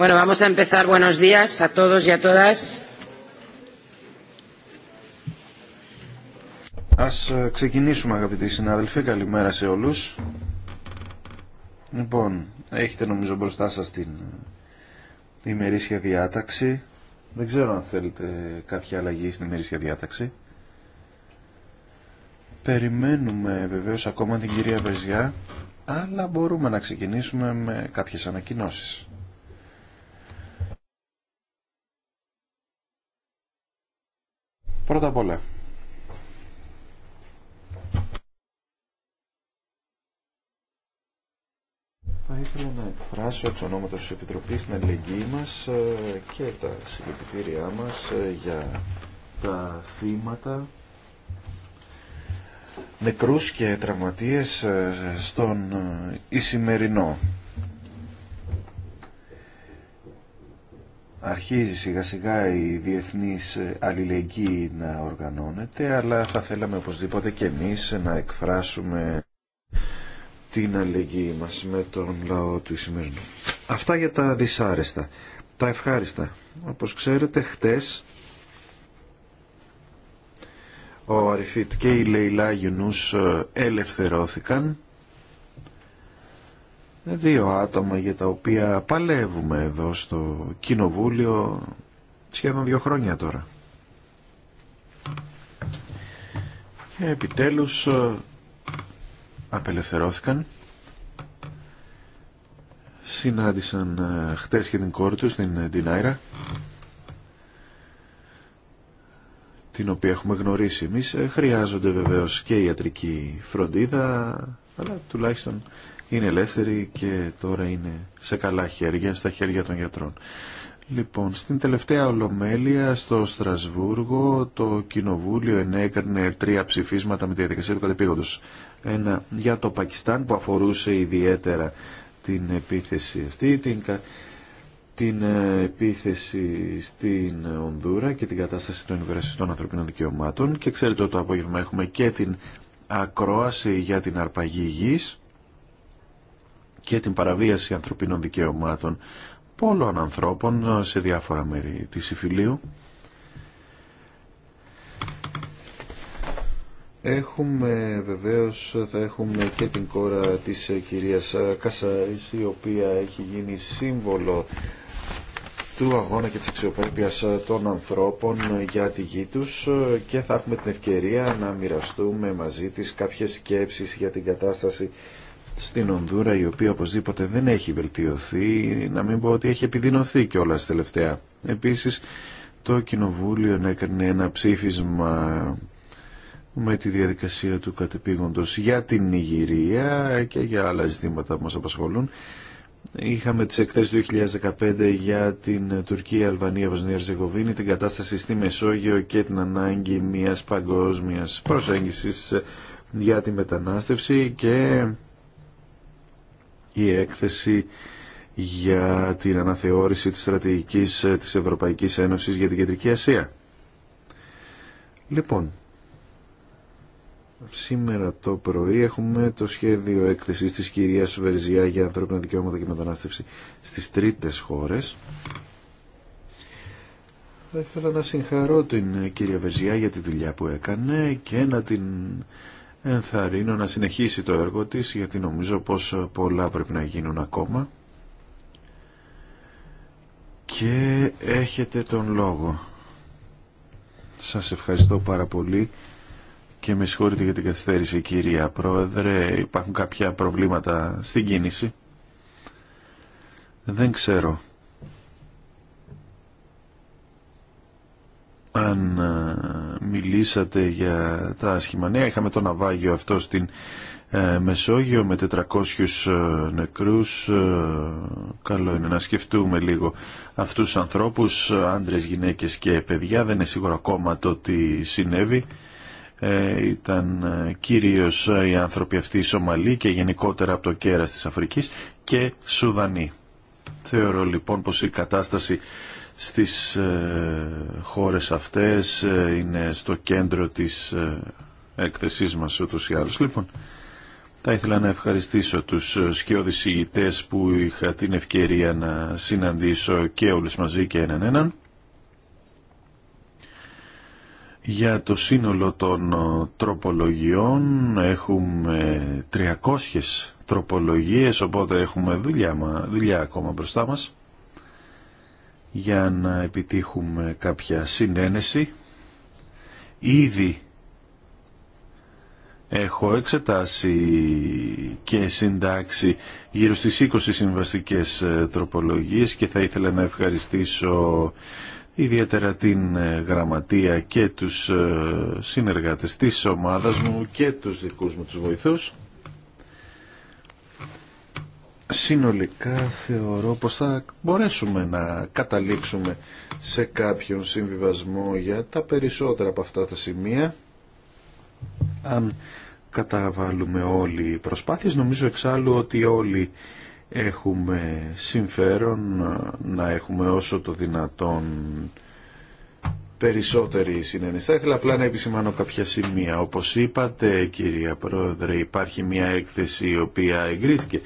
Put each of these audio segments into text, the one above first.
Bueno, vamos a empezar. Buenos días Ας ε, ξεκινήσουμε αγαπητοί συνάδελφοι. Καλημέρα σε όλους. Λοιπόν, έχετε νομίζω μπροστά σας την ε, ημερήσια διάταξη. Δεν ξέρω αν θέλετε κάποια αλλαγή στην ημερήσια διάταξη. Περιμένουμε βεβαίως ακόμα την κυρία Βεζιά, αλλά μπορούμε να ξεκινήσουμε με κάποιες ανακοινώσεις. Πρώτα απ' όλα. Θα ήθελα να εκφράσω εξ ονόματος της Επιτροπής την αλληλεγγύη μας ε, και τα συλληπιτήριά μας ε, για τα θύματα νεκρούς και τραυματίες ε, στον Ισημερινό. αρχίζει σιγά σιγά η διεθνής αλληλεγγύη να οργανώνεται, αλλά θα θέλαμε οπωσδήποτε και εμείς να εκφράσουμε την αλληλεγγύη μας με τον λαό του σημερινού. Αυτά για τα δυσάρεστα. Τα ευχάριστα. Όπως ξέρετε, χτες ο Αριφίτ και η Λεϊλά Γιουνούς ε, ελευθερώθηκαν δύο άτομα για τα οποία παλεύουμε εδώ στο Κοινοβούλιο σχεδόν δύο χρόνια τώρα. Και επιτέλους ε, απελευθερώθηκαν. Συνάντησαν ε, χτες και την κόρη τους, την ε, Ντινάιρα την οποία έχουμε γνωρίσει εμείς χρειάζονται βεβαίως και ιατρική φροντίδα αλλά τουλάχιστον είναι ελεύθερη και τώρα είναι σε καλά χέρια, στα χέρια των γιατρών. Λοιπόν, στην τελευταία Ολομέλεια στο Στρασβούργο το Κοινοβούλιο ενέκρινε τρία ψηφίσματα με τη διαδικασία του κατεπήγοντος. Ένα για το Πακιστάν που αφορούσε ιδιαίτερα την επίθεση αυτή, την, την ε, επίθεση στην Ονδούρα και την κατάσταση των υπηρεσιστών ανθρωπίνων δικαιωμάτων και ξέρετε ότι το απόγευμα έχουμε και την ακρόαση για την αρπαγή γης και την παραβίαση ανθρωπίνων δικαιωμάτων πολλών ανθρώπων ε, σε διάφορα μέρη της Ιφιλίου. Έχουμε βεβαίως, θα έχουμε και την κόρα της ε, κυρίας ε, Κασαρίς, η οποία έχει γίνει σύμβολο του αγώνα και της αξιοπρέπειας των ανθρώπων για τη γη τους και θα έχουμε την ευκαιρία να μοιραστούμε μαζί της κάποιες σκέψεις για την κατάσταση στην Ονδούρα η οποία οπωσδήποτε δεν έχει βελτιωθεί, να μην πω ότι έχει επιδεινωθεί κιόλα τελευταία. Επίσης το Κοινοβούλιο έκανε ένα ψήφισμα με τη διαδικασία του κατεπήγοντος για την Ιγυρία και για άλλα ζητήματα που μας απασχολούν. Είχαμε τις εκθέσεις του 2015 για την Τουρκία, Αλβανία, Βοσνία, Ζεγοβίνη, την κατάσταση στη Μεσόγειο και την ανάγκη μιας παγκόσμιας προσέγγισης για τη μετανάστευση και η έκθεση για την αναθεώρηση της στρατηγικής ε, της Ευρωπαϊκής Ένωσης για την Κεντρική Ασία. Λοιπόν, σήμερα το πρωί έχουμε το σχέδιο έκθεσης της κυρίας Βερζιά για ανθρώπινα δικαιώματα και μετανάστευση στις τρίτες χώρες. Θα ήθελα να συγχαρώ την ε, κυρία Βεζιά για τη δουλειά που έκανε και να την ενθαρρύνω να συνεχίσει το έργο της γιατί νομίζω πως πολλά πρέπει να γίνουν ακόμα και έχετε τον λόγο σας ευχαριστώ πάρα πολύ και με συγχωρείτε για την καθυστέρηση κυρία Πρόεδρε υπάρχουν κάποια προβλήματα στην κίνηση δεν ξέρω αν ε, μιλήσατε για τα άσχημα νέα. Είχαμε το ναυάγιο αυτό στην ε, Μεσόγειο με 400 ε, νεκρούς. Καλό είναι να σκεφτούμε λίγο αυτούς τους ανθρώπους, άντρες, γυναίκες και παιδιά. Δεν είναι σίγουρο ακόμα το τι συνέβη. Ήταν κυρίως οι άνθρωποι αυτοί οι Σομαλοί και γενικότερα από το κέρας της Αφρικής και Σουδανοί. Θεωρώ λοιπόν πως η κατάσταση στις ε, χώρες αυτές, ε, είναι στο κέντρο της ε, έκθεσής μας ούτως ή άλλως. Λοιπόν, θα ήθελα να ευχαριστήσω τους σκιώδης ηγητές που είχα την ευκαιρία να συναντήσω και όλους μαζί και έναν έναν για το σύνολο των τροπολογιών έχουμε 300 τροπολογίες οπότε έχουμε δουλειά, δουλειά ακόμα μπροστά μας για να επιτύχουμε κάποια συνένεση. Ήδη έχω εξετάσει και συντάξει γύρω στις 20 συμβαστικές ε, τροπολογίες και θα ήθελα να ευχαριστήσω ιδιαίτερα την ε, γραμματεία και τους ε, συνεργάτες της ομάδας μου και τους δικούς μου τους βοηθούς Συνολικά θεωρώ πως θα μπορέσουμε να καταλήξουμε σε κάποιον συμβιβασμό για τα περισσότερα από αυτά τα σημεία. Αν καταβάλουμε όλοι οι προσπάθειες, νομίζω εξάλλου ότι όλοι έχουμε συμφέρον να έχουμε όσο το δυνατόν περισσότερη συνένεση. Θα ήθελα απλά να επισημάνω κάποια σημεία. Όπως είπατε κυρία Πρόεδρε υπάρχει μια έκθεση η οποία εγκρίθηκε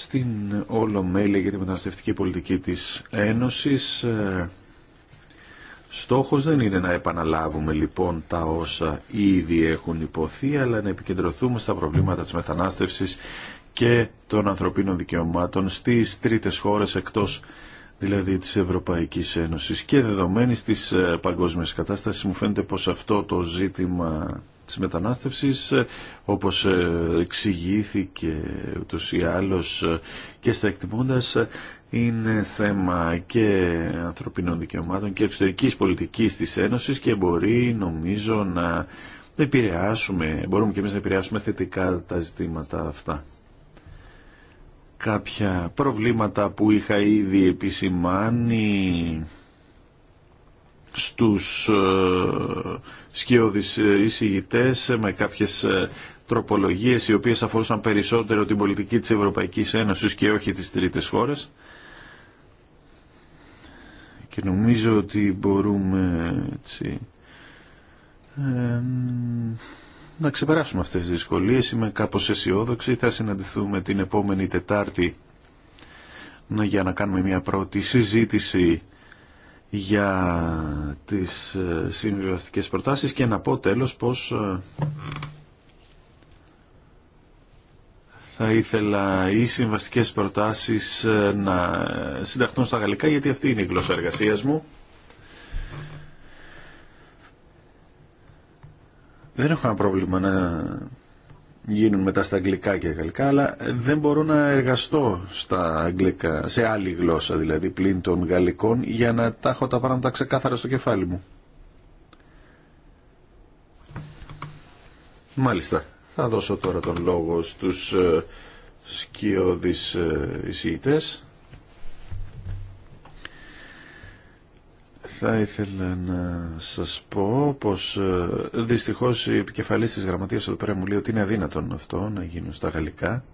στην όλο μέλη για τη μεταναστευτική πολιτική της Ένωσης. Ε, στόχος δεν είναι να επαναλάβουμε λοιπόν τα όσα ήδη έχουν υποθεί, αλλά να επικεντρωθούμε στα προβλήματα της μετανάστευσης και των ανθρωπίνων δικαιωμάτων στις τρίτες χώρες εκτός δηλαδή της Ευρωπαϊκής Ένωσης και δεδομένης της ε, παγκόσμιας κατάστασης μου φαίνεται πως αυτό το ζήτημα της μετανάστευσης ε, όπως ε, εξηγήθηκε ούτως ή άλλως ε, και στα εκτιμώντας είναι θέμα και ανθρωπινών δικαιωμάτων και εξωτερικής πολιτικής της Ένωσης και μπορεί νομίζω να επηρεάσουμε, μπορούμε και εμείς να επηρεάσουμε θετικά τα ζητήματα αυτά. Κάποια προβλήματα που είχα ήδη επισημάνει στους ε, σκιώδεις ε, εισηγητές ε, με κάποιες τροπολογίες οι οποίες αφορούσαν περισσότερο την πολιτική της Ευρωπαϊκής Ένωσης και όχι τις τρίτες χώρες. Και νομίζω ότι μπορούμε να ξεπεράσουμε αυτές τις δυσκολίες. Είμαι κάπως αισιόδοξη. Θα συναντηθούμε την επόμενη Τετάρτη για να κάνουμε μια πρώτη συζήτηση για τις ε, συμβιβαστικές προτάσεις και να πω τέλος πως ε, θα ήθελα οι συμβαστικές προτάσεις ε, να συνταχθούν στα γαλλικά γιατί αυτή είναι η γλώσσα εργασίας μου. Δεν έχω ένα πρόβλημα να γίνουν μετά στα αγγλικά και γαλλικά, αλλά δεν μπορώ να εργαστώ στα αγγλικά, σε άλλη γλώσσα δηλαδή, πλην των γαλλικών, για να τα έχω τα πράγματα ξεκάθαρα στο κεφάλι μου. Μάλιστα. Θα δώσω τώρα τον λόγο στους ε, σκιώδεις ε, εισηγητές. Θα ήθελα να σας πω πως ε, δυστυχώς η επικεφαλής της γραμματείας εδώ πέρα μου λέει ότι είναι αδύνατον αυτό να γίνουν στα γαλλικά.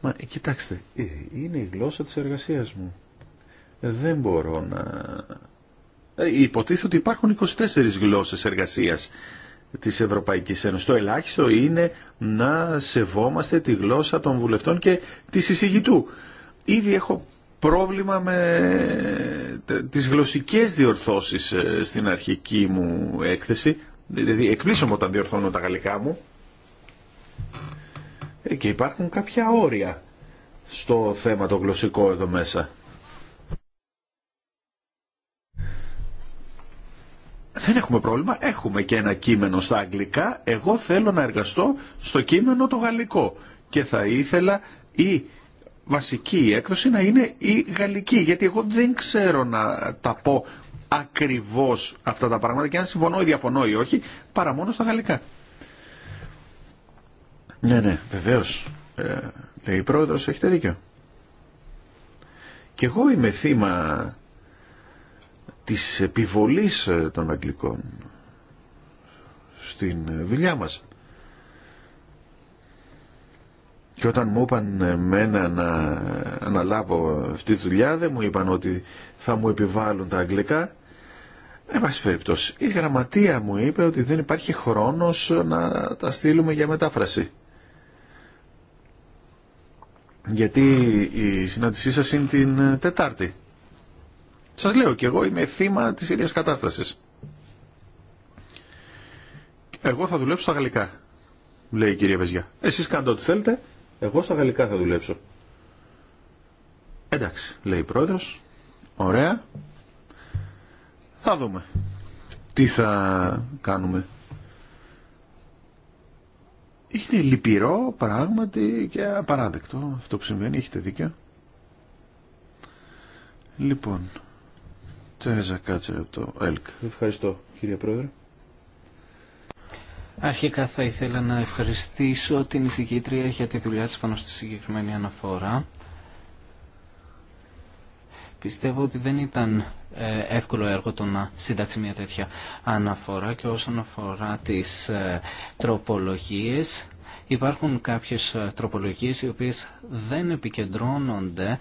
Μα ε, κοιτάξτε, ε, είναι η γλώσσα της εργασίας μου. Δεν μπορώ να... Υποτίθεται ότι υπάρχουν 24 γλώσσες εργασίας της Ευρωπαϊκής Ένωσης. Το ελάχιστο είναι να σεβόμαστε τη γλώσσα των βουλευτών και τη εισηγητού. Ήδη έχω πρόβλημα με τις γλωσσικές διορθώσεις ε, στην αρχική μου έκθεση. Δηλαδή εκπλήσωμαι όταν διορθώνω τα γαλλικά μου. Ε, και υπάρχουν κάποια όρια στο θέμα το γλωσσικό εδώ μέσα. Δεν έχουμε πρόβλημα, έχουμε και ένα κείμενο στα αγγλικά. Εγώ θέλω να εργαστώ στο κείμενο το γαλλικό και θα ήθελα ή βασική έκδοση να είναι η γαλλική, γιατί εγώ δεν ξέρω να τα πω ακριβώς αυτά τα πράγματα και αν συμφωνώ ή διαφωνώ ή όχι, παρά μόνο στα γαλλικά. Ναι, ναι, βεβαίως. Ε, λέει η πρόεδρος, έχετε δίκιο. Και εγώ είμαι θύμα της επιβολής ε, των Αγγλικών στην δουλειά μας. Και όταν μου είπαν εμένα να αναλάβω αυτή τη δουλειά, δεν μου είπαν ότι θα μου επιβάλλουν τα αγγλικά. Εν πάση περιπτώσει, η γραμματεία μου είπε ότι δεν υπάρχει χρόνος να τα στείλουμε για μετάφραση. Γιατί η συνάντησή σας είναι την Τετάρτη. Σας λέω και εγώ είμαι θύμα της ίδιας κατάστασης. Εγώ θα δουλέψω στα γαλλικά, λέει η κυρία Βεζιά. Εσείς κάντε ό,τι θέλετε, εγώ στα γαλλικά θα δουλέψω. Εντάξει, λέει η πρόεδρος. Ωραία. Θα δούμε. Τι θα κάνουμε. Είναι λυπηρό πράγματι και απαράδεκτο αυτό που συμβαίνει. Έχετε δίκιο. Λοιπόν, Τέρεζα Κάτσερ από το ΕΛΚ. Ευχαριστώ κύριε Πρόεδρε. Αρχικά θα ήθελα να ευχαριστήσω την εισηγήτρια για τη δουλειά της πάνω στη συγκεκριμένη αναφορά. Πιστεύω ότι δεν ήταν ε, εύκολο έργο το να σύνταξει μια τέτοια αναφορά και όσον αφορά τις ε, τροπολογίες υπάρχουν κάποιες ε, τροπολογίες οι οποίες δεν επικεντρώνονται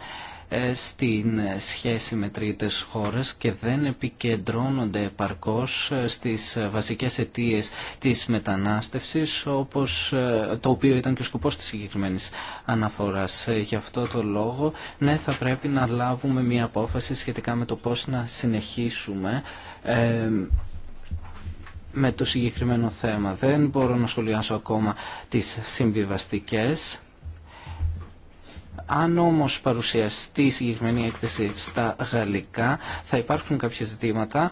ε, στην σχέση με τρίτες χώρες και δεν επικεντρώνονται επαρκώς ε, στις βασικές αιτίες της μετανάστευσης όπως ε, το οποίο ήταν και ο σκοπός της συγκεκριμένης αναφοράς. Γι' αυτό το λόγο ναι θα πρέπει να λάβουμε μια απόφαση σχετικά με το πώς να συνεχίσουμε με το συγκεκριμένο θέμα. Δεν μπορώ να σχολιάσω ακόμα τις συμβιβαστικές αν όμως παρουσιαστεί η συγκεκριμένη έκθεση στα γαλλικά θα υπάρχουν κάποια ζητήματα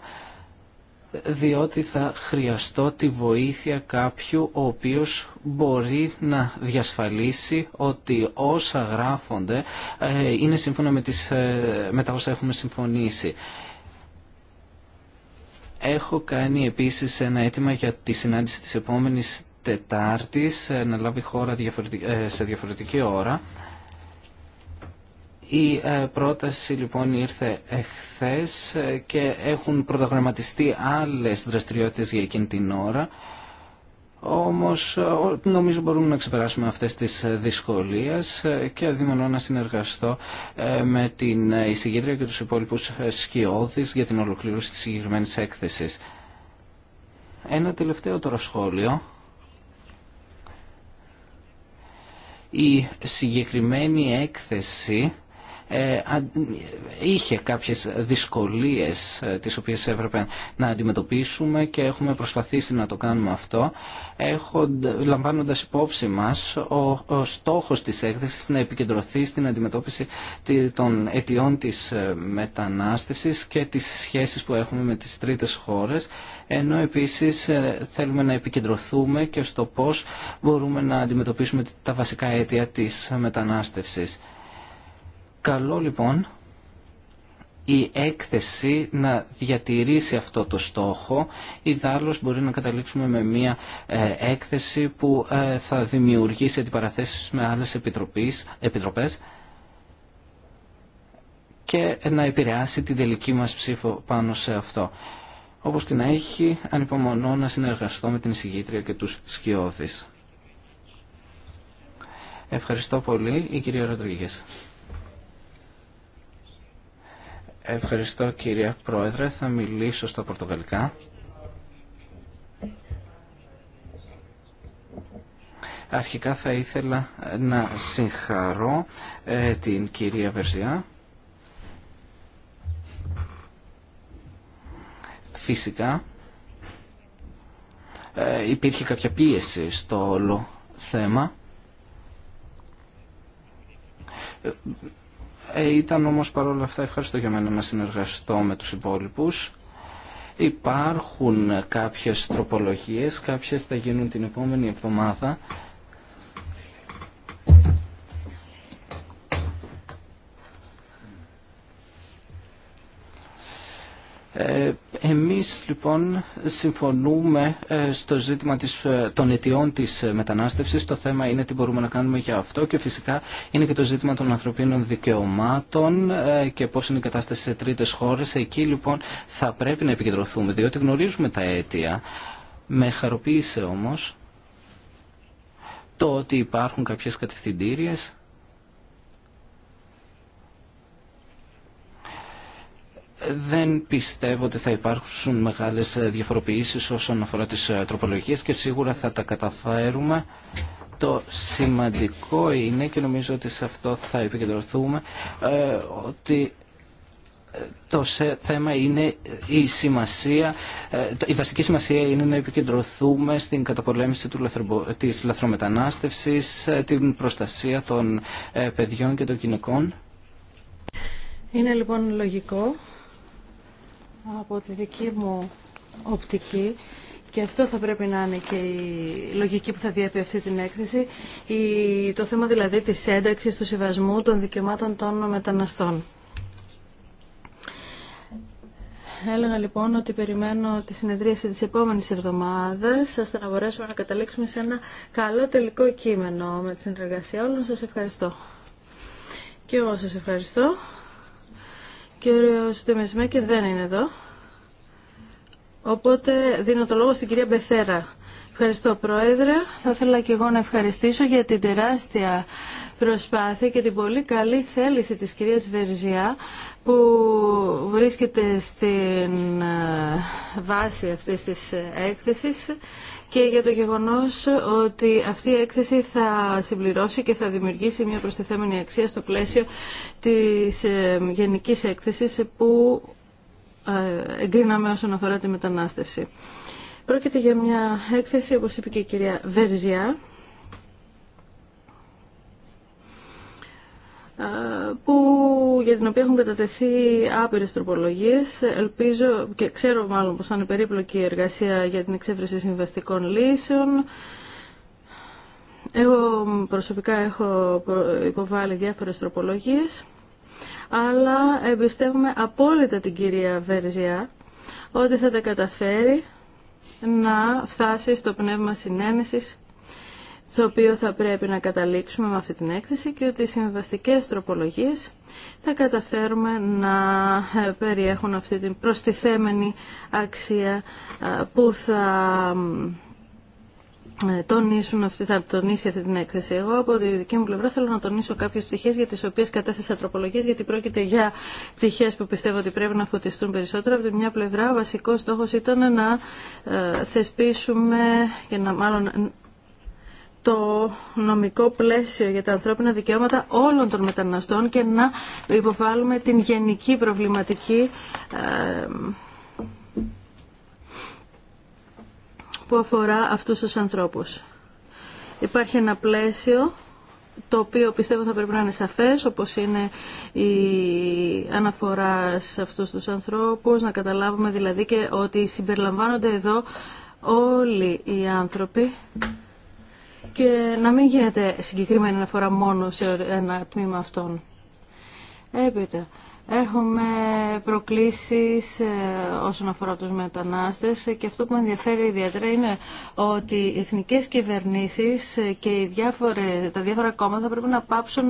διότι θα χρειαστώ τη βοήθεια κάποιου ο οποίος μπορεί να διασφαλίσει ότι όσα γράφονται ε, είναι σύμφωνα με, τις, ε, με τα όσα έχουμε συμφωνήσει. Έχω κάνει επίσης ένα αίτημα για τη συνάντηση της επόμενης Τετάρτης ε, να λάβει χώρα σε διαφορετική ώρα η ε, πρόταση λοιπόν ήρθε εχθές ε, και έχουν προγραμματιστεί άλλες δραστηριότητες για εκείνη την ώρα. Όμως ε, νομίζω μπορούμε να ξεπεράσουμε αυτές τις δυσκολίες και αδειμονώ να συνεργαστώ με την εισηγήτρια και τους υπόλοιπους σκιώδης για την ολοκλήρωση της συγκεκριμένης έκθεσης. Ένα τελευταίο τώρα σχόλιο. Η συγκεκριμένη έκθεση ε, είχε κάποιες δυσκολίες ε, τις οποίες έπρεπε να αντιμετωπίσουμε και έχουμε προσπαθήσει να το κάνουμε αυτό λαμβάνοντας υπόψη μας ο στόχος της έκθεσης να επικεντρωθεί στην αντιμετώπιση των αιτιών της ε, μετανάστευσης και τις σχέσεις που έχουμε με τις τρίτες χώρες ενώ επίσης θέλουμε να επικεντρωθούμε και στο πώς μπορούμε να αντιμετωπίσουμε τα βασικά αίτια της μετανάστευσης. Καλό λοιπόν η έκθεση να διατηρήσει αυτό το στόχο ή δάλλως μπορεί να καταλήξουμε με μια ε, έκθεση που ε, θα δημιουργήσει αντιπαραθέσεις με άλλες επιτροπές και να επηρεάσει την τελική μας ψήφο πάνω σε αυτό. Όπως και να έχει, ανυπομονώ να συνεργαστώ με την εισηγήτρια και τους σκιώδεις. Ευχαριστώ πολύ, η κυρία Ευχαριστώ κυρία Πρόεδρε. Θα μιλήσω στα πορτογαλικά. Αρχικά θα ήθελα να συγχαρώ ε, την κυρία Βερζιά. Φυσικά ε, υπήρχε κάποια πίεση στο όλο θέμα ε, ε, ήταν όμως παρόλα αυτά ευχαριστώ για μένα να συνεργαστώ με τους υπόλοιπους. Υπάρχουν κάποιες τροπολογίες, κάποιες θα γίνουν την επόμενη εβδομάδα Ε, εμείς λοιπόν συμφωνούμε ε, στο ζήτημα της, ε, των αιτιών της μετανάστευσης. Το θέμα είναι τι μπορούμε να κάνουμε για αυτό και φυσικά είναι και το ζήτημα των ανθρωπίνων δικαιωμάτων και πώς είναι η κατάσταση σε τρίτες χώρες. Εκεί λοιπόν θα πρέπει να επικεντρωθούμε διότι γνωρίζουμε τα αίτια. Με χαροποίησε όμως το ότι υπάρχουν κάποιες κατευθυντήριες δεν πιστεύω ότι θα υπάρξουν μεγάλες διαφοροποιήσεις όσον αφορά τις ε, τροπολογίες και σίγουρα θα τα καταφέρουμε. Το σημαντικό είναι και νομίζω ότι σε αυτό θα επικεντρωθούμε ε, ότι ε, το θέμα είναι η σημασία, η βασική σημασία είναι να επικεντρωθούμε στην καταπολέμηση του της λαθρομετανάστευσης, την προστασία των παιδιών και των γυναικών. Είναι λοιπόν λογικό από τη δική μου οπτική και αυτό θα πρέπει να είναι και η λογική που θα διέπει αυτή την έκθεση, η, το θέμα δηλαδή της ένταξης, του συμβασμού των δικαιωμάτων των μεταναστών. Έλεγα λοιπόν ότι περιμένω τη συνεδρίαση της επόμενης εβδομάδας, ώστε να μπορέσουμε να καταλήξουμε σε ένα καλό τελικό κείμενο με τη συνεργασία όλων. Σας ευχαριστώ. Και εγώ σας ευχαριστώ κύριος Δεμεσμέκερ δεν είναι εδώ. Οπότε δίνω το λόγο στην κυρία Μπεθέρα. Ευχαριστώ Πρόεδρε. Θα ήθελα και εγώ να ευχαριστήσω για την τεράστια προσπάθεια και την πολύ καλή θέληση της κυρίας Βερζιά που βρίσκεται στην ε, βάση αυτής της ε, έκθεσης και για το γεγονός ότι αυτή η έκθεση θα συμπληρώσει και θα δημιουργήσει μια προστιθέμενη αξία στο πλαίσιο της ε, γενικής έκθεσης που ε, εγκρίναμε όσον αφορά τη μετανάστευση. Πρόκειται για μια έκθεση, όπως είπε και η κυρία Βερζιά, που, για την οποία έχουν κατατεθεί άπειρες τροπολογίες. Ελπίζω και ξέρω μάλλον πως θα είναι περίπλοκη η εργασία για την εξέφραση συμβαστικών λύσεων. Εγώ προσωπικά έχω υποβάλει διάφορες τροπολογίες, αλλά εμπιστεύομαι απόλυτα την κυρία Βερζιά ότι θα τα καταφέρει να φτάσει στο πνεύμα συνένεσης το οποίο θα πρέπει να καταλήξουμε με αυτή την έκθεση και ότι οι συμβαστικές τροπολογίες θα καταφέρουμε να ε, περιέχουν αυτή την προστιθέμενη αξία ε, που θα ε, τονίσουν αυτή, θα τονίσει αυτή την έκθεση. Εγώ από τη δική μου πλευρά θέλω να τονίσω κάποιες πτυχές για τις οποίες κατέθεσα τροπολογίες γιατί πρόκειται για πτυχές που πιστεύω ότι πρέπει να φωτιστούν περισσότερο. Από τη μια πλευρά ο βασικός στόχος ήταν να θεσπίσουμε και να μάλλον το νομικό πλαίσιο για τα ανθρώπινα δικαιώματα όλων των μεταναστών και να υποβάλουμε την γενική προβληματική ε, που αφορά αυτούς τους ανθρώπους. Υπάρχει ένα πλαίσιο το οποίο πιστεύω θα πρέπει να είναι σαφές, όπως είναι η αναφορά σε αυτούς τους ανθρώπους, να καταλάβουμε δηλαδή και ότι συμπεριλαμβάνονται εδώ όλοι οι άνθρωποι και να μην γίνεται συγκεκριμένη αναφορά μόνο σε ένα τμήμα αυτών. Έπειτα, Έχουμε προκλήσεις ε, όσον αφορά τους μετανάστες και αυτό που με ενδιαφέρει ιδιαίτερα είναι ότι οι εθνικές κυβερνήσεις ε, και οι διάφορε, τα διάφορα κόμματα θα πρέπει να πάψουν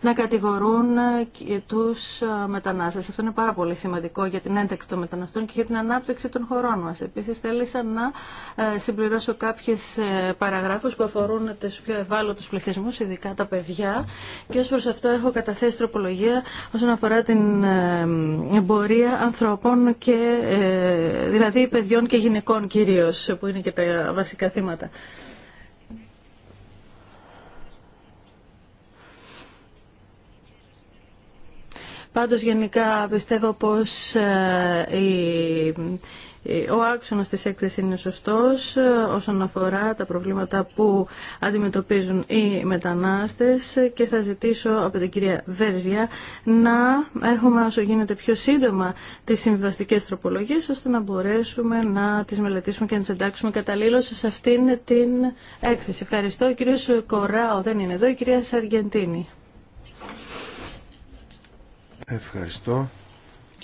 να κατηγορούν ε, τους μετανάστες. Αυτό είναι πάρα πολύ σημαντικό για την ένταξη των μεταναστών και για την ανάπτυξη των χωρών μας. Επίσης θέλησα να συμπληρώσω κάποιες παραγράφους που αφορούν τους πιο ευάλωτους πληθυσμούς, ειδικά τα παιδιά και ως προς αυτό έχω καταθέσει τροπολογία όσον αφορά την ε, εμπορία ανθρώπων και ε, δηλαδή παιδιών και γυναικών κυρίως που είναι και τα βασικά θύματα. Πάντως γενικά πιστεύω πως ε, η ο άξονας της έκθεσης είναι σωστός ε, όσον αφορά τα προβλήματα που αντιμετωπίζουν οι μετανάστες και θα ζητήσω από την κυρία Βέρζια να έχουμε όσο γίνεται πιο σύντομα τις συμβιβαστικές τροπολογίες ώστε να μπορέσουμε να τις μελετήσουμε και να τις εντάξουμε σε αυτήν την έκθεση. Ευχαριστώ. Ο κύριος Κοράο δεν είναι εδώ, η κυρία Σαργεντίνη. Ευχαριστώ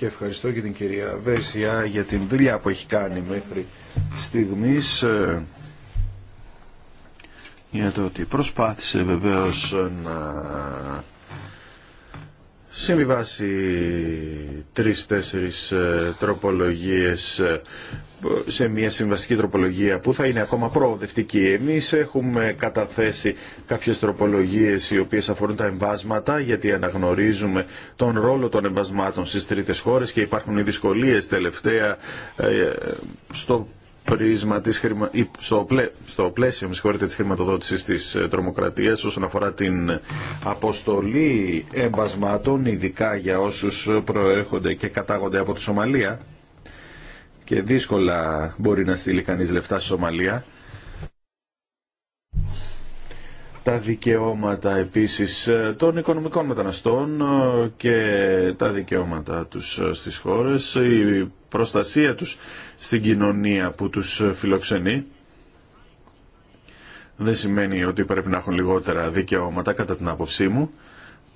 και ευχαριστώ και την κυρία Βέσια για την δουλειά που έχει κάνει μέχρι στιγμής ε, για το ότι προσπάθησε βεβαίως να συμβιβάσει τρεις-τέσσερις ε, τροπολογίες ε, σε μια συμβαστική τροπολογία που θα είναι ακόμα προοδευτική. Εμείς έχουμε καταθέσει κάποιες τροπολογίες οι οποίες αφορούν τα εμβάσματα γιατί αναγνωρίζουμε τον ρόλο των εμβασμάτων στις τρίτες χώρες και υπάρχουν οι δυσκολίες τελευταία ε, στο πρίσμα της χρημα... στο, πλαίσιο, στο πλαίσιο της χρηματοδότησης της ε, τρομοκρατίας όσον αφορά την αποστολή εμπασμάτων ειδικά για όσους προέρχονται και κατάγονται από τη Σομαλία και δύσκολα μπορεί να στείλει κανείς λεφτά στη Σομαλία τα δικαιώματα επίσης ε, των οικονομικών μεταναστών ε, και τα δικαιώματα τους στις χώρες, προστασία τους στην κοινωνία που τους φιλοξενεί δεν σημαίνει ότι πρέπει να έχουν λιγότερα δικαιώματα κατά την άποψή μου.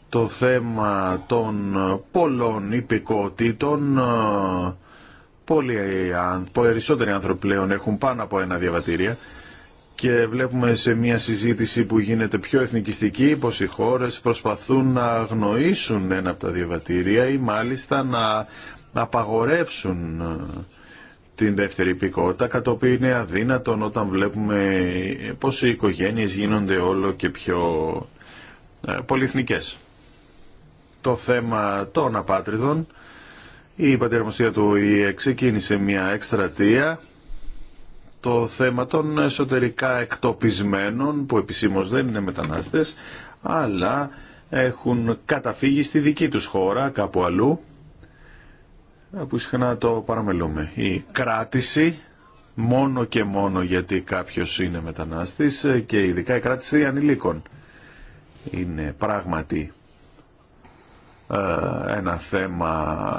Το θέμα των πολλών υπηκοτήτων, ε, πολλοί, περισσότεροι άνθρωποι πλέον έχουν πάνω από ένα διαβατήρια και βλέπουμε σε μια συζήτηση που γίνεται πιο εθνικιστική πως οι χώρες προσπαθούν να αγνοήσουν ένα από τα διαβατήρια ή μάλιστα να να απαγορεύσουν ε, την δεύτερη υπηκότητα, κατά οποίο είναι αδύνατον όταν βλέπουμε ε, πως οι οικογένειες γίνονται όλο και πιο ε, πολυεθνικές. Το θέμα των απάτριδων, η πατερμοστία του η ξεκίνησε μια εκστρατεία, το θέμα των εσωτερικά εκτοπισμένων, που επισήμως δεν είναι μετανάστες, αλλά έχουν καταφύγει στη δική τους χώρα, κάπου αλλού, που συχνά το παραμελούμε. Η κράτηση μόνο και μόνο γιατί κάποιος είναι μετανάστης ε, και ειδικά η κράτηση ανηλίκων είναι πράγματι ε, ένα θέμα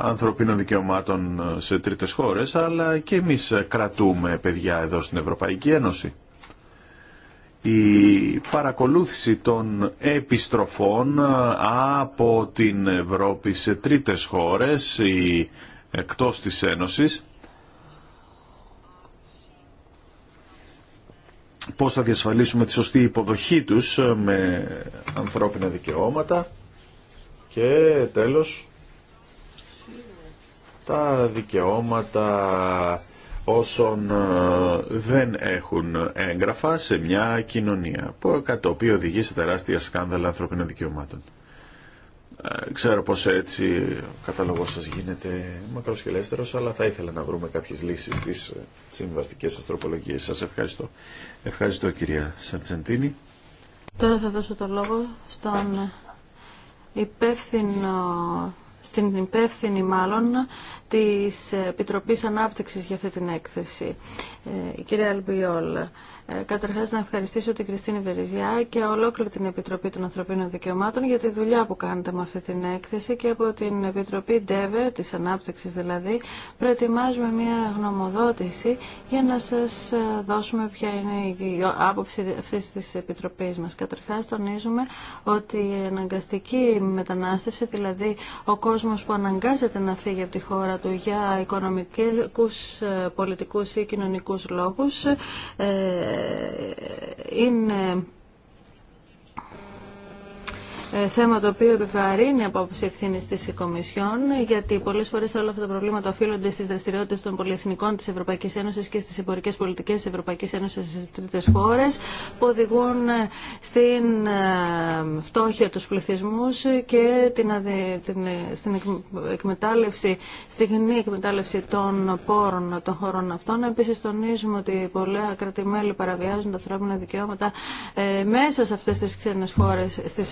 ανθρωπίνων δικαιωμάτων ε, σε τρίτες χώρες αλλά και εμείς κρατούμε παιδιά εδώ στην Ευρωπαϊκή Ένωση. Η παρακολούθηση των επιστροφών από την Ευρώπη σε τρίτες χώρες, η εκτός της Ένωσης πώς θα διασφαλίσουμε τη σωστή υποδοχή τους ε, με ανθρώπινα δικαιώματα και τέλος τα δικαιώματα όσων ε, δεν έχουν έγγραφα σε μια κοινωνία, που, ε, κατά το οποίο οδηγεί σε τεράστια σκάνδαλα ανθρωπίνων δικαιωμάτων. Ε, ξέρω πως έτσι ο κατάλογος σας γίνεται μακρός και ελεύθερος, αλλά θα ήθελα να βρούμε κάποιες λύσεις στις ε, συμβαστικές σας Σας ευχαριστώ. Ευχαριστώ κυρία Σαρτσεντίνη. Τώρα θα δώσω το λόγο στον υπεύθυνο, στην υπεύθυνη μάλλον της Επιτροπής Ανάπτυξης για αυτή την έκθεση, ε, η κυρία Αλμπιόλ. Ε, Καταρχά να ευχαριστήσω την Κριστίνη Βεριζιά και ολόκληρη την Επιτροπή των Ανθρωπίνων Δικαιωμάτων για τη δουλειά που κάνετε με αυτή την έκθεση και από την Επιτροπή ΔΕΒΕ, της ανάπτυξη δηλαδή, προετοιμάζουμε μια γνωμοδότηση για να σας ε, δώσουμε ποια είναι η άποψη αυτή τη επιτροπή μα. Καταρχά, τονίζουμε ότι η αναγκαστική μετανάστευση, δηλαδή ο κόσμο που αναγκάζεται να φύγει από τη χώρα του για οικονομικού ε, πολιτικού ή κοινωνικούς λόγους, είναι ε, θέμα το οποίο επιβαρύνει από άποψη ευθύνη τη Κομισιόν, γιατί πολλέ φορέ όλα αυτά τα προβλήματα οφείλονται στι δραστηριότητε των πολυεθνικών τη Ευρωπαϊκή Ένωση και στι εμπορικέ πολιτικέ τη Ευρωπαϊκή Ένωση στι τρίτε χώρε, που οδηγούν ε, στην ε, φτώχεια του πληθυσμού και την, αδε... την... στην εκμετάλλευση, εκμετάλλευση των πόρων των χωρών αυτών. Επίση, τονίζουμε ότι πολλά κρατημέλη παραβιάζουν τα ανθρώπινα δικαιώματα μέσα σε αυτέ τι ξένε χώρε, στι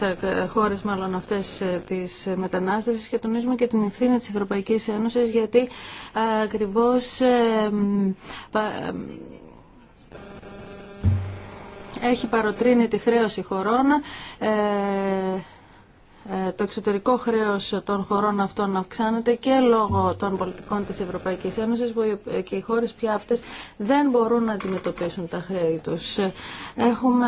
χώρες μάλλον αυτές ε, της μετανάστευσης και τονίζουμε και την ευθύνη της Ευρωπαϊκής Ένωσης γιατί ε, ακριβώς ε, έχει παροτρύνει τη χρέωση χωρών ε, το εξωτερικό χρέος των χωρών αυτών αυξάνεται και λόγω των πολιτικών της Ευρωπαϊκής Ένωσης και οι χώρες πια αυτές δεν μπορούν να αντιμετωπίσουν τα χρέη τους. Έχουμε,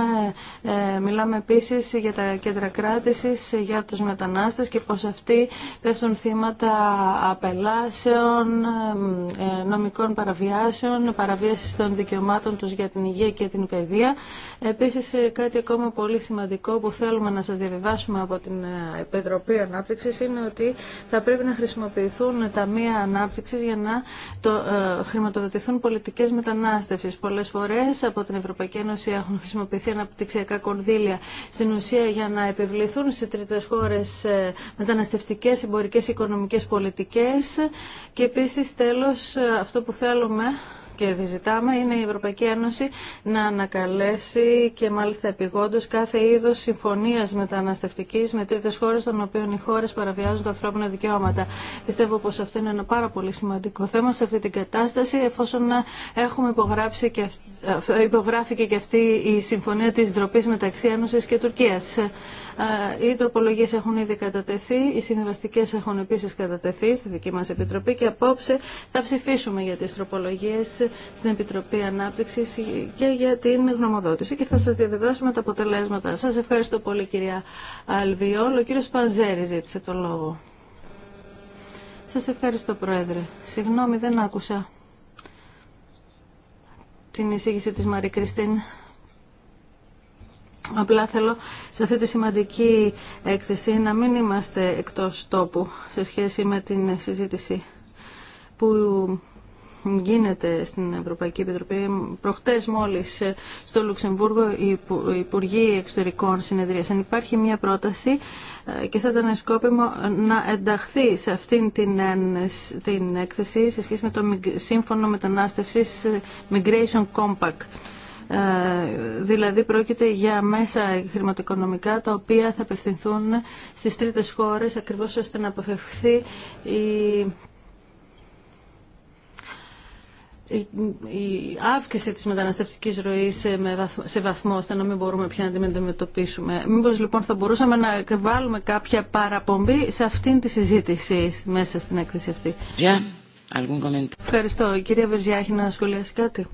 ε, μιλάμε επίσης για τα κέντρα κράτησης, για τους μετανάστες και πως αυτοί πέφτουν θύματα απελάσεων, ε, νομικών παραβιάσεων, παραβίασης των δικαιωμάτων τους για την υγεία και την παιδεία. Επίσης κάτι ακόμα πολύ σημαντικό που θέλουμε να σας διαβιβάσουμε από την Επιτροπή Ανάπτυξη είναι ότι θα πρέπει να χρησιμοποιηθούν ταμεία ανάπτυξη για να το, ε, χρηματοδοτηθούν πολιτικέ μετανάστευση. Πολλέ φορέ από την Ευρωπαϊκή Ένωση έχουν χρησιμοποιηθεί αναπτυξιακά κονδύλια στην ουσία για να επιβληθούν σε τρίτε χώρε μεταναστευτικέ, εμπορικέ, οικονομικέ πολιτικέ. Και επίση τέλο ε, αυτό που θέλουμε και διζητάμε είναι η Ευρωπαϊκή Ένωση να ανακαλέσει και μάλιστα επιγόντω κάθε είδο συμφωνία μεταναστευτική με τρίτε χώρε των οποίων οι χώρε παραβιάζουν τα ανθρώπινα δικαιώματα. Πιστεύω πω αυτό είναι ένα πάρα πολύ σημαντικό θέμα σε αυτή την κατάσταση εφόσον έχουμε υπογράψει και ε, υπογράφηκε και αυτή η συμφωνία της ντροπή μεταξύ Ένωσης και Τουρκίας. Ε, οι τροπολογίες έχουν ήδη κατατεθεί, οι συμβιβαστικές έχουν επίση κατατεθεί στη δική μα Επιτροπή και απόψε θα ψηφίσουμε για τι τροπολογίε στην Επιτροπή ανάπτυξη και για την γνωμοδότηση και θα σας διαβεβαιώσουμε τα αποτελέσματα. Σας ευχαριστώ πολύ κυρία Αλβιόλ. Ο κύριος Πανζέρη ζήτησε το λόγο. Σας ευχαριστώ Πρόεδρε. Συγγνώμη δεν άκουσα την εισήγηση της Μαρή Κριστίν. Απλά θέλω σε αυτή τη σημαντική έκθεση να μην είμαστε εκτός τόπου σε σχέση με την συζήτηση που γίνεται στην Ευρωπαϊκή Επιτροπή. Προχτές μόλις στο Λουξεμβούργο οι Υπουργοί Εξωτερικών συνεδρίασαν. Υπάρχει μια πρόταση ε, και θα ήταν σκόπιμο να ενταχθεί σε αυτήν την, την έκθεση σε σχέση με το Σύμφωνο Μετανάστευσης ε, Migration Compact. Ε, δηλαδή πρόκειται για μέσα χρηματοοικονομικά τα οποία θα απευθυνθούν στις τρίτες χώρες ακριβώς ώστε να αποφευχθεί η η αύξηση της μεταναστευτικής ροής σε βαθμό ώστε να μην μπορούμε πια να την αντιμετωπίσουμε. Μήπως λοιπόν θα μπορούσαμε να βάλουμε κάποια παραπομπή σε αυτήν τη συζήτηση μέσα στην έκθεση αυτή. Ευχαριστώ. Η κυρία Βερζιά έχει να σχολιάσει κάτι.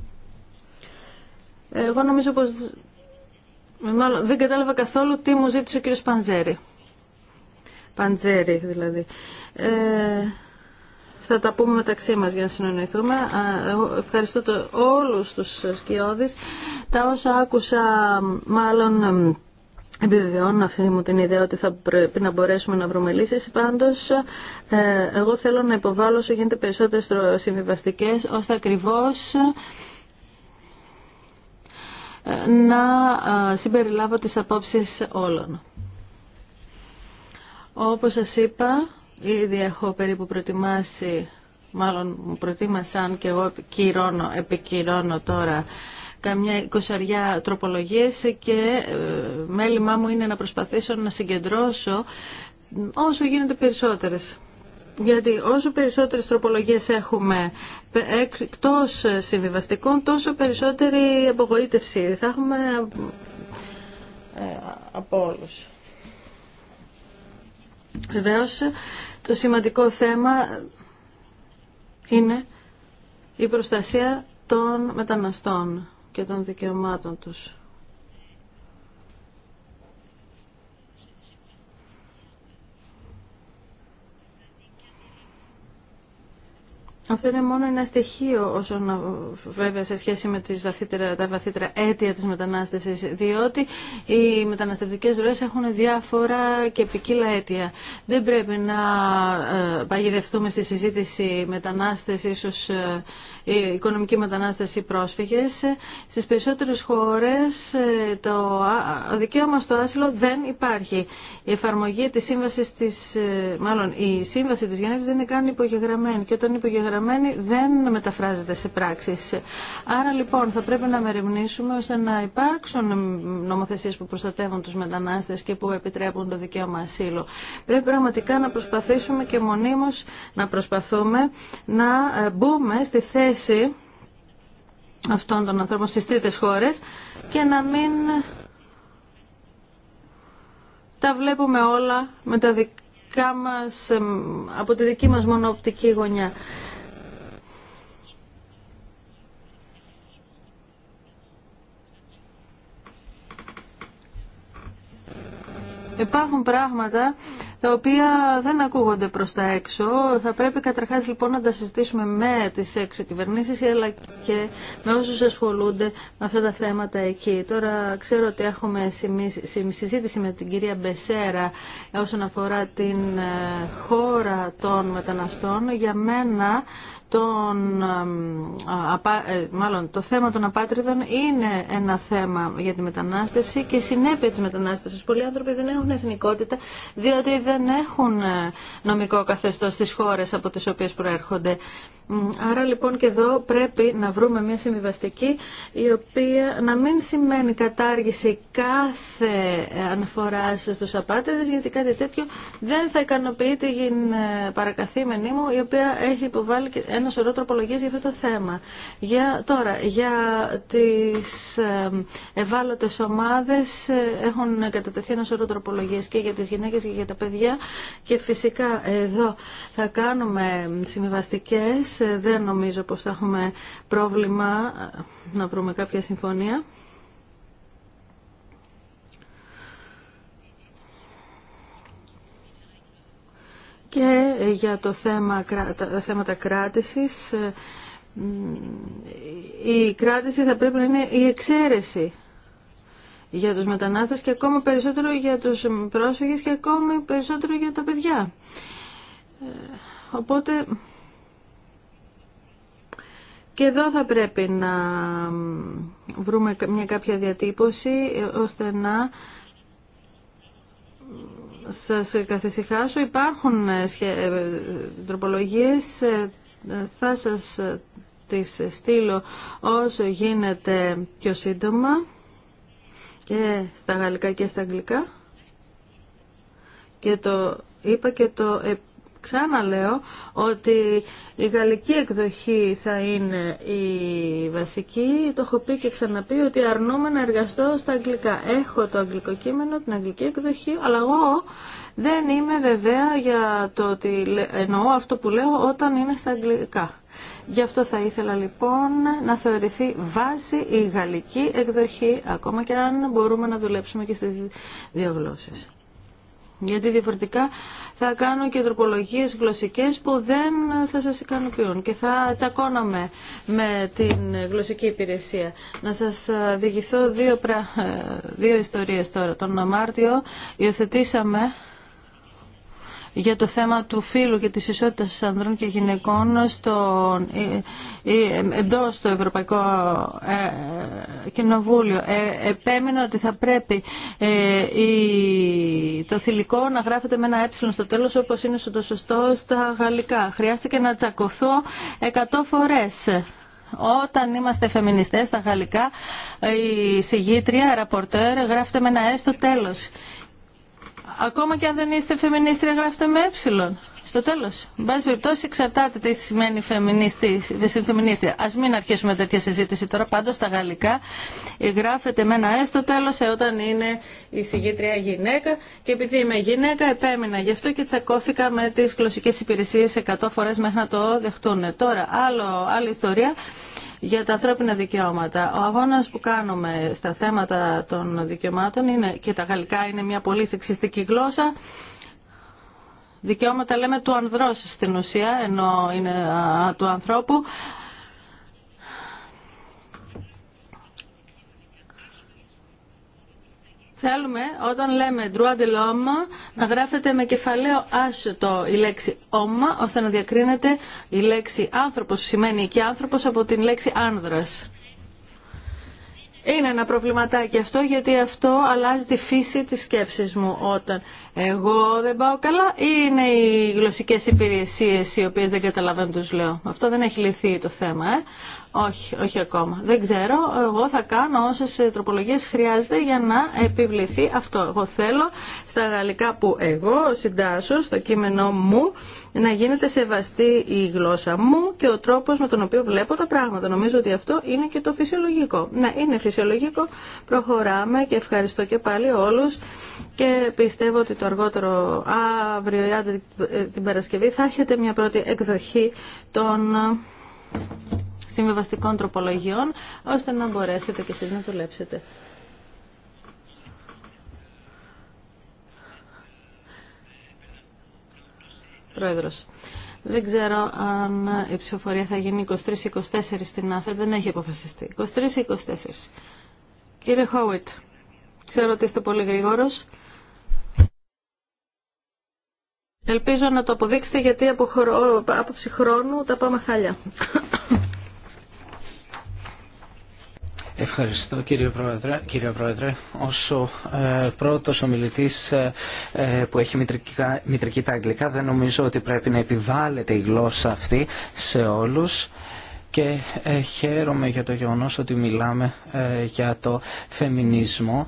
Εγώ νομίζω πως... δεν κατάλαβα καθόλου τι μου ζήτησε ο κύριος Παντζέρη. Παντζέρη δηλαδή. Ε θα τα πούμε μεταξύ μας για να συνοηθούμε. Ευχαριστώ το, όλους τους σκιώδεις. Τα όσα άκουσα μάλλον επιβεβαιώνουν αυτή μου την ιδέα ότι θα πρέπει να μπορέσουμε να βρούμε λύσεις. Πάντως, ε, εγώ θέλω να υποβάλω όσο γίνεται περισσότερες συμβιβαστικές, ώστε ακριβώς ε, να ε, συμπεριλάβω τις απόψεις όλων. Όπως σας είπα, Ήδη έχω περίπου προετοιμάσει μάλλον μου προτίμασαν και εγώ επικυρώνω, επικυρώνω τώρα καμιά εικοσαριά τροπολογίες και ε, μέλημά μου είναι να προσπαθήσω να συγκεντρώσω όσο γίνεται περισσότερες. Γιατί όσο περισσότερες τροπολογίες έχουμε εκτός συμβιβαστικών, τόσο περισσότερη απογοήτευση θα έχουμε ε, από όλους. Βεβαίως, το σημαντικό θέμα είναι η προστασία των μεταναστών και των δικαιωμάτων τους. Αυτό είναι μόνο ένα στοιχείο όσον βέβαια σε σχέση με τις βαθύτερα, τα βαθύτερα αίτια της μετανάστευσης, διότι οι μεταναστευτικές ροές έχουν διάφορα και ποικίλα αίτια. Δεν πρέπει να ε, παγιδευτούμε στη συζήτηση μετανάστες, ίσως ε, η οικονομική μετανάστευση πρόσφυγες. Στις περισσότερες χώρες ε, το δικαίωμα στο άσυλο δεν υπάρχει. Η εφαρμογή της σύμβασης της, μάλλον η σύμβαση της Γενέβης δεν είναι καν υπογεγραμμένη και όταν υπογεγραμμένη δεν μεταφράζεται σε πράξεις. Άρα λοιπόν θα πρέπει να μεριμνήσουμε ώστε να υπάρξουν νομοθεσίες που προστατεύουν τους μετανάστες και που επιτρέπουν το δικαίωμα ασύλου. Πρέπει πραγματικά να προσπαθήσουμε και μονίμως να προσπαθούμε να ε, μπούμε στη θέση αυτών των ανθρώπων στις τρίτε χώρες και να μην τα βλέπουμε όλα με τα δικά μας, από τη δική μας μονοπτική γωνιά. Υπάρχουν πράγματα τα οποία δεν ακούγονται προς τα έξω. Θα πρέπει καταρχάς λοιπόν να τα συζητήσουμε με τις έξω κυβερνήσεις αλλά και με όσους ασχολούνται με αυτά τα θέματα εκεί. Τώρα ξέρω ότι έχουμε συζήτηση με την κυρία Μπεσέρα όσον αφορά την ε, χώρα των μεταναστών. Για μένα ε, μάλλον, το θέμα των απάτριδων είναι ένα θέμα για τη μετανάστευση και η συνέπεια της μετανάστευσης. Πολλοί άνθρωποι δεν έχουν εθνικότητα διότι δεν έχουν ε, νομικό καθεστώς στις χώρες από τις οποίες προέρχονται. Άρα λοιπόν και εδώ πρέπει να βρούμε μια συμβιβαστική η οποία να μην σημαίνει κατάργηση κάθε αναφορά στους απάτες γιατί κάτι τέτοιο δεν θα ικανοποιεί την ε, παρακαθήμενή μου η οποία έχει υποβάλει ένα σωρό τροπολογίες για αυτό το θέμα. Για, τώρα, για τις ε, ευάλωτες ομάδες ε, έχουν κατατεθεί ένα σωρό τροπολογίες και για τις γυναίκες και για τα παιδιά και φυσικά εδώ θα κάνουμε συμβιβαστικές δεν νομίζω πως θα έχουμε πρόβλημα να βρούμε κάποια συμφωνία. Και για το θέμα, τα θέματα κράτησης, η κράτηση θα πρέπει να είναι η εξαίρεση για τους μετανάστες και ακόμα περισσότερο για τους πρόσφυγες και ακόμα περισσότερο για τα παιδιά. Ε, οπότε και εδώ θα πρέπει να βρούμε μια κάποια διατύπωση ε, ώστε να σας καθησυχάσω. Υπάρχουν ε, ε, τροπολογίες, θα σας τις στείλω όσο γίνεται πιο σύντομα και στα γαλλικά και στα αγγλικά. Και το είπα και το Ξαναλέω ότι η γαλλική εκδοχή θα είναι η βασική. Το έχω πει και ξαναπεί ότι αρνούμε να εργαστώ στα αγγλικά. Έχω το αγγλικό κείμενο, την αγγλική εκδοχή, αλλά εγώ δεν είμαι βεβαία για το ότι εννοώ αυτό που λέω όταν είναι στα αγγλικά. Γι' αυτό θα ήθελα λοιπόν να θεωρηθεί βάση η γαλλική εκδοχή, ακόμα και αν μπορούμε να δουλέψουμε και στις δύο γλώσσες. Γιατί διαφορετικά θα κάνω και τροπολογίε γλωσσικέ που δεν θα σας ικανοποιούν και θα τσακώναμε με την γλωσσική υπηρεσία. Να σας διηγηθώ δύο, πρα... δύο ιστορίες τώρα. Τον Μάρτιο υιοθετήσαμε για το θέμα του φύλου και της ισότητας ανδρών και γυναικών στο, ε, ε, εντός στο Ευρωπαϊκό ε, Κοινοβούλιο. επέμεινα ότι θα πρέπει το θηλυκό να γράφεται με ένα ε στο τέλος όπως είναι στο σωστό στα γαλλικά. Χρειάστηκε να τσακωθώ 100 φορές όταν είμαστε φεμινιστές στα γαλλικά η συγγήτρια, ραπορτέρ, γράφεται με ένα έ στο τέλος. Ακόμα και αν δεν είστε φεμινίστρια, γράφετε με ε. Στο τέλο. Εν πάση περιπτώσει, εξαρτάται τι σημαίνει φεμινίστρια. Α μην αρχίσουμε τέτοια συζήτηση τώρα. Πάντω, στα γαλλικά ε, γράφεται με ένα ε στο τέλο, ε, όταν είναι η συγγήτρια γυναίκα. Και επειδή είμαι γυναίκα, επέμεινα γι' αυτό και τσακώθηκα με τι γλωσσικέ υπηρεσίε 100 φορέ μέχρι να το δεχτούν. Τώρα, άλλο, άλλη ιστορία για τα ανθρώπινα δικαιώματα. Ο αγώνας που κάνουμε στα θέματα των δικαιωμάτων είναι, και τα γαλλικά είναι μια πολύ σεξιστική γλώσσα, δικαιώματα λέμε του ανδρός στην ουσία, ενώ είναι του ανθρώπου, Θέλουμε όταν λέμε droit de να γράφεται με κεφαλαίο άστο η λέξη όμα ώστε να διακρίνεται η λέξη άνθρωπος που σημαίνει και άνθρωπος από την λέξη άνδρας. Είναι ένα προβληματάκι αυτό γιατί αυτό αλλάζει τη φύση της σκέψης μου όταν εγώ δεν πάω καλά ή είναι οι γλωσσικές υπηρεσίες οι οποίες δεν καταλαβαίνουν τους λέω. Αυτό δεν έχει λυθεί το θέμα. Ε. Όχι, όχι ακόμα. Δεν ξέρω. Εγώ θα κάνω όσε τροπολογίε χρειάζεται για να επιβληθεί αυτό. Εγώ θέλω στα γαλλικά που εγώ συντάσσω στο κείμενό μου να γίνεται σεβαστή η γλώσσα μου και ο τρόπο με τον οποίο βλέπω τα πράγματα. Νομίζω ότι αυτό είναι και το φυσιολογικό. Ναι, είναι φυσιολογικό. Προχωράμε και ευχαριστώ και πάλι όλου και πιστεύω ότι το αργότερο αύριο ή την Παρασκευή θα έχετε μια πρώτη εκδοχή των συμβιβαστικών τροπολογιών, ώστε να μπορέσετε κι εσείς να δουλέψετε. Πρόεδρος. Δεν ξέρω αν η ψηφοφορία θα γίνει 23-24 στην ΑΦΕ. Δεν έχει αποφασιστεί. 23-24. Κύριε Χόουιτ, ξέρω ότι είστε πολύ γρήγορος. Ελπίζω να το αποδείξετε γιατί από, άποψη χρόνου τα πάμε χάλια. Ευχαριστώ κύριε Πρόεδρε. Κύριε Πρόεδρε, όσο ε, πρώτος ο ε, ε, που έχει μητρικά, μητρική τα αγγλικά δεν νομίζω ότι πρέπει να επιβάλλεται η γλώσσα αυτή σε όλους και ε, χαίρομαι για το γεγονός ότι μιλάμε ε, για το φεμινισμό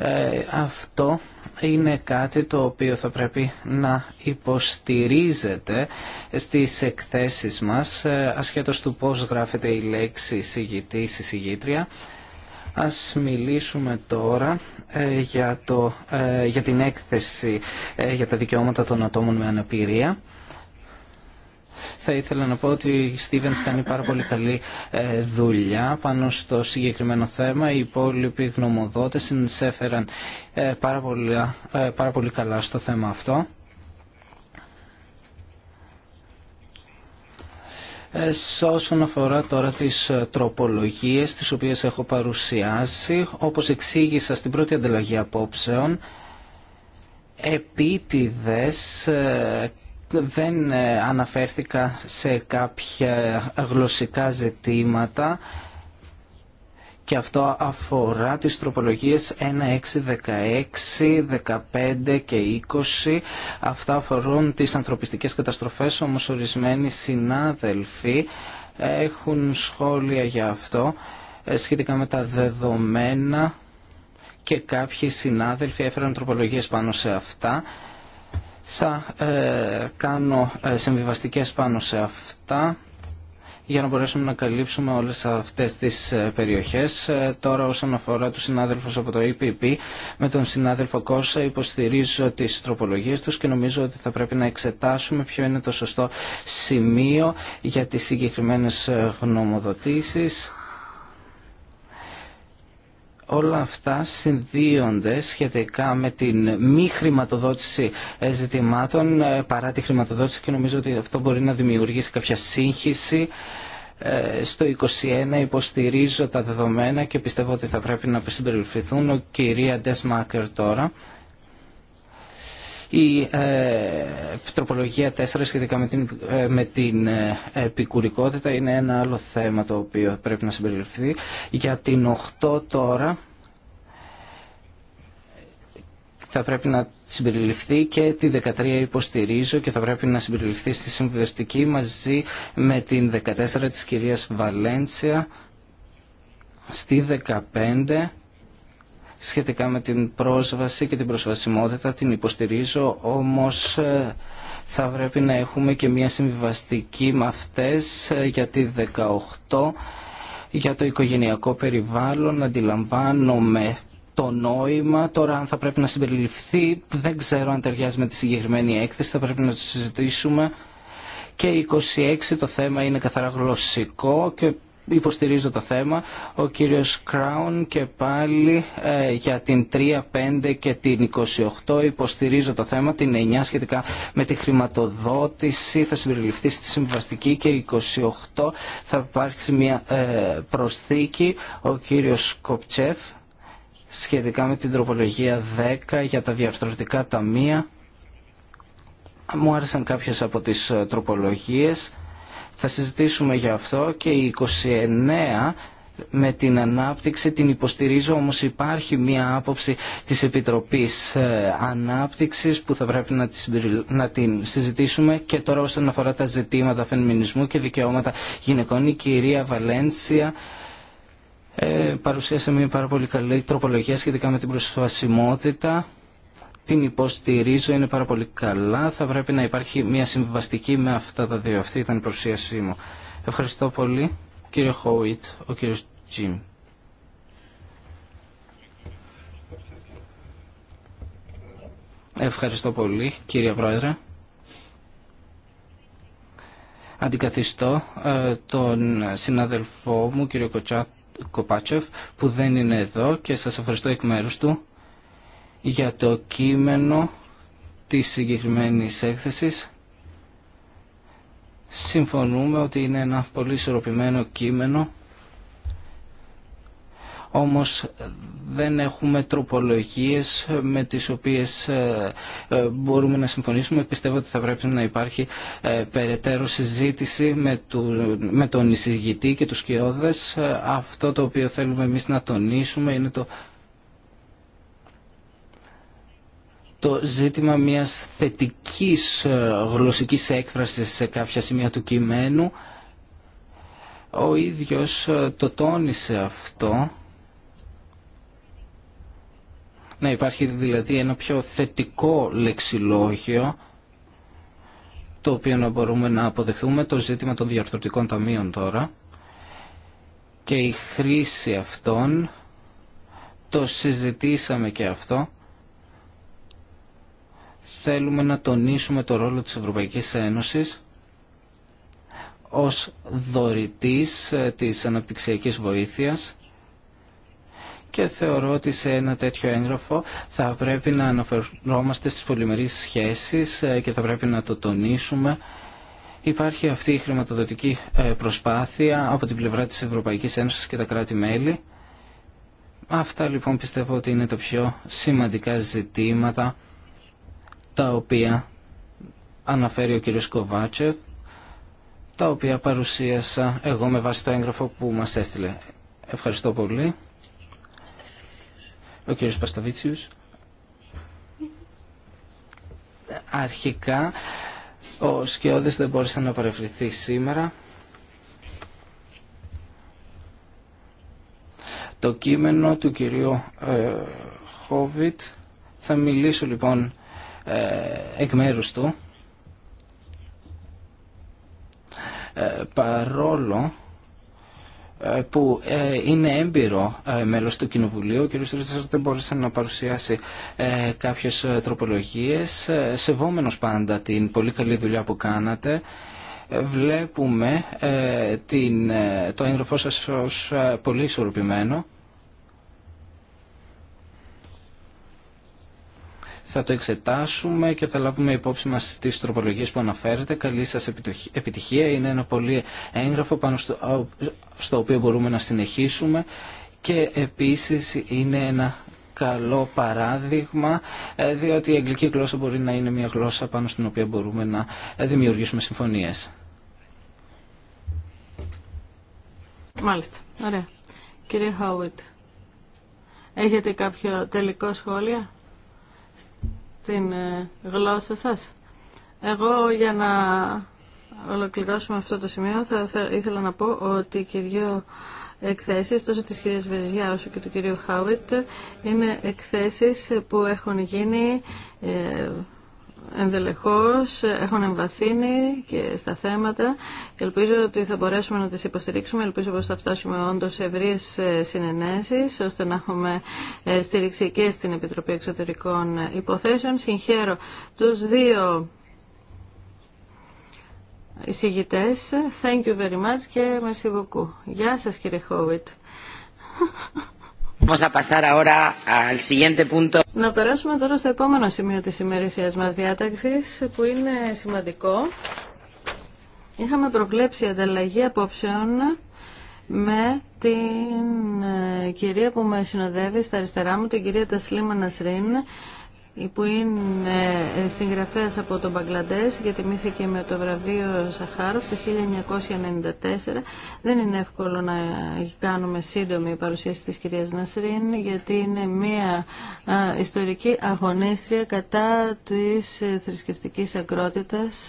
ε, αυτό είναι κάτι το οποίο θα πρέπει να υποστηρίζεται στις εκθέσεις μας ε, ασχέτως του πώς γράφεται η λέξη συγητή ή συγγήτρια. Ας μιλήσουμε τώρα ε, για, το, για την έκθεση για τα δικαιώματα των ατόμων με αναπηρία. Θα ήθελα να πω ότι η Στίβενς κάνει πάρα πολύ καλή ε, δουλειά πάνω στο συγκεκριμένο θέμα. Οι υπόλοιποι γνωμοδότες συνεισέφεραν ε, πάρα πολύ, ε, πάρα πολύ καλά στο θέμα αυτό. Σε όσον αφορά τώρα τις τροπολογίες τις οποίες έχω παρουσιάσει, όπως εξήγησα στην πρώτη ανταλλαγή απόψεων, επίτηδες δεν ε, αναφέρθηκα σε κάποια γλωσσικά ζητήματα και αυτό αφορά τις τροπολογίες 1, 6, 16, 15 και 20. Αυτά αφορούν τις ανθρωπιστικές καταστροφές, όμως ορισμένοι συνάδελφοι έχουν σχόλια για αυτό ε, σχετικά με τα δεδομένα και κάποιοι συνάδελφοι έφεραν τροπολογίες πάνω σε αυτά. Θα ε, κάνω ε, συμβιβαστικές πάνω σε αυτά για να μπορέσουμε να καλύψουμε όλες αυτές τις ε, περιοχές. Τώρα όσον αφορά τους συνάδελφους από το EPP, με τον συνάδελφο Κώσα υποστηρίζω τις τροπολογίες τους και νομίζω ότι θα πρέπει να εξετάσουμε ποιο είναι το σωστό σημείο για τις συγκεκριμένες γνωμοδοτήσεις όλα αυτά συνδύονται σχετικά με την μη χρηματοδότηση ε, ζητημάτων ε, παρά τη χρηματοδότηση και νομίζω ότι αυτό μπορεί να δημιουργήσει κάποια σύγχυση. Ε, στο 21 υποστηρίζω τα δεδομένα και πιστεύω ότι θα πρέπει να συμπεριληφθούν ο κυρία Ντεσμάκερ τώρα η ε, τροπολογία 4 σχετικά με την, ε, με την ε, επικουρικότητα είναι ένα άλλο θέμα το οποίο πρέπει να συμπεριληφθεί. Για την 8 τώρα θα πρέπει να συμπεριληφθεί και τη 13 υποστηρίζω και θα πρέπει να συμπεριληφθεί στη συμβιβαστική μαζί με την 14 της κυρίας Βαλένσια στη 15 σχετικά με την πρόσβαση και την προσβασιμότητα. Την υποστηρίζω, όμως ε, θα πρέπει να έχουμε και μια συμβιβαστική με αυτές ε, για τη 18 για το οικογενειακό περιβάλλον, αντιλαμβάνομαι το νόημα. Τώρα αν θα πρέπει να συμπεριληφθεί, δεν ξέρω αν ταιριάζει με τη συγκεκριμένη έκθεση, θα πρέπει να το συζητήσουμε. Και 26 το θέμα είναι καθαρά γλωσσικό και υποστηρίζω το θέμα. Ο κύριος Κράουν και πάλι ε, για την 3, 5 και την 28 υποστηρίζω το θέμα. Την 9 σχετικά με τη χρηματοδότηση θα συμπεριληφθεί στη συμβαστική και 28 θα υπάρξει μια ε, προσθήκη. Ο κύριος Κοπτσέφ σχετικά με την τροπολογία 10 για τα διαρθρωτικά ταμεία. Μου άρεσαν κάποιες από τις ε, τροπολογίες θα συζητήσουμε για αυτό και η 29 με την ανάπτυξη την υποστηρίζω όμως υπάρχει μια άποψη της Επιτροπής ε, Ανάπτυξης που θα πρέπει να, να την συζητήσουμε και τώρα όσον αφορά τα ζητήματα φεμινισμού και δικαιώματα γυναικών η κυρία Βαλένσια ε, παρουσίασε μια πάρα πολύ καλή τροπολογία σχετικά με την προσφασιμότητα την υποστηρίζω, είναι πάρα πολύ καλά. Θα πρέπει να υπάρχει μια συμβαστική με αυτά τα δύο. Αυτή ήταν η προσίασή μου. Ευχαριστώ πολύ. Κύριε Χόουιτ, ο κύριος Τζιμ. Ευχαριστώ πολύ, κύριε Πρόεδρε. Αντικαθιστώ ε, τον συναδελφό μου, κύριο Κοπάτσεφ, που δεν είναι εδώ και σας ευχαριστώ εκ μέρους του για το κείμενο της συγκεκριμένης έκθεσης. Συμφωνούμε ότι είναι ένα πολύ ισορροπημένο κείμενο, όμως δεν έχουμε τροπολογίες με τις οποίες ε, ε, μπορούμε να συμφωνήσουμε. Πιστεύω ότι θα πρέπει να υπάρχει ε, περαιτέρω συζήτηση με τον εισηγητή και τους κοιόδες. Αυτό το οποίο θέλουμε εμείς να τονίσουμε είναι το το ζήτημα μιας θετικής ε, γλωσσικής έκφρασης σε κάποια σημεία του κειμένου. Ο ίδιος ε, το τόνισε αυτό. Να υπάρχει δηλαδή ένα πιο θετικό λεξιλόγιο το οποίο να μπορούμε να αποδεχθούμε το ζήτημα των διαρθρωτικών ταμείων τώρα και η χρήση αυτών το συζητήσαμε και αυτό θέλουμε να τονίσουμε το ρόλο της Ευρωπαϊκής Ένωσης ως δωρητής ε, της αναπτυξιακής βοήθειας και θεωρώ ότι σε ένα τέτοιο έγγραφο θα πρέπει να αναφερόμαστε στις πολυμερείς σχέσεις ε, και θα πρέπει να το τονίσουμε. Υπάρχει αυτή η χρηματοδοτική ε, προσπάθεια από την πλευρά της Ευρωπαϊκής Ένωσης και τα κράτη-μέλη. Αυτά λοιπόν πιστεύω ότι είναι τα πιο σημαντικά ζητήματα τα οποία αναφέρει ο κ. Κοβάτσεφ, τα οποία παρουσίασα εγώ με βάση το έγγραφο που μας έστειλε. Ευχαριστώ πολύ. Ο κ. Πασταβίτσιους. Αρχικά, ο Σκιώδης δεν μπόρεσε να παρευρεθεί σήμερα. Το κείμενο του κυρίου ε, Χόβιτ. Θα μιλήσω λοιπόν ε, εκ μέρους του ε, παρόλο ε, που είναι έμπειρο μέλος του Κοινοβουλίου. Ο κ. Ρίτσαρτ δεν μπόρεσε να παρουσιάσει κάποιες τροπολογίες, σεβόμενος πάντα την πολύ καλή δουλειά που κάνατε. Βλέπουμε την, το έγγραφό σας ως πολύ ισορροπημένο. Θα το εξετάσουμε και θα λάβουμε υπόψη μας τις τροπολογίες που αναφέρετε. Καλή σας επιτυχία. Είναι ένα πολύ έγγραφο πάνω στο, οποίο μπορούμε να συνεχίσουμε και επίσης είναι ένα καλό παράδειγμα, ε, διότι η αγγλική γλώσσα μπορεί να είναι μια γλώσσα πάνω στην οποία μπορούμε να ε, δημιουργήσουμε συμφωνίες. Μάλιστα. Ωραία. Κύριε Χάουιτ, έχετε κάποιο τελικό σχόλιο? την ε, γλώσσα σας. Εγώ για να ολοκληρώσουμε αυτό το σημείο θα, ήθελα να πω ότι και δύο εκθέσεις τόσο της κυρίας Βεριζιά όσο και του κυρίου Χάουιτ είναι εκθέσεις που έχουν γίνει ε, ενδελεχώς έχουν εμβαθύνει και στα θέματα και ελπίζω ότι θα μπορέσουμε να τις υποστηρίξουμε. Ελπίζω πως θα φτάσουμε όντως σε ευρύες ε, συνενέσεις ώστε να έχουμε ε, στήριξη και στην Επιτροπή Εξωτερικών Υποθέσεων. Συγχαίρω τους δύο εισηγητές. Thank you very much και merci beaucoup. Γεια σας κύριε Χόβιτ. Να περάσουμε τώρα στο επόμενο σημείο της ημερησίας μας διάταξης που είναι σημαντικό. Είχαμε προβλέψει ανταλλαγή απόψεων με την ε, κυρία που με συνοδεύει στα αριστερά μου, την κυρία Τασλίμα Νασρίν, που είναι συγγραφέας από τον Μπαγκλαντές και τιμήθηκε με το βραβείο Σαχάροφ το 1994. Δεν είναι εύκολο να κάνουμε σύντομη παρουσίαση της κυρίας Νασρίν γιατί είναι μια ιστορική αγωνίστρια κατά της ε, θρησκευτικής ακρότητας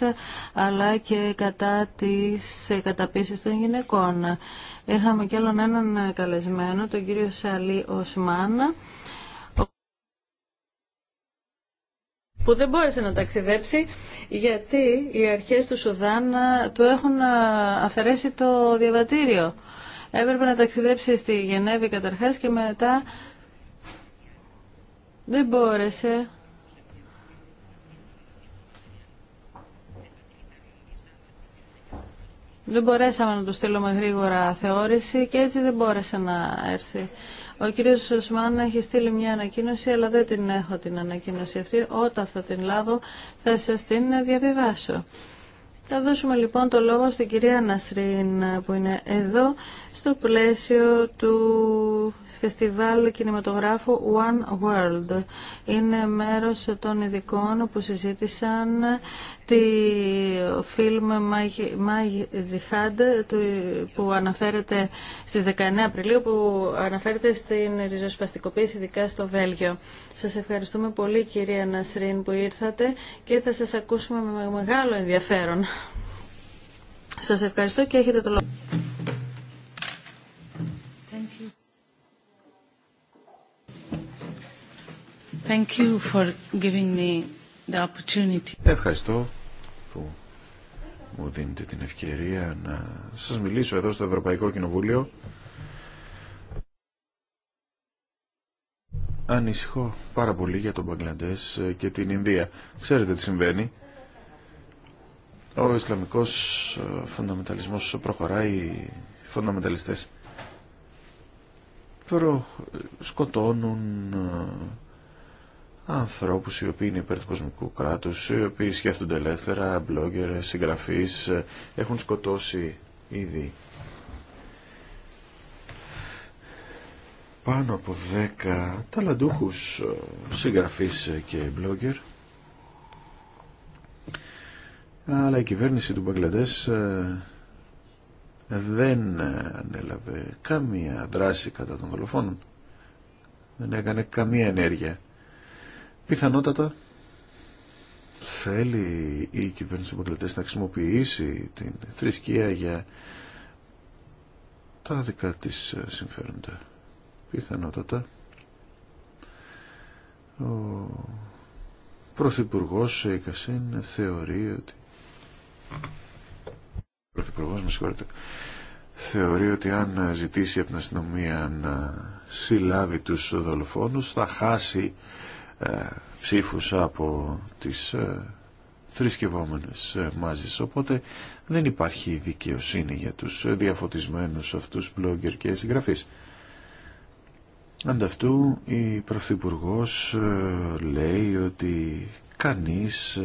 αλλά και κατά της ε, καταπίεσης των γυναικών. Έχαμε κι άλλον έναν ε, καλεσμένο, τον κύριο Σαλή Οσμάνα που δεν μπόρεσε να ταξιδέψει γιατί οι αρχές του Σουδάν ε, του έχουν ε, αφαιρέσει το διαβατήριο. Έπρεπε να ταξιδέψει στη Γενέβη καταρχάς και μετά δεν μπόρεσε Δεν μπορέσαμε να του στείλουμε γρήγορα θεώρηση και έτσι δεν μπόρεσε να έρθει. Ο κύριος Σωσμάν έχει στείλει μια ανακοίνωση, αλλά δεν την έχω την ανακοίνωση αυτή. Όταν θα την λάβω θα σας την διαβιβάσω. Θα δώσουμε λοιπόν το λόγο στην κυρία Νασρίν που είναι εδώ στο πλαίσιο του φεστιβάλ κινηματογράφου One World. Είναι μέρος των ειδικών που συζήτησαν τη φιλμ Μάγι του που αναφέρεται στις 19 Απριλίου που αναφέρεται στην ριζοσπαστικοποίηση ειδικά στο Βέλγιο. Σας ευχαριστούμε πολύ κυρία Νασρίν που ήρθατε και θα σας ακούσουμε με μεγάλο ενδιαφέρον. Σας ευχαριστώ και έχετε το λόγο. Ευχαριστώ που μου δίνετε την ευκαιρία να σας μιλήσω εδώ στο Ευρωπαϊκό Κοινοβούλιο. Ανησυχώ πάρα πολύ για τον Μπαγκλαντές και την Ινδία. Ξέρετε τι συμβαίνει. Ο Ισλαμικός ε, φονταμεταλισμός προχωράει, οι φονταμεταλιστές προ, σκοτώνουν ε, ανθρώπους οι οποίοι είναι υπέρ του κοσμικού κράτους, οι οποίοι σκέφτονται ελεύθερα, μπλόγγερ, συγγραφείς, έχουν σκοτώσει ήδη πάνω από δέκα ταλαντούχους συγγραφείς και μπλόγγερ αλλά η κυβέρνηση του Μπαγκλαντές ε, δεν ανέλαβε καμία δράση κατά των δολοφόνων δεν έκανε καμία ενέργεια Πιθανότατα θέλει η κυβέρνηση του να χρησιμοποιήσει την θρησκεία για τα δικά της ε, συμφέροντα. Πιθανότατα ο Πρωθυπουργός Εικασίν θεωρεί ότι Πρωθυπουργός με θεωρεί ότι αν ζητήσει από την αστυνομία να συλλάβει τους δολοφόνους θα χάσει ε, ψήφους από τις ε, θρησκευόμενες ε, μάζες. Οπότε δεν υπάρχει δικαιοσύνη για τους διαφωτισμένους αυτούς blogger και συγγραφείς. Ανταυτού η Πρωθυπουργό λέει ότι κανείς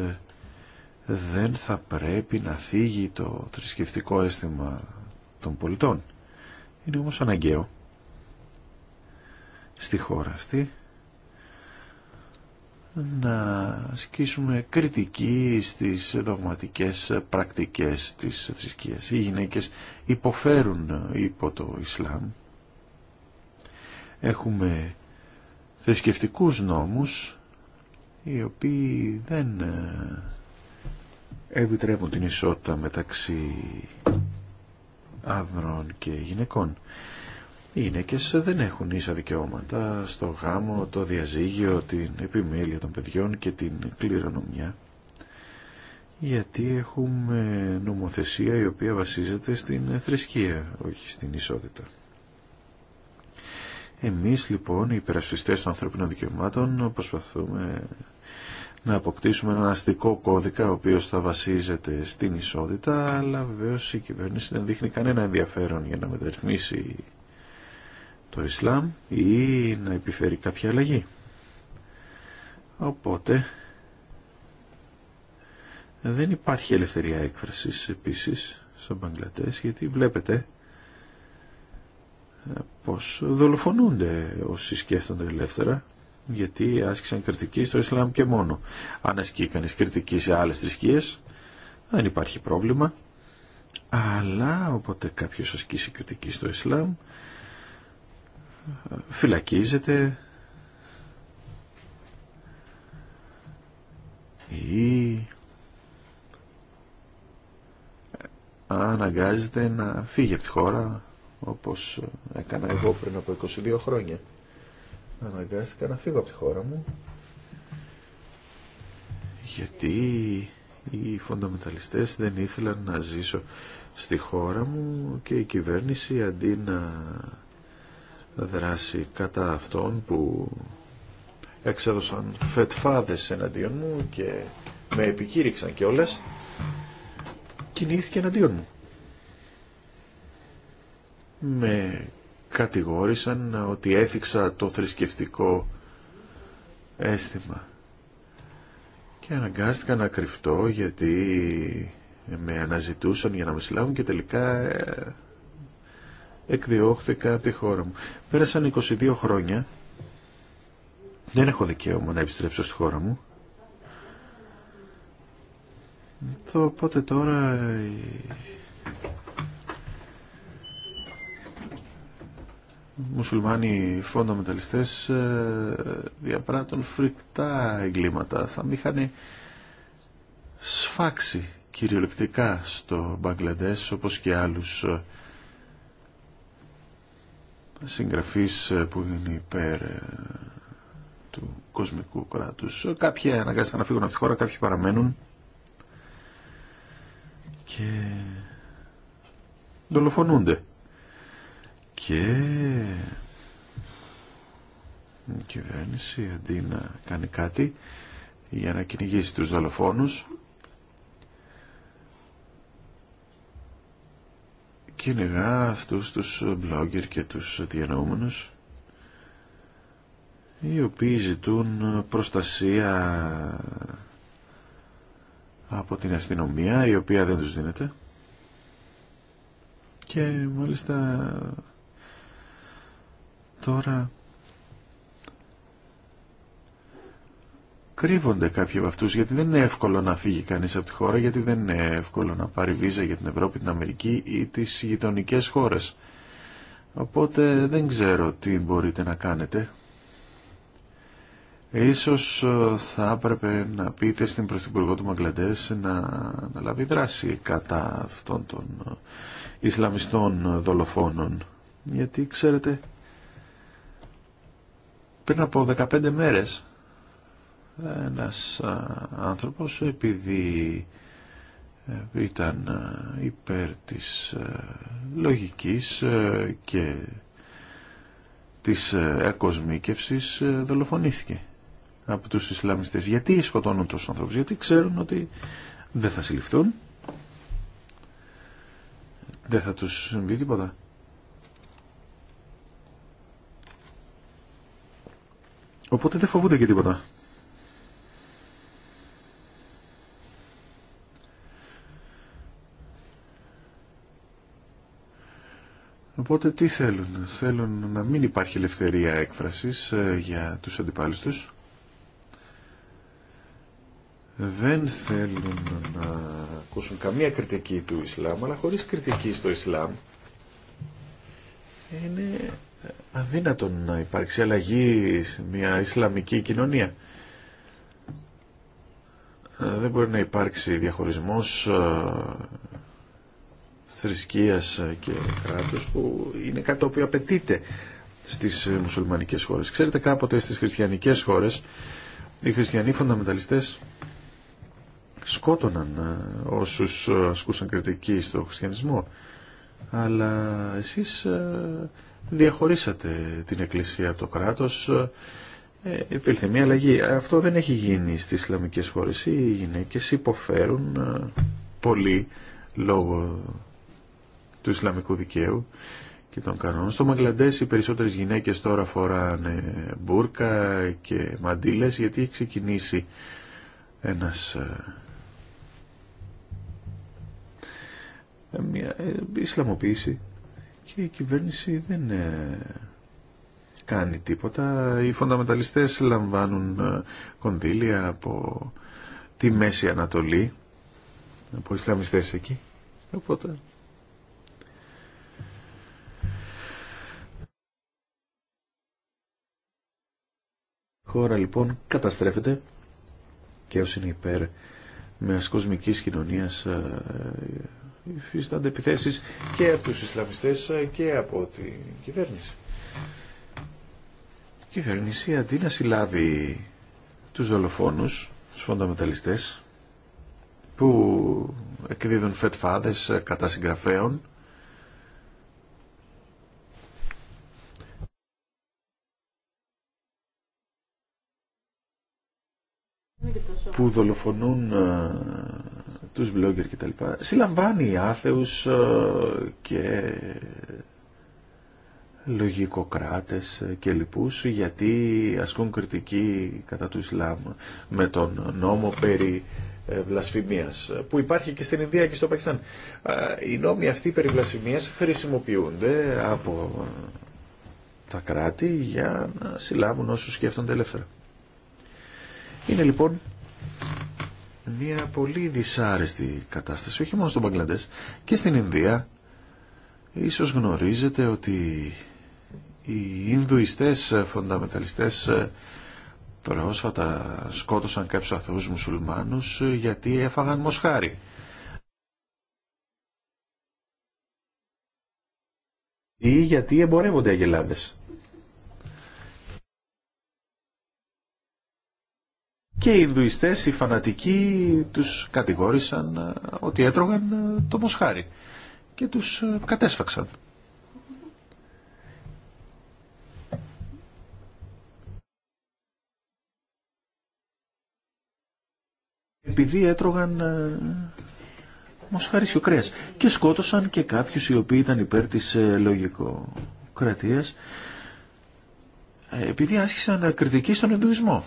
δεν θα πρέπει να θίγει το θρησκευτικό αίσθημα των πολιτών. Είναι όμως αναγκαίο στη χώρα αυτή να ασκήσουμε κριτική στις δογματικές πρακτικές της θρησκείας. Οι γυναίκες υποφέρουν υπό το Ισλάμ. Έχουμε θρησκευτικούς νόμους οι οποίοι δεν ε, επιτρέπουν την ισότητα μεταξύ άνδρων και γυναικών. Οι σε δεν έχουν ίσα δικαιώματα στο γάμο, το διαζύγιο, την επιμέλεια των παιδιών και την κληρονομιά γιατί έχουμε νομοθεσία η οποία βασίζεται στην θρησκεία, όχι στην ισότητα. Εμείς λοιπόν οι υπερασπιστές των ανθρωπίνων δικαιωμάτων προσπαθούμε να αποκτήσουμε έναν αστικό κώδικα ο οποίος θα βασίζεται στην ισότητα αλλά βεβαίως η κυβέρνηση δεν δείχνει κανένα ενδιαφέρον για να μεταρρυθμίσει το Ισλάμ ή να επιφέρει κάποια αλλαγή. Οπότε δεν υπάρχει ελευθερία έκφρασης επίσης στο Μπαγκλατές γιατί βλέπετε ε, πως δολοφονούνται όσοι σκέφτονται ελεύθερα γιατί άσκησαν κριτική στο Ισλάμ και μόνο. Αν ασκεί κανείς κριτική σε άλλες θρησκείες δεν υπάρχει πρόβλημα αλλά όποτε κάποιος ασκήσει κριτική στο Ισλάμ φυλακίζεται ή αναγκάζεται να φύγει από τη χώρα όπως έκανα εγώ πριν από 22 χρόνια. Αναγκάστηκα να φύγω από τη χώρα μου γιατί οι φονταμεταλιστές δεν ήθελαν να ζήσω στη χώρα μου και η κυβέρνηση αντί να δράση κατά αυτών που εξέδωσαν φετφάδες εναντίον μου και με επικήρυξαν και όλες κινήθηκε εναντίον μου. Με κατηγόρησαν ότι έφυξα το θρησκευτικό αίσθημα και αναγκάστηκα να κρυφτώ γιατί με αναζητούσαν για να με συλλάβουν και τελικά ε, εκδιώχθηκα από τη χώρα μου. Πέρασαν 22 χρόνια. Δεν έχω δικαίωμα να επιστρέψω στη χώρα μου. Το πότε τώρα... μουσουλμάνοι φονταμεταλιστές ε, διαπράττουν φρικτά εγκλήματα. Θα με είχαν σφάξει κυριολεκτικά στο Μπαγκλαντές όπως και άλλους ε, συγγραφείς ε, που είναι υπέρ ε, του κοσμικού κράτους. Κάποιοι αναγκάστηκαν να φύγουν από τη χώρα, κάποιοι παραμένουν. Και δολοφονούνται. Και η κυβέρνηση αντί να κάνει κάτι για να κυνηγήσει τους δολοφόνους κυνηγά αυτούς τους blogger και τους διανοούμενους οι οποίοι ζητούν προστασία από την αστυνομία η οποία δεν τους δίνεται και μάλιστα τώρα κρύβονται κάποιοι από αυτού γιατί δεν είναι εύκολο να φύγει κανεί από τη χώρα γιατί δεν είναι εύκολο να πάρει βίζα για την Ευρώπη, την Αμερική ή τις γειτονικέ χώρες. Οπότε δεν ξέρω τι μπορείτε να κάνετε. Ίσως ε, θα έπρεπε να πείτε στην Πρωθυπουργό του Μαγκλαντές να, να λάβει δράση κατά αυτών των ε, Ισλαμιστών δολοφόνων. Γιατί ξέρετε, πριν από 15 μέρες ένας άνθρωπος επειδή ε, ήταν υπέρ της λογικής και της εκοσμίκευσης δολοφονήθηκε από τους Ισλαμιστές. Γιατί σκοτώνουν τους ανθρώπους, γιατί ξέρουν ότι δεν θα συλληφθούν, δεν θα τους συμβεί τίποτα. Οπότε δεν φοβούνται και τίποτα. Οπότε τι θέλουν. Θέλουν να μην υπάρχει ελευθερία έκφρασης ε, για τους αντιπάλους τους. Δεν θέλουν να ακούσουν καμία κριτική του Ισλάμ, αλλά χωρίς κριτική στο Ισλάμ είναι αδύνατον να υπάρξει αλλαγή σε μια Ισλαμική κοινωνία. Ε, δεν μπορεί να υπάρξει διαχωρισμός ε, θρησκείας και κράτους που είναι κάτι το οποίο απαιτείται στις μουσουλμανικές χώρες. Ξέρετε κάποτε στις χριστιανικές χώρες οι χριστιανοί φονταμεταλιστές σκότωναν ε, όσους ε, ασκούσαν κριτική στο χριστιανισμό αλλά εσείς ε, διαχωρίσατε την εκκλησία από το κράτος υπήρχε μια αλλαγή αυτό δεν έχει γίνει στις Ισλαμικές χώρες οι γυναίκες υποφέρουν πολύ λόγω του Ισλαμικού δικαίου και των κανόνων. Στο Μαγκλαντές οι περισσότερες γυναίκες τώρα φοράνε μπουρκα και μαντήλες γιατί έχει ξεκινήσει ένας ε, μια ε, Ισλαμοποίηση και η κυβέρνηση δεν ε, κάνει τίποτα. Οι φονταμεταλιστές λαμβάνουν κονδύλια από τη Μέση Ανατολή, από Ισλαμιστές εκεί. Οπότε χώρα λοιπόν καταστρέφεται και όσοι είναι υπέρ μιας κοσμικής κοινωνίας ε, υφίστανται επιθέσεις και από τους Ισλαμιστές ε, και από την κυβέρνηση. Η κυβέρνηση αντί να συλλάβει τους δολοφόνους, τους φονταμεταλιστές που εκδίδουν φετφάδες ε, κατά συγγραφέων που δολοφονούν ε, τους blogger κτλ. Συλλαμβάνει άθεους ε, και λογικοκράτες ε, και λοιπούς γιατί ασκούν κριτική κατά του Ισλάμ με τον νόμο περί βλασφημίας που υπάρχει και στην Ινδία και στο Πακιστάν. Οι νόμοι αυτοί περί βλασφημίας χρησιμοποιούνται από τα κράτη για να συλλάβουν όσους σκέφτονται ελεύθερα. Είναι λοιπόν μια πολύ δυσάρεστη κατάσταση, όχι μόνο στον Παγκλαντές, και στην Ινδία. Ίσως γνωρίζετε ότι οι Ινδουιστές φονταμεταλιστές πρόσφατα σκότωσαν κάποιους αθώους μουσουλμάνους γιατί έφαγαν μοσχάρι. Ή γιατί εμπορεύονται αγελάδες. και οι Ινδουιστές, οι φανατικοί, τους κατηγόρησαν ε, ότι έτρωγαν ε, το μοσχάρι και τους ε, κατέσφαξαν. Επειδή έτρωγαν μοσχαρίσιο κρέας και σκότωσαν και κάποιους οι οποίοι ήταν υπέρ της λογικοκρατίας επειδή άσχησαν κριτική στον Ινδουισμό.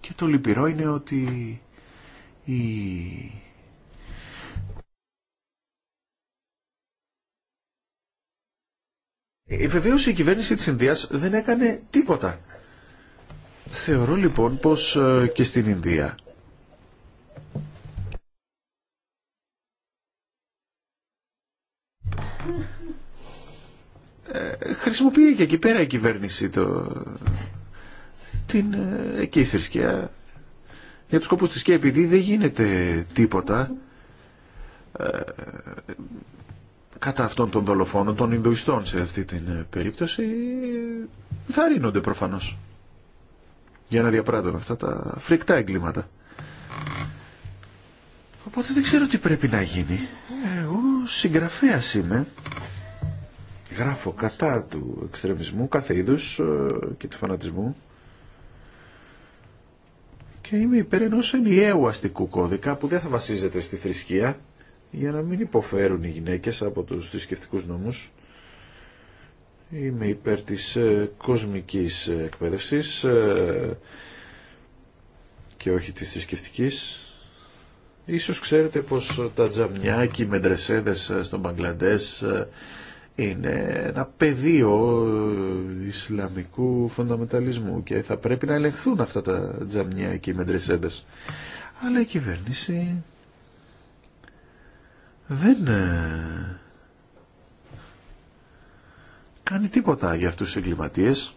Και το λυπηρό είναι ότι η... Βεβαίω η κυβέρνηση της Ινδίας δεν έκανε τίποτα. Θεωρώ λοιπόν πως ε, και στην Ινδία ε, χρησιμοποιεί και εκεί πέρα η κυβέρνηση το, την ε, εκεί θρησκεία για τους σκοπούς της και επειδή δεν γίνεται τίποτα ε, κατά αυτών των δολοφόνων, των Ινδουιστών σε αυτή την ε, περίπτωση θα ρίνονται προφανώς για να διαπράττουν αυτά τα φρικτά εγκλήματα. Οπότε δεν ξέρω τι πρέπει να γίνει. Εγώ συγγραφέας είμαι. Γράφω κατά του εξτρεμισμού, κάθε είδους ε, και του φανατισμού. Και είμαι υπέρ ενός ενιαίου αστικού κώδικα που δεν θα βασίζεται στη θρησκεία για να μην υποφέρουν οι γυναίκες από τους θρησκευτικού νόμους. Είμαι υπέρ της ε, κοσμικής ε, εκπαίδευσης ε, και όχι της θρησκευτική. Ίσως ξέρετε πως τα τζαμιάκι με ντρεσέδες στον Μπαγκλαντές είναι ένα πεδίο Ισλαμικού φονταμεταλισμού και θα πρέπει να ελεγχθούν αυτά τα τζαμιά εκεί με ντρεσέντες. Αλλά η κυβέρνηση δεν ε, κάνει τίποτα για αυτούς τους εγκληματίες.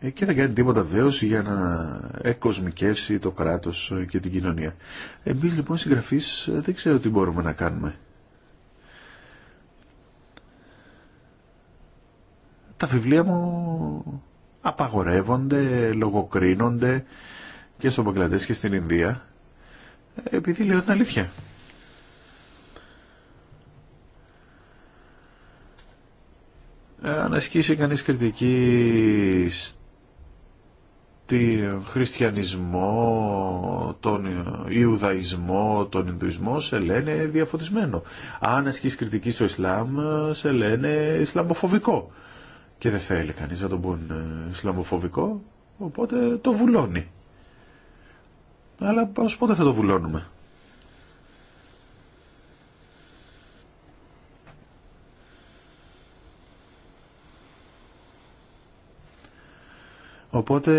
Ε, και δεν κάνει τίποτα βεβαίω για να εκοσμικεύσει το κράτος και την κοινωνία. Εμείς λοιπόν συγγραφείς ε, δεν ξέρω τι μπορούμε να κάνουμε. Τα βιβλία μου απαγορεύονται, λογοκρίνονται και στον Παγκλαντές και στην Ινδία επειδή λέω την αλήθεια. Ε, αν ασκήσει κανείς κριτική τι χριστιανισμό, τον Ιουδαϊσμό, τον Ινδουισμό σε λένε διαφωτισμένο. Αν ασκείς κριτική στο Ισλάμ σε λένε Ισλαμοφοβικό. Και δεν θέλει κανείς να τον πούν ε, Ισλαμοφοβικό, οπότε το βουλώνει. Αλλά πώς πότε θα το βουλώνουμε. Οπότε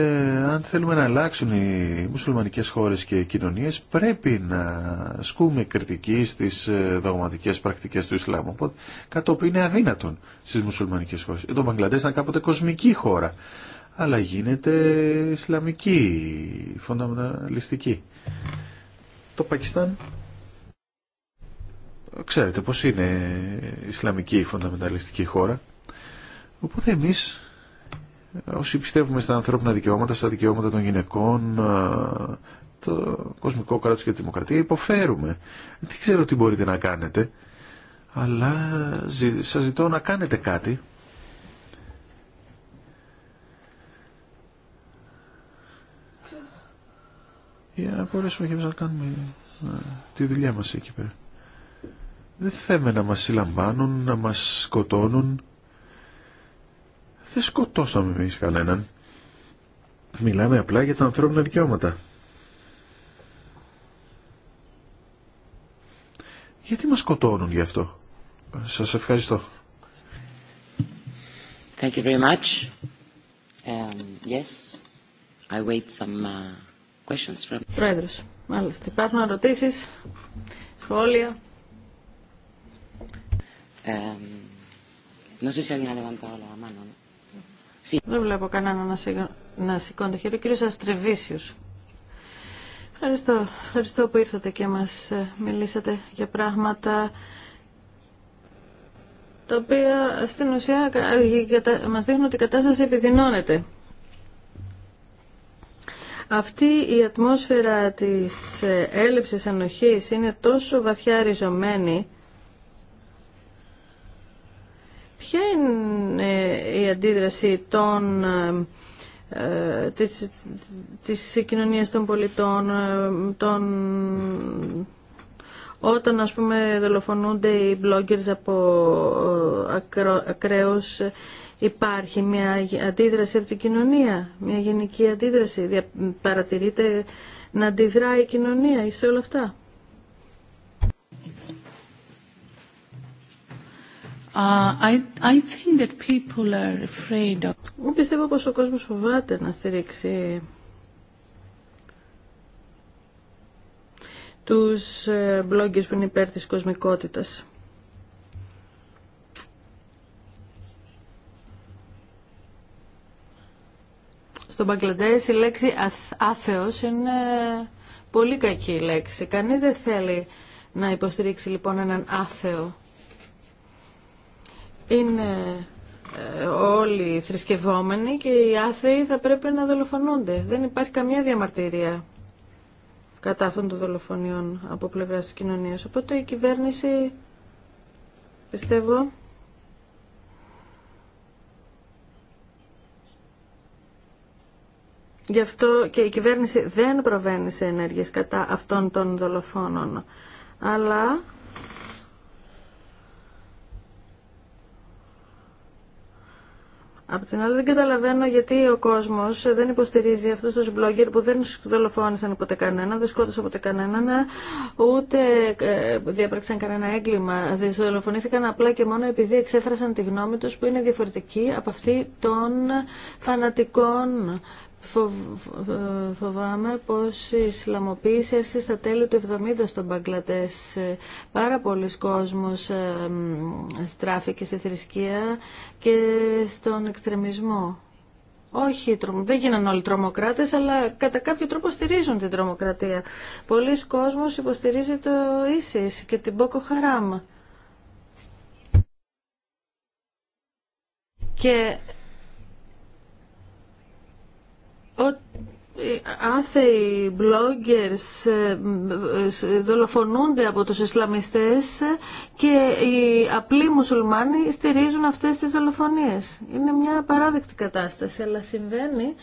αν θέλουμε να αλλάξουν οι μουσουλμανικές χώρες και οι κοινωνίες πρέπει να σκούμε κριτική στις ε, δογματικές πρακτικές του Ισλάμ. Οπότε κάτι που είναι αδύνατον στις μουσουλμανικές χώρες. Το Μπαγκλαντές ήταν κάποτε κοσμική χώρα, αλλά γίνεται Ισλαμική, φονταμεταλιστική. Το Πακιστάν ξέρετε πως είναι Ισλαμική φονταμεταλιστική χώρα. Οπότε εμείς όσοι πιστεύουμε στα ανθρώπινα δικαιώματα, στα δικαιώματα των γυναικών, ε, το κοσμικό κράτος και τη δημοκρατία, υποφέρουμε. Δεν ξέρω τι μπορείτε να κάνετε, αλλά σας ζητώ να κάνετε κάτι. Για να μπορέσουμε και να κάνουμε ε, τη δουλειά μας εκεί πέρα. Δεν θέμε να μας συλλαμβάνουν, να μας σκοτώνουν, δεν σκοτώσαμε εμείς κανέναν. Μιλάμε απλά για τα ανθρώπινα δικαιώματα. Γιατί μας σκοτώνουν γι' αυτό. Σας ευχαριστώ. Thank you very much. Um, yes, I wait some uh, questions from... Πρόεδρος, μάλιστα. Υπάρχουν ερωτήσεις, σχόλια. Um, no sé si alguien ha levantado la mano, ¿no? Δεν βλέπω κανένα να σηκώνει το χέρι. Ο κύριος Αστρεβίσιος. Ευχαριστώ. Ευχαριστώ που ήρθατε και μας ε, μιλήσατε για πράγματα τα οποία στην ουσία ε, μας δείχνουν ότι η κατάσταση επιδεινώνεται. Αυτή η ατμόσφαιρα της ε, έλλειψης ανοχής είναι τόσο βαθιά ριζωμένη Ποια είναι η αντίδραση των ε, της, της κοινωνίας των πολιτών ε, των, όταν ας πούμε δολοφονούνται οι bloggers από ε, ακρο, ακραίους υπάρχει μια αντίδραση από την κοινωνία μια γενική αντίδραση παρατηρείται να αντιδράει η κοινωνία σε όλα αυτά Uh, Εγώ πιστεύω πως ο κόσμος φοβάται να στηρίξει τους ε, bloggers που είναι υπέρ της κοσμικότητας. Στο Μπαγκλαντές η λέξη άθεος είναι πολύ κακή λέξη. Κανείς δεν θέλει να υποστηρίξει λοιπόν έναν άθεο είναι ε, όλοι θρησκευόμενοι και οι άθεοι θα πρέπει να δολοφονούνται. Δεν υπάρχει καμία διαμαρτυρία κατά αυτών των δολοφονιών από πλευράς της κοινωνίας. Οπότε η κυβέρνηση, πιστεύω, γι' αυτό και η κυβέρνηση δεν προβαίνει σε ενέργειες κατά αυτών των δολοφόνων. Αλλά Από την άλλη δεν καταλαβαίνω γιατί ο κόσμος δεν υποστηρίζει αυτούς τους blogger που δεν δολοφόνησαν ποτέ κανένα, δεν σκότωσαν ποτέ κανέναν, ούτε ε, διαπράξαν κανένα έγκλημα. Δεν δολοφονήθηκαν απλά και μόνο επειδή εξέφρασαν τη γνώμη τους που είναι διαφορετική από αυτή των φανατικών Φοβάμαι πως η Ισλαμοποίηση έρθει στα τέλη του 70 στον Παγκλατές Πάρα πολλοί κόσμος στράφηκε στη θρησκεία και στον εκτρεμισμό. Όχι, δεν γίνανε όλοι τρομοκράτες, αλλά κατά κάποιο τρόπο στηρίζουν την τρομοκρατία. Πολλοί κόσμος υποστηρίζει το ίσις και την Πόκο Χαράμα Και ε, άθεοι bloggers ε, ε, δολοφονούνται από τους Ισλαμιστές και οι απλοί μουσουλμάνοι στηρίζουν αυτές τις δολοφονίες. Είναι μια παράδεκτη κατάσταση, αλλά συμβαίνει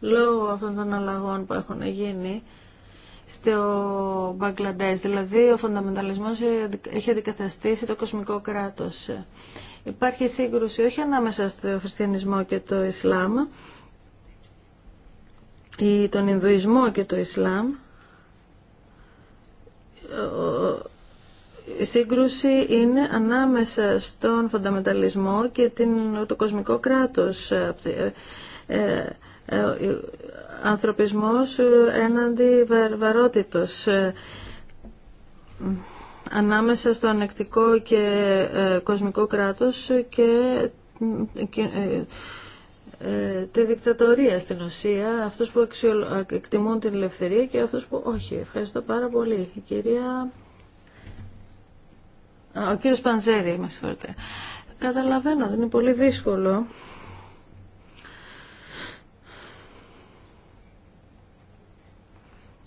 λόγω αυτών των αλλαγών που έχουν γίνει στο Μπαγκλαντές. Δηλαδή ο φονταμενταλισμός έχει αντικαταστήσει το κοσμικό κράτος. Υπάρχει σύγκρουση όχι ανάμεσα στο χριστιανισμό και το Ισλάμ ή τον Ινδουισμό και το Ισλάμ. Η σύγκρουση είναι ανάμεσα στον φονταμεταλισμό και την, το κοσμικό κράτος ανθρωπισμός ε, έναντι βαρβαρότητος ε, ανάμεσα στο ανεκτικό και ε, κοσμικό κράτος και τη δικτατορία στην ουσία, αυτούς που εκτιμούν την ελευθερία και αυτούς που όχι. Ευχαριστώ πάρα πολύ. Η κυρία... Ο κύριος Πανζέρη, με συγχωρείτε. Καταλαβαίνω ότι είναι πολύ δύσκολο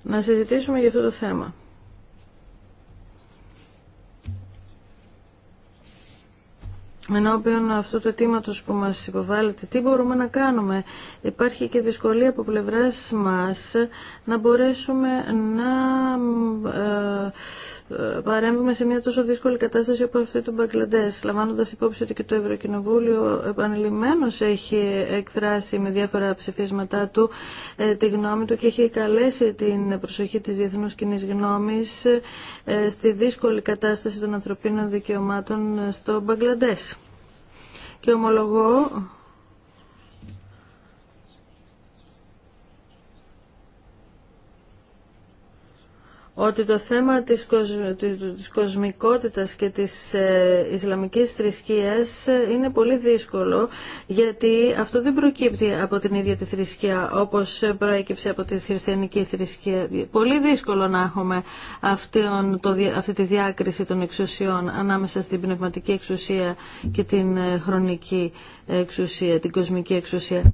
να συζητήσουμε για αυτό το θέμα. ενώπιον αυτού του αιτήματο που μας υποβάλλεται, τι μπορούμε να κάνουμε. Υπάρχει και δυσκολία από πλευράς μας να μπορέσουμε να ε, παρέμβουμε σε μια τόσο δύσκολη κατάσταση από αυτή του Μπαγκλαντές, λαμβάνοντας υπόψη ότι και το Ευρωκοινοβούλιο επανειλημμένως έχει εκφράσει με διάφορα ψηφίσματά του ε, τη γνώμη του και έχει καλέσει την προσοχή της διεθνούς κοινή γνώμης ε, στη δύσκολη κατάσταση των ανθρωπίνων δικαιωμάτων στο Μπαγκλαντές. Και ομολογώ ότι το θέμα της, κοσμικότητας και της ε, Ισλαμικής θρησκείας ε, είναι πολύ δύσκολο γιατί αυτό δεν προκύπτει από την ίδια τη θρησκεία όπως ε, προέκυψε από τη χριστιανική θρησκεία. Πολύ δύσκολο να έχουμε αυτή τη διάκριση των εξουσιών ανάμεσα στην πνευματική εξουσία και την χρονική εξουσία, την κοσμική εξουσία.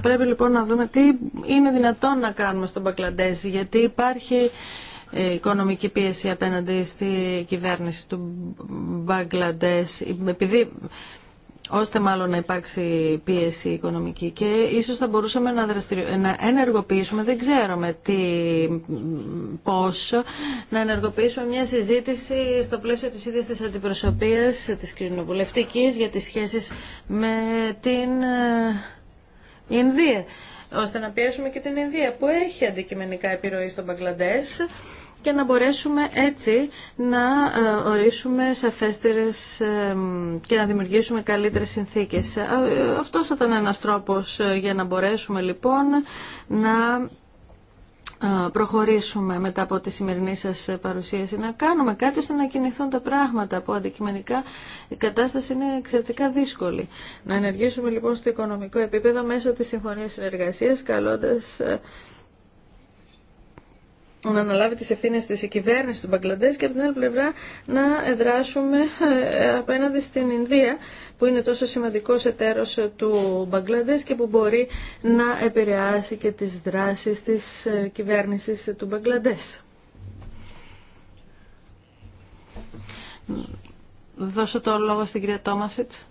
Θα πρέπει λοιπόν να δούμε τι είναι δυνατόν να κάνουμε στον Μπαγκλαντές, γιατί υπάρχει ε, οικονομική πίεση απέναντι στη κυβέρνηση του Μπαγκλαντές, ε, επειδή ώστε μάλλον να υπάρξει πίεση οικονομική και ίσως θα μπορούσαμε να, να ενεργοποιήσουμε, δεν ξέρουμε τι, πώς, να ενεργοποιήσουμε μια συζήτηση στο πλαίσιο της ίδιας της αντιπροσωπείας της κοινοβουλευτικής για τις σχέσεις με την ε, Ινδία, ώστε να πιέσουμε και την Ινδία που έχει αντικειμενικά επιρροή στον Μπαγκλαντές και να μπορέσουμε έτσι να ε, ορίσουμε σαφέστερες ε, και να δημιουργήσουμε καλύτερες συνθήκες. Ε, αυτός θα ήταν ένας τρόπος για να μπορέσουμε λοιπόν να προχωρήσουμε μετά από τη σημερινή σας παρουσίαση να κάνουμε κάτι ώστε να κινηθούν τα πράγματα που αντικειμενικά η κατάσταση είναι εξαιρετικά δύσκολη. Να ενεργήσουμε λοιπόν στο οικονομικό επίπεδο μέσω της Συμφωνίας Συνεργασίας καλώντας ε, να αναλάβει τις ευθύνες της κυβέρνησης κυβέρνηση του Μπαγκλαντές και από την άλλη πλευρά να δράσουμε ε, απέναντι στην Ινδία που είναι τόσο σημαντικός εταίρος του Μπαγκλαντές και που μπορεί να επηρεάσει και τις δράσεις της ε, κυβέρνησης του Μπαγκλαντές. Δώσω το λόγο στην κυρία Τόμασιτς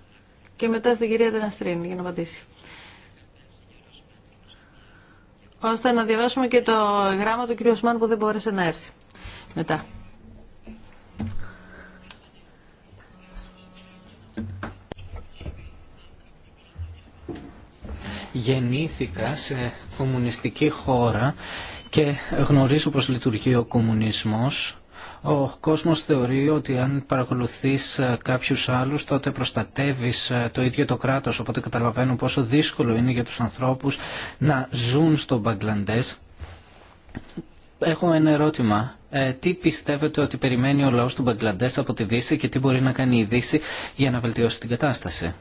και μετά στην κυρία Τεναστρίνη για να απαντήσει ώστε να διαβάσουμε και το γράμμα του κ. Σμάν που δεν μπόρεσε να έρθει μετά. Γεννήθηκα σε κομμουνιστική χώρα και γνωρίζω πως λειτουργεί ο κομμουνισμός ο κόσμος θεωρεί ότι αν παρακολουθείς ε, κάποιους άλλους τότε προστατεύεις ε, το ίδιο το κράτος οπότε καταλαβαίνω πόσο δύσκολο είναι για τους ανθρώπους να ζουν στο Μπαγκλαντές. Έχω ένα ερώτημα. Ε, τι πιστεύετε ότι περιμένει ο λαός του Μπαγκλαντές από τη Δύση και τι μπορεί να κάνει η Δύση για να βελτιώσει την κατάσταση.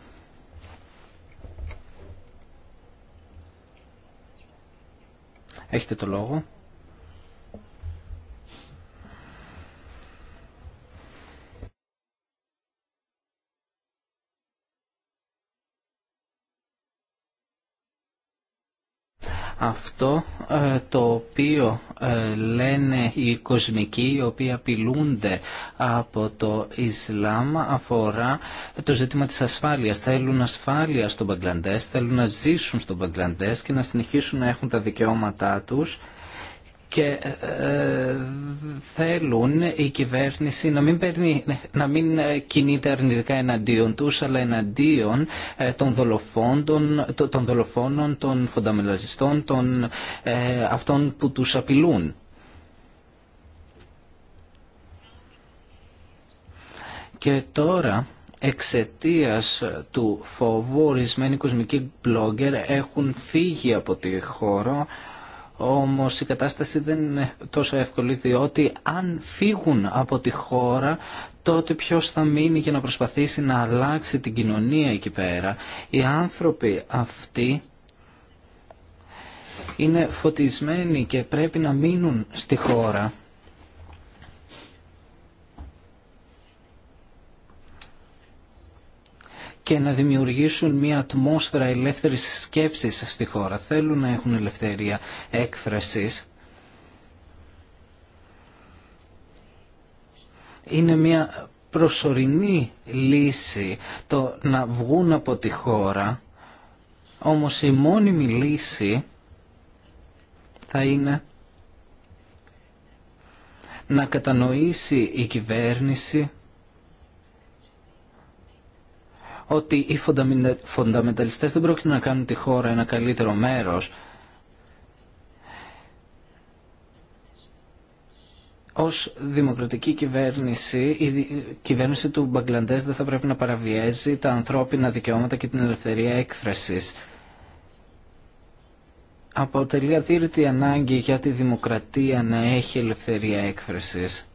Έχετε το λόγο. Αυτό ε, το οποίο ε, λένε οι κοσμικοί οι οποίοι απειλούνται από το Ισλάμ αφορά το ζήτημα της ασφάλειας. Θέλουν ασφάλεια στον Μπαγκλαντές, θέλουν να ζήσουν στον Μπαγκλαντές και να συνεχίσουν να έχουν τα δικαιώματά τους και ε, θέλουν η κυβέρνηση να μην, να μην ε, κινείται αρνητικά εναντίον τους αλλά εναντίον ε, των, των δολοφόνων, των φονταμελαζιστών, των ε, αυτών που τους απειλούν. Και τώρα εξαιτίας του φόβου ορισμένοι κοσμικοί blogger έχουν φύγει από τη χώρα όμως η κατάσταση δεν είναι τόσο εύκολη διότι αν φύγουν από τη χώρα τότε ποιος θα μείνει για να προσπαθήσει να αλλάξει την κοινωνία εκεί πέρα. Οι άνθρωποι αυτοί είναι φωτισμένοι και πρέπει να μείνουν στη χώρα και να δημιουργήσουν μια ατμόσφαιρα ελεύθερης σκέψης στη χώρα. Θέλουν να έχουν ελευθερία έκφρασης. Είναι μια προσωρινή λύση το να βγουν από τη χώρα, όμως η μόνιμη λύση θα είναι να κατανοήσει η κυβέρνηση ότι οι φονταμενταλιστές δεν πρόκειται να κάνουν τη χώρα ένα καλύτερο μέρος. Ως δημοκρατική κυβέρνηση, η κυβέρνηση του Μπαγκλαντές δεν θα πρέπει να παραβιέζει τα ανθρώπινα δικαιώματα και την ελευθερία έκφρασης. Αποτελεί αδύρυτη ανάγκη για τη δημοκρατία να έχει ελευθερία έκφρασης.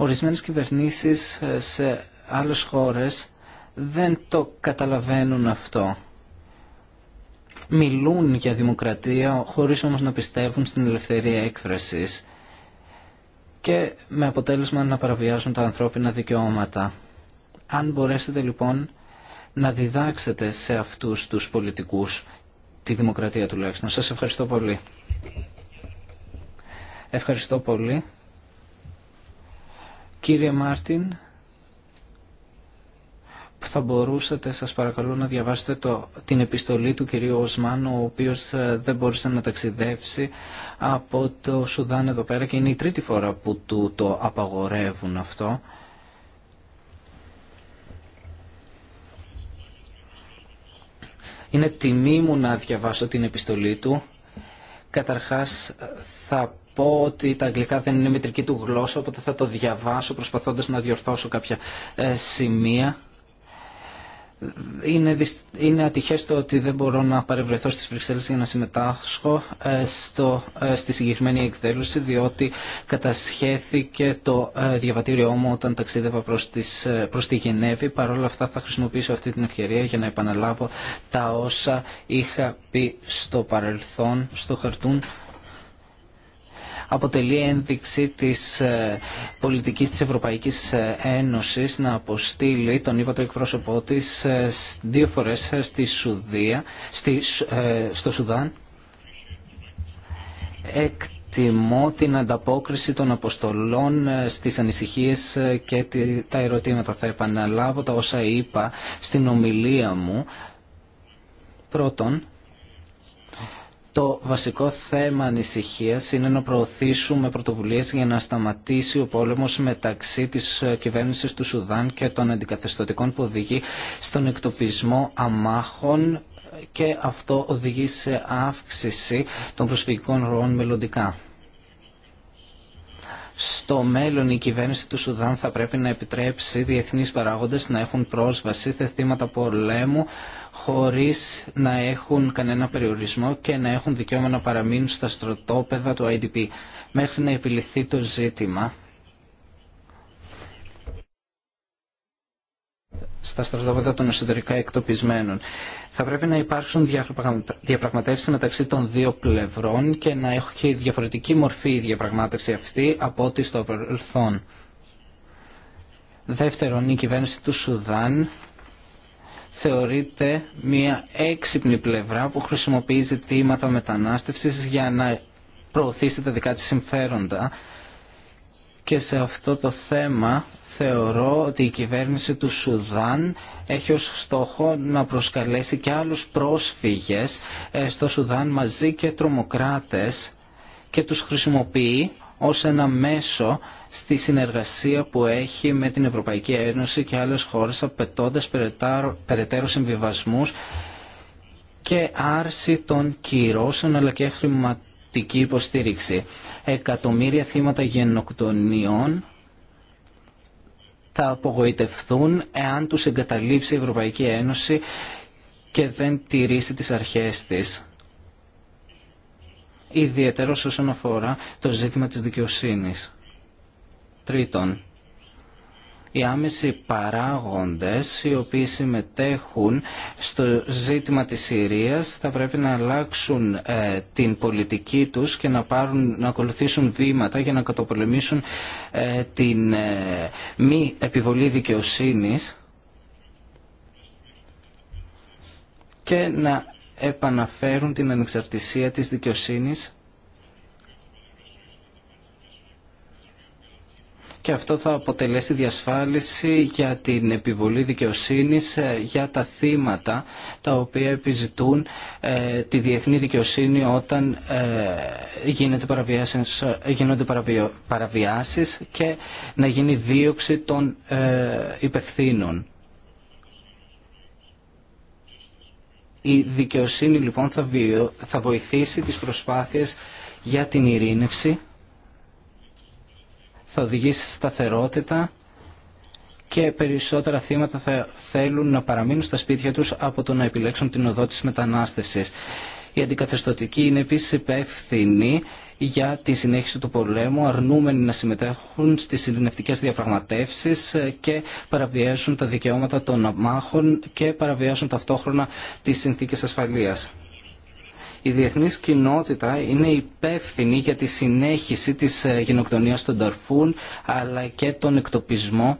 Ορισμένες κυβερνήσεις ε, σε άλλες χώρες δεν το καταλαβαίνουν αυτό. Μιλούν για δημοκρατία χωρίς όμως να πιστεύουν στην ελευθερία έκφρασης και με αποτέλεσμα να παραβιάζουν τα ανθρώπινα δικαιώματα. Αν μπορέσετε λοιπόν να διδάξετε σε αυτούς τους πολιτικούς τη δημοκρατία τουλάχιστον. Σας ευχαριστώ πολύ. Ευχαριστώ πολύ. Κύριε Μάρτιν, θα μπορούσατε σας παρακαλώ να διαβάσετε το, την επιστολή του κυρίου Οσμάν ο οποίος ε, δεν μπορούσε να ταξιδεύσει από το Σουδάν εδώ πέρα και είναι η τρίτη φορά που του το απαγορεύουν αυτό. Είναι τιμή μου να διαβάσω την επιστολή του. Καταρχάς θα πω ότι τα αγγλικά δεν είναι μητρική του γλώσσα, οπότε θα το διαβάσω προσπαθώντας να διορθώσω κάποια ε, σημεία. Είναι, είναι ατυχές το ότι δεν μπορώ να παρευρεθώ στις Βρυξέλλες για να συμμετάσχω ε, στο... Ε, στη συγκεκριμένη εκδήλωση διότι κατασχέθηκε το διαβατήριό μου όταν ταξίδευα προς, τις... προς τη Γενέβη. Παρ' όλα αυτά θα χρησιμοποιήσω αυτή την ευκαιρία για να επαναλάβω τα όσα είχα πει στο παρελθόν, στο χαρτούν αποτελεί ένδειξη της ε, πολιτικής της Ευρωπαϊκής ε, Ένωσης να αποστείλει τον ύπατο εκπρόσωπό της ε, δύο φορές στη Σουδία, στη, στο Σουδάν εκτιμώ την ανταπόκριση των αποστολών στις ανησυχίες και τα ερωτήματα. Θα επαναλάβω τα όσα είπα στην ομιλία μου. Πρώτον, το βασικό θέμα ανησυχίας είναι να προωθήσουμε πρωτοβουλίες για να σταματήσει ο πόλεμος μεταξύ της ε, κυβέρνησης του Σουδάν και των αντικαθεστωτικών που οδηγεί στον εκτοπισμό αμάχων ε, και αυτό οδηγεί σε αύξηση των προσφυγικών ροών μελλοντικά. Στο μέλλον η κυβέρνηση του Σουδάν θα πρέπει να επιτρέψει διεθνείς παράγοντες να έχουν πρόσβαση σε θύματα πολέμου χωρίς να έχουν κανένα περιορισμό και να έχουν δικαίωμα να παραμείνουν στα στρατόπεδα του IDP μέχρι να επιληθεί το ζήτημα. στα στρατόπεδα των εσωτερικά εκτοπισμένων. Θα πρέπει να υπάρξουν διαπραγματεύσεις μεταξύ των δύο πλευρών και να έχει διαφορετική μορφή η διαπραγμάτευση αυτή από ό,τι στο παρελθόν. Δεύτερον, η κυβέρνηση του Σουδάν θεωρείται μια έξυπνη πλευρά που χρησιμοποιεί ζητήματα μετανάστευσης για να προωθήσει τα δικά τη συμφέροντα και σε αυτό το θέμα θεωρώ ότι η κυβέρνηση του Σουδάν έχει ως στόχο να προσκαλέσει και άλλους πρόσφυγες ε, στο Σουδάν μαζί και τρομοκράτες και τους χρησιμοποιεί ως ένα μέσο στη συνεργασία που έχει με την Ευρωπαϊκή Ένωση και άλλες χώρες απαιτώντας περαιτέρω συμβιβασμούς και άρση των κυρώσεων αλλά και χρηματική υποστήριξη. Εκατομμύρια θύματα γενοκτονιών θα απογοητευθούν εάν τους εγκαταλείψει η Ευρωπαϊκή Ένωση και δεν τηρήσει τις αρχές της. Ιδιαίτερο όσον αφορά το ζήτημα της δικαιοσύνης. Τρίτον, οι άμεση παράγοντες οι οποίοι συμμετέχουν στο ζήτημα της Συρίας θα πρέπει να αλλάξουν ε, την πολιτική τους και να, πάρουν, να ακολουθήσουν βήματα για να κατοπολεμήσουν ε, την ε, μη επιβολή δικαιοσύνης και να επαναφέρουν την ανεξαρτησία της δικαιοσύνης και αυτό θα αποτελέσει διασφάλιση για την επιβολή δικαιοσύνης ε, για τα θύματα τα οποία επιζητούν ε, τη διεθνή δικαιοσύνη όταν ε, γίνεται παραβιάσεις, γίνονται παραβιάσεις και να γίνει δίωξη των υπευθύνων. Η δικαιοσύνη λοιπόν θα, θα βοηθήσει τις προσπάθειες για την ειρήνευση θα οδηγήσει σταθερότητα και περισσότερα θύματα θα θέλουν να παραμείνουν στα σπίτια τους από το να επιλέξουν την οδό της μετανάστευσης. Η αντικαθεστωτική είναι επίσης υπεύθυνη για τη συνέχιση του πολέμου, αρνούμενοι να συμμετέχουν στις ειρηνευτικές διαπραγματεύσεις και παραβιάζουν τα δικαιώματα των μάχων και παραβιάζουν ταυτόχρονα τις συνθήκες ασφαλείας η διεθνής κοινότητα είναι υπεύθυνη για τη συνέχιση της ε, γενοκτονίας των Ταρφούν αλλά και τον εκτοπισμό.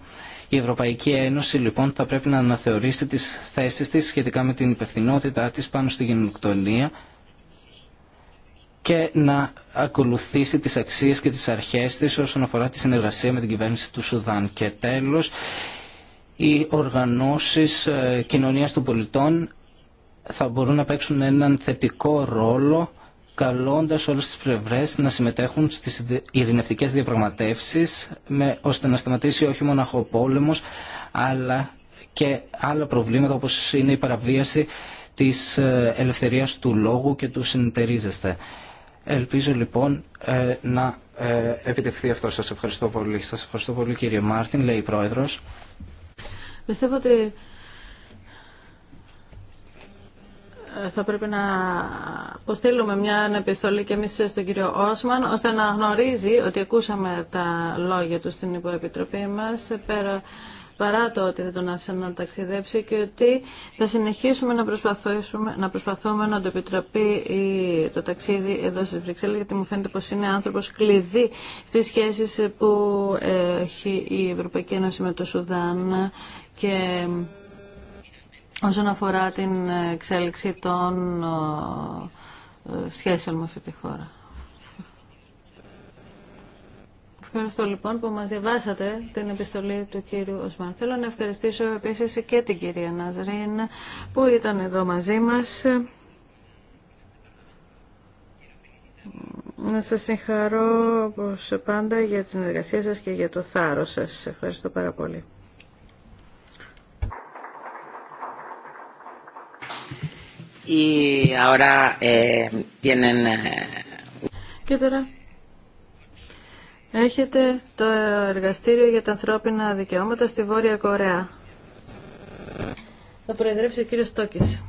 Η Ευρωπαϊκή Ένωση λοιπόν θα πρέπει να αναθεωρήσει τις θέσεις της σχετικά με την υπευθυνότητά της πάνω στη γενοκτονία και να ακολουθήσει τις αξίες και τις αρχές της όσον αφορά τη συνεργασία με την κυβέρνηση του Σουδάν. Και τέλος, οι οργανώσεις ε, κοινωνίας των πολιτών θα μπορούν να παίξουν έναν θετικό ρόλο καλώντας όλες τις πλευρές να συμμετέχουν στις ειρηνευτικές διαπραγματεύσεις με, ώστε να σταματήσει όχι μόνο ο πόλεμος αλλά και άλλα προβλήματα όπως είναι η παραβίαση της ε, ελευθερίας του λόγου και του συνεταιρίζεστε. Ελπίζω λοιπόν ε, να ε, επιτευχθεί αυτό. Σας ευχαριστώ πολύ. Σας ευχαριστώ πολύ κύριε Μάρτιν, λέει η Πρόεδρος. θα πρέπει να αποστείλουμε μια επιστολή και εμεί στον κύριο Όσμαν, ώστε να γνωρίζει ότι ακούσαμε τα λόγια του στην υποεπιτροπή μας, παρά το ότι δεν τον άφησαν να ταξιδέψει και ότι θα συνεχίσουμε να, προσπαθούμε να προσπαθούμε να το επιτραπεί το ταξίδι εδώ στη Βρυξέλλη, γιατί μου φαίνεται πως είναι άνθρωπος κλειδί στις σχέσεις που έχει η Ευρωπαϊκή Ένωση με το Σουδάν και όσον αφορά την εξέλιξη των ε, σχέσεων με αυτή τη χώρα. Ευχαριστώ λοιπόν που μας διαβάσατε την επιστολή του κύριου Οσμαν. Θέλω να ευχαριστήσω επίσης και την κυρία Ναζρίν που ήταν εδώ μαζί μας. Να σας συγχαρώ όπως πάντα για την εργασία σας και για το θάρρος σας. Ευχαριστώ πάρα πολύ. y ahora eh, tienen... Eh, Και τώρα έχετε το εργαστήριο για τα ανθρώπινα δικαιώματα στη Βόρεια Κορέα. Θα προεδρεύσει ο κύριος Τόκης.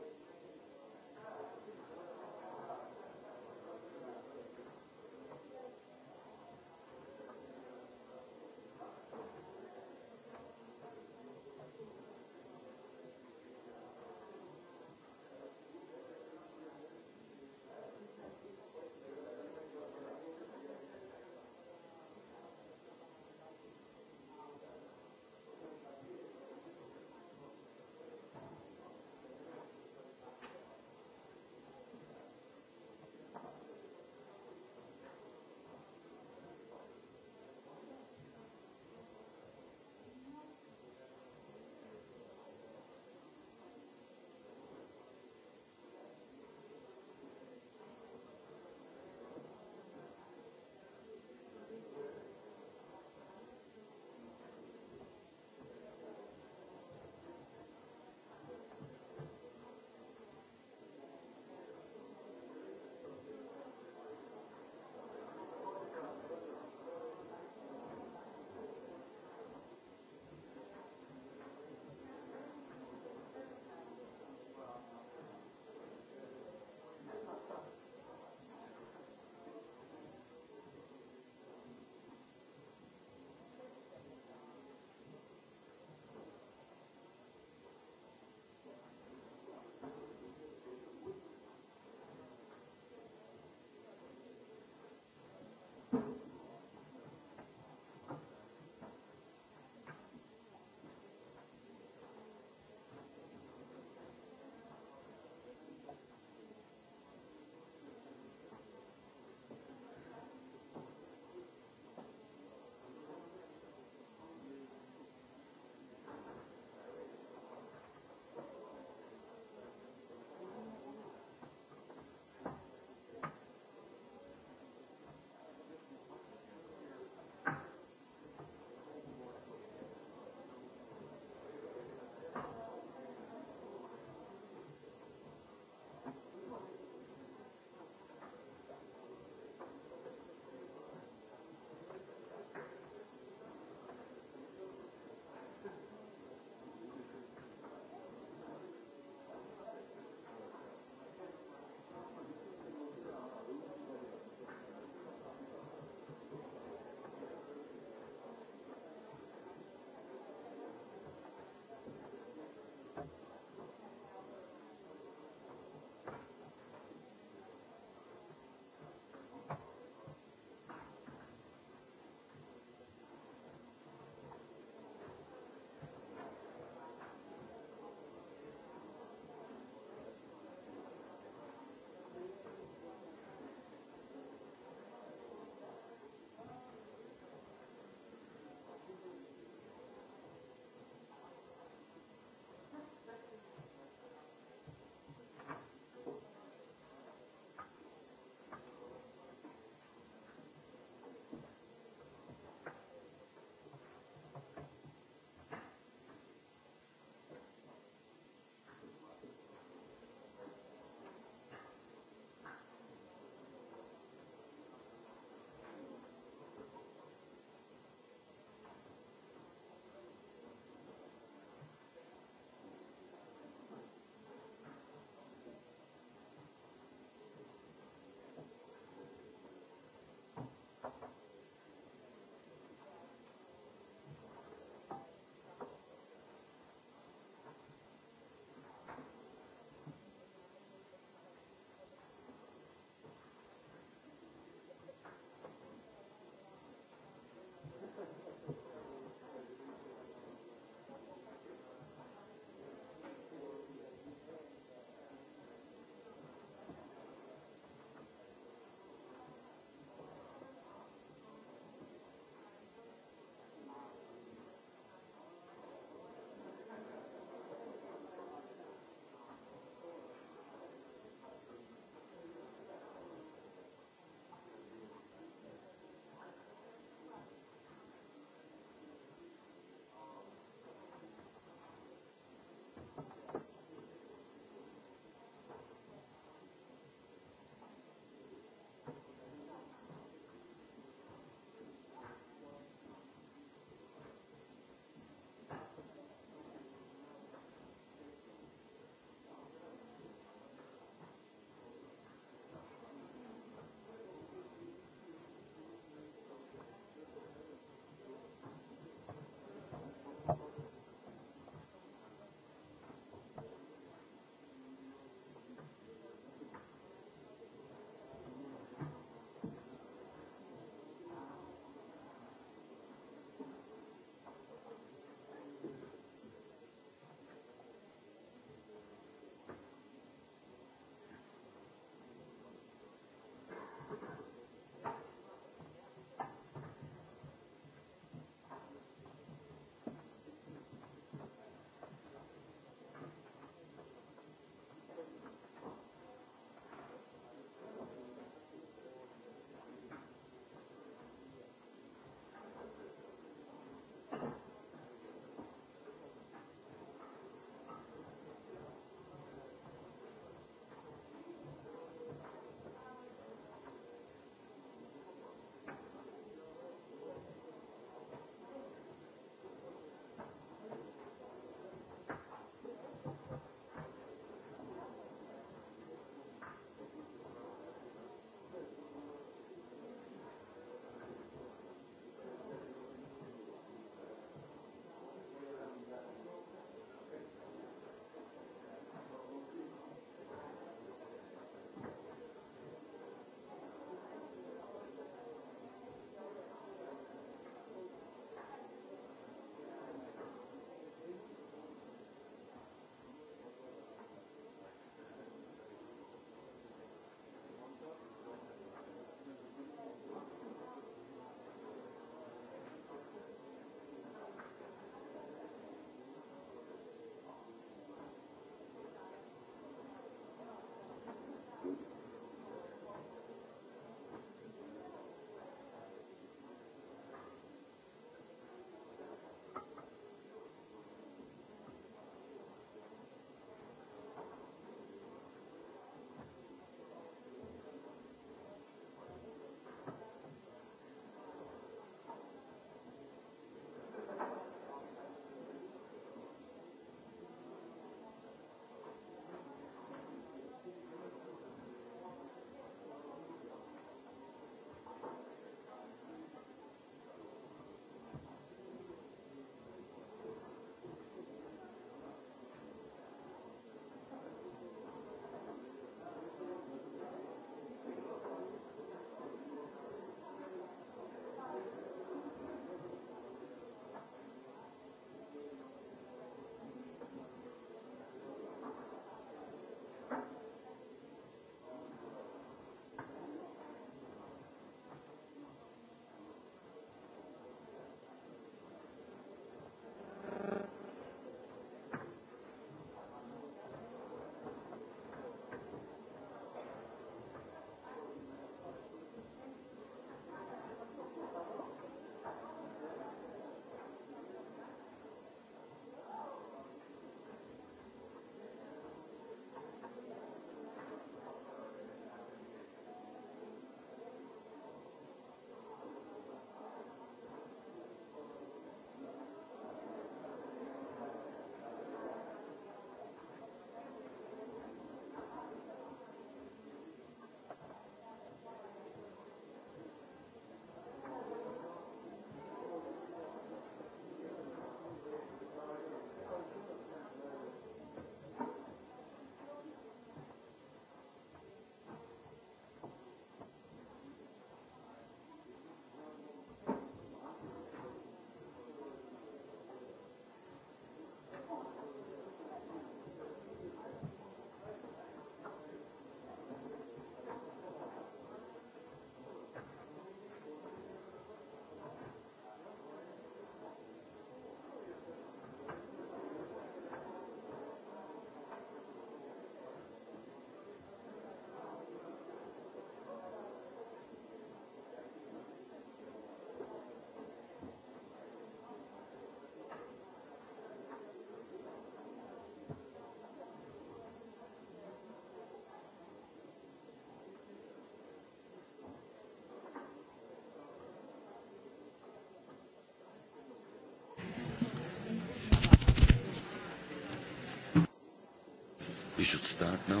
should start now.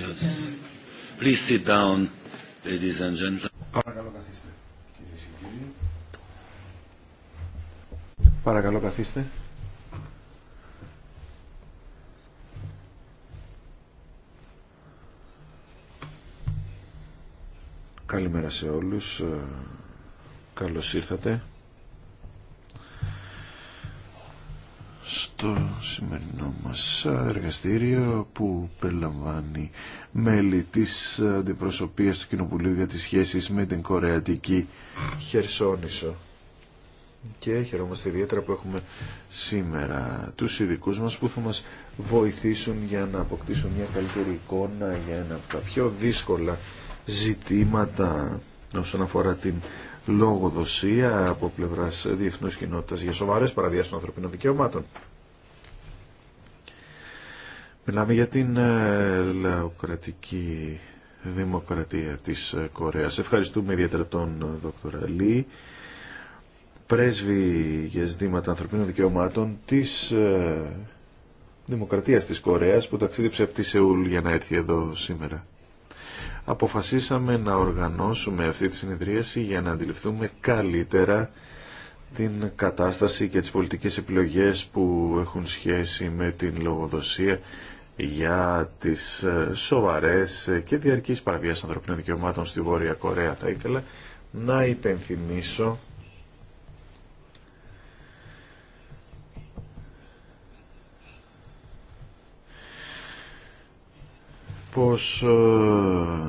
Yes. Please sit down, ladies and gentlemen. Παρακαλώ καθίστε, Καλημέρα σε όλους. Καλώς ήρθατε. στο σημερινό μας εργαστήριο που περιλαμβάνει μέλη της αντιπροσωπείας του Κοινοβουλίου για τις σχέσεις με την Κορεατική Χερσόνησο. Και χαιρόμαστε ιδιαίτερα που έχουμε σήμερα τους ειδικού μας που θα μας βοηθήσουν για να αποκτήσουν μια καλύτερη εικόνα για ένα από τα πιο δύσκολα ζητήματα όσον αφορά την λογοδοσία από πλευράς διεθνού κοινότητα για σοβαρέ παραβιάσει των ανθρωπίνων δικαιωμάτων. Μιλάμε για την ε, λαοκρατική δημοκρατία της ε, Κορέας. Ευχαριστούμε ιδιαίτερα τον ε, Δ. Λί, πρέσβη για ζητήματα ανθρωπίνων δικαιωμάτων της Δημοκρατίας της Κορέας που ταξίδεψε από τη Σεούλ για να έρθει εδώ σήμερα αποφασίσαμε να οργανώσουμε αυτή τη συνεδρίαση για να αντιληφθούμε καλύτερα την κατάσταση και τις πολιτικές επιλογές που έχουν σχέση με την λογοδοσία για τις ε, σοβαρές και διαρκείς παραβιάσεις ανθρωπίνων δικαιωμάτων στη Βόρεια Κορέα. Θα ήθελα να υπενθυμίσω πως ε,